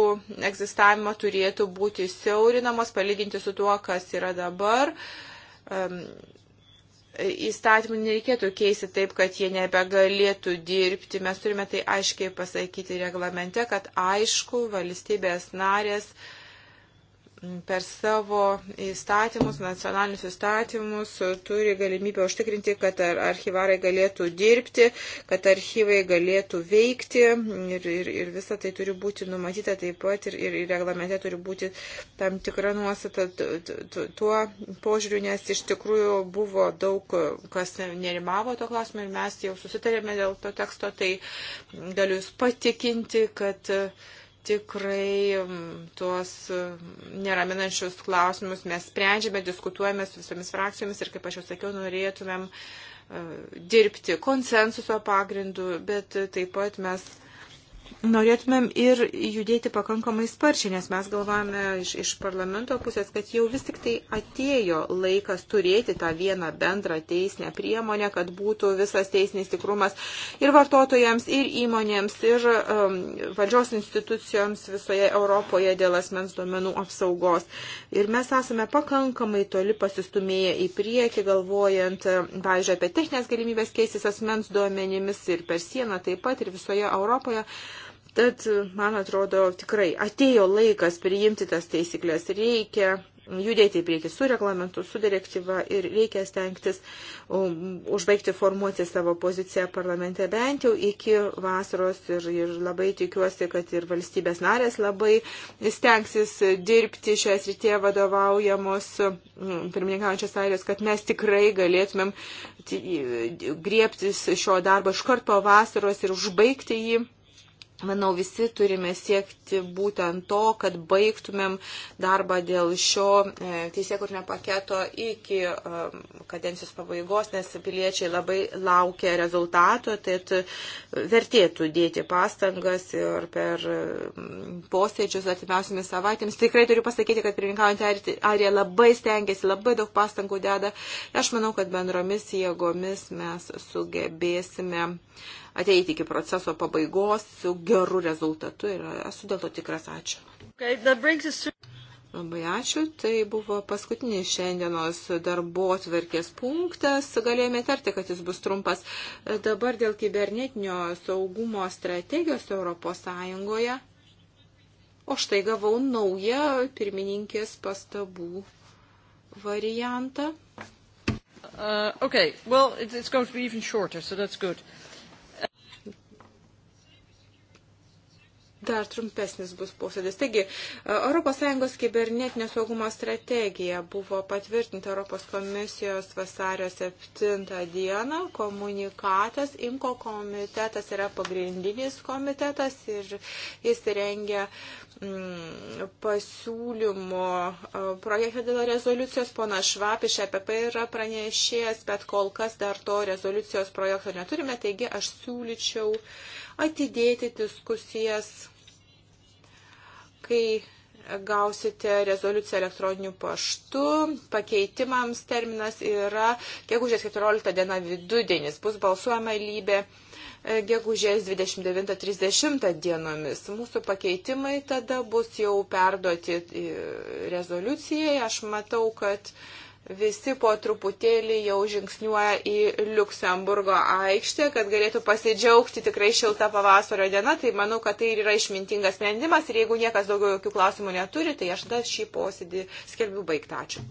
Speaker 2: egzistavimo turėtų būti siaurinamos, palyginti su tuo, kas yra dabar įstatymų nereikėtų keisti taip, kad jie nebegalėtų dirbti. Mes turime tai aiškiai pasakyti reglamente, kad aišku, valstybės narės uh, per savo įstatymus, nacionalinius įstatymus turi galimybę užtikrinti, kad archyvarai galėtų dirbti, kad archyvai galėtų veikti ir, ir, ir visa tai turi būti numatyta taip pat ir, ir, ir reglamente turi būti tam tikra nuostata tuo požiūriu, nes iš tikrųjų buvo daug, kas nerimavo to klausimą ir mes jau susitarėme dėl to teksto, tai galiu jūs patikinti, kad uh, tikrai tuos neraminančius klausimus mes sprendžiame, diskutuojame su visomis frakcijomis ir, kaip aš jau sakiau, norėtumėm e, dirbti konsensuso pagrindu, bet taip pat mes norėtumėm ir judėti pakankamai sparčiai, nes mes galvojame iš, iš parlamento pusės, kad jau vis tik tai atėjo laikas turėti tą vieną bendrą teisinę priemonę, kad būtų visas teisinis tikrumas ir vartotojams, ir įmonėms, ir um, valdžios institucijoms visoje Europoje dėl asmens duomenų apsaugos. Ir mes esame pakankamai toli pasistumėję į priekį, galvojant, pavyzdžiui, apie techninės galimybės keistis asmens duomenimis ir per sieną taip pat ir visoje Europoje. Tad, man atrodo, tikrai atėjo laikas priimti tas teisiklės. Reikia judėti į priekį su reglamentu, su direktyva ir reikia stengtis um, užbaigti formuoti savo poziciją parlamente bent jau iki vasaros ir, ir labai tikiuosi, kad ir valstybės narės labai stengsis dirbti šioje srityje vadovaujamos um, pirmininkaujančios airijos, kad mes tikrai galėtumėm griebtis šio darbo iškart po vasaros ir užbaigti jį Manau, visi turime siekti būtent to, kad baigtumėm darbą dėl šio e, teisėkurnio paketo iki e, kadencijos pabaigos, nes piliečiai labai laukia rezultato, tai vertėtų dėti pastangas ir per e, posėdžius atimiausiamis savaitėmis. Tikrai turiu pasakyti, kad pirmininkaujant Arija labai stengiasi, labai daug pastangų deda. Aš manau, kad bendromis jėgomis mes sugebėsime uh, ateiti iki proceso pabaigos su geru rezultatu ir esu dėl to tikras ačiū. Okay, Labai ačiū. Tai buvo paskutinis šiandienos darbo atverkės punktas. Galėjome tarti, kad jis bus trumpas. Dabar dėl kibernetinio saugumo strategijos ES. O štai gavau naują pirmininkės pastabų variantą. Uh, okay, well, it, it's going to be even shorter, so that's good. Uh, dar trumpesnis bus posėdis. Taigi, ES kibernetinio saugumo strategija buvo patvirtinta Europos komisijos vasario 7 dieną. Komunikatas, IMKO komitetas yra pagrindinis komitetas ir jis rengia mm, pasiūlymo e, projektą dėl rezoliucijos. Pona Švap iš EPP yra pranešėjęs, bet kol kas dar to rezoliucijos projekto neturime. Taigi aš siūlyčiau atidėti diskusijas kai gausite rezoliuciją elektroniniu paštu. Pakeitimams terminas yra gegužės 14 diena vidudienis. Bus balsuojama lybė e, gegužės 29-30 dienomis. Mūsų pakeitimai tada bus jau perduoti e, rezoliucijai. Aš matau, kad uh, visi po truputėlį jau žingsniuoja į Luksemburgo aikštę, kad galėtų pasidžiaugti tikrai šilta pavasario diena. Tai manau, kad tai yra išmintingas sprendimas ir jeigu niekas daugiau jokių klausimų neturi, tai aš tada šį posėdį skelbiu baigtą. Ačiū.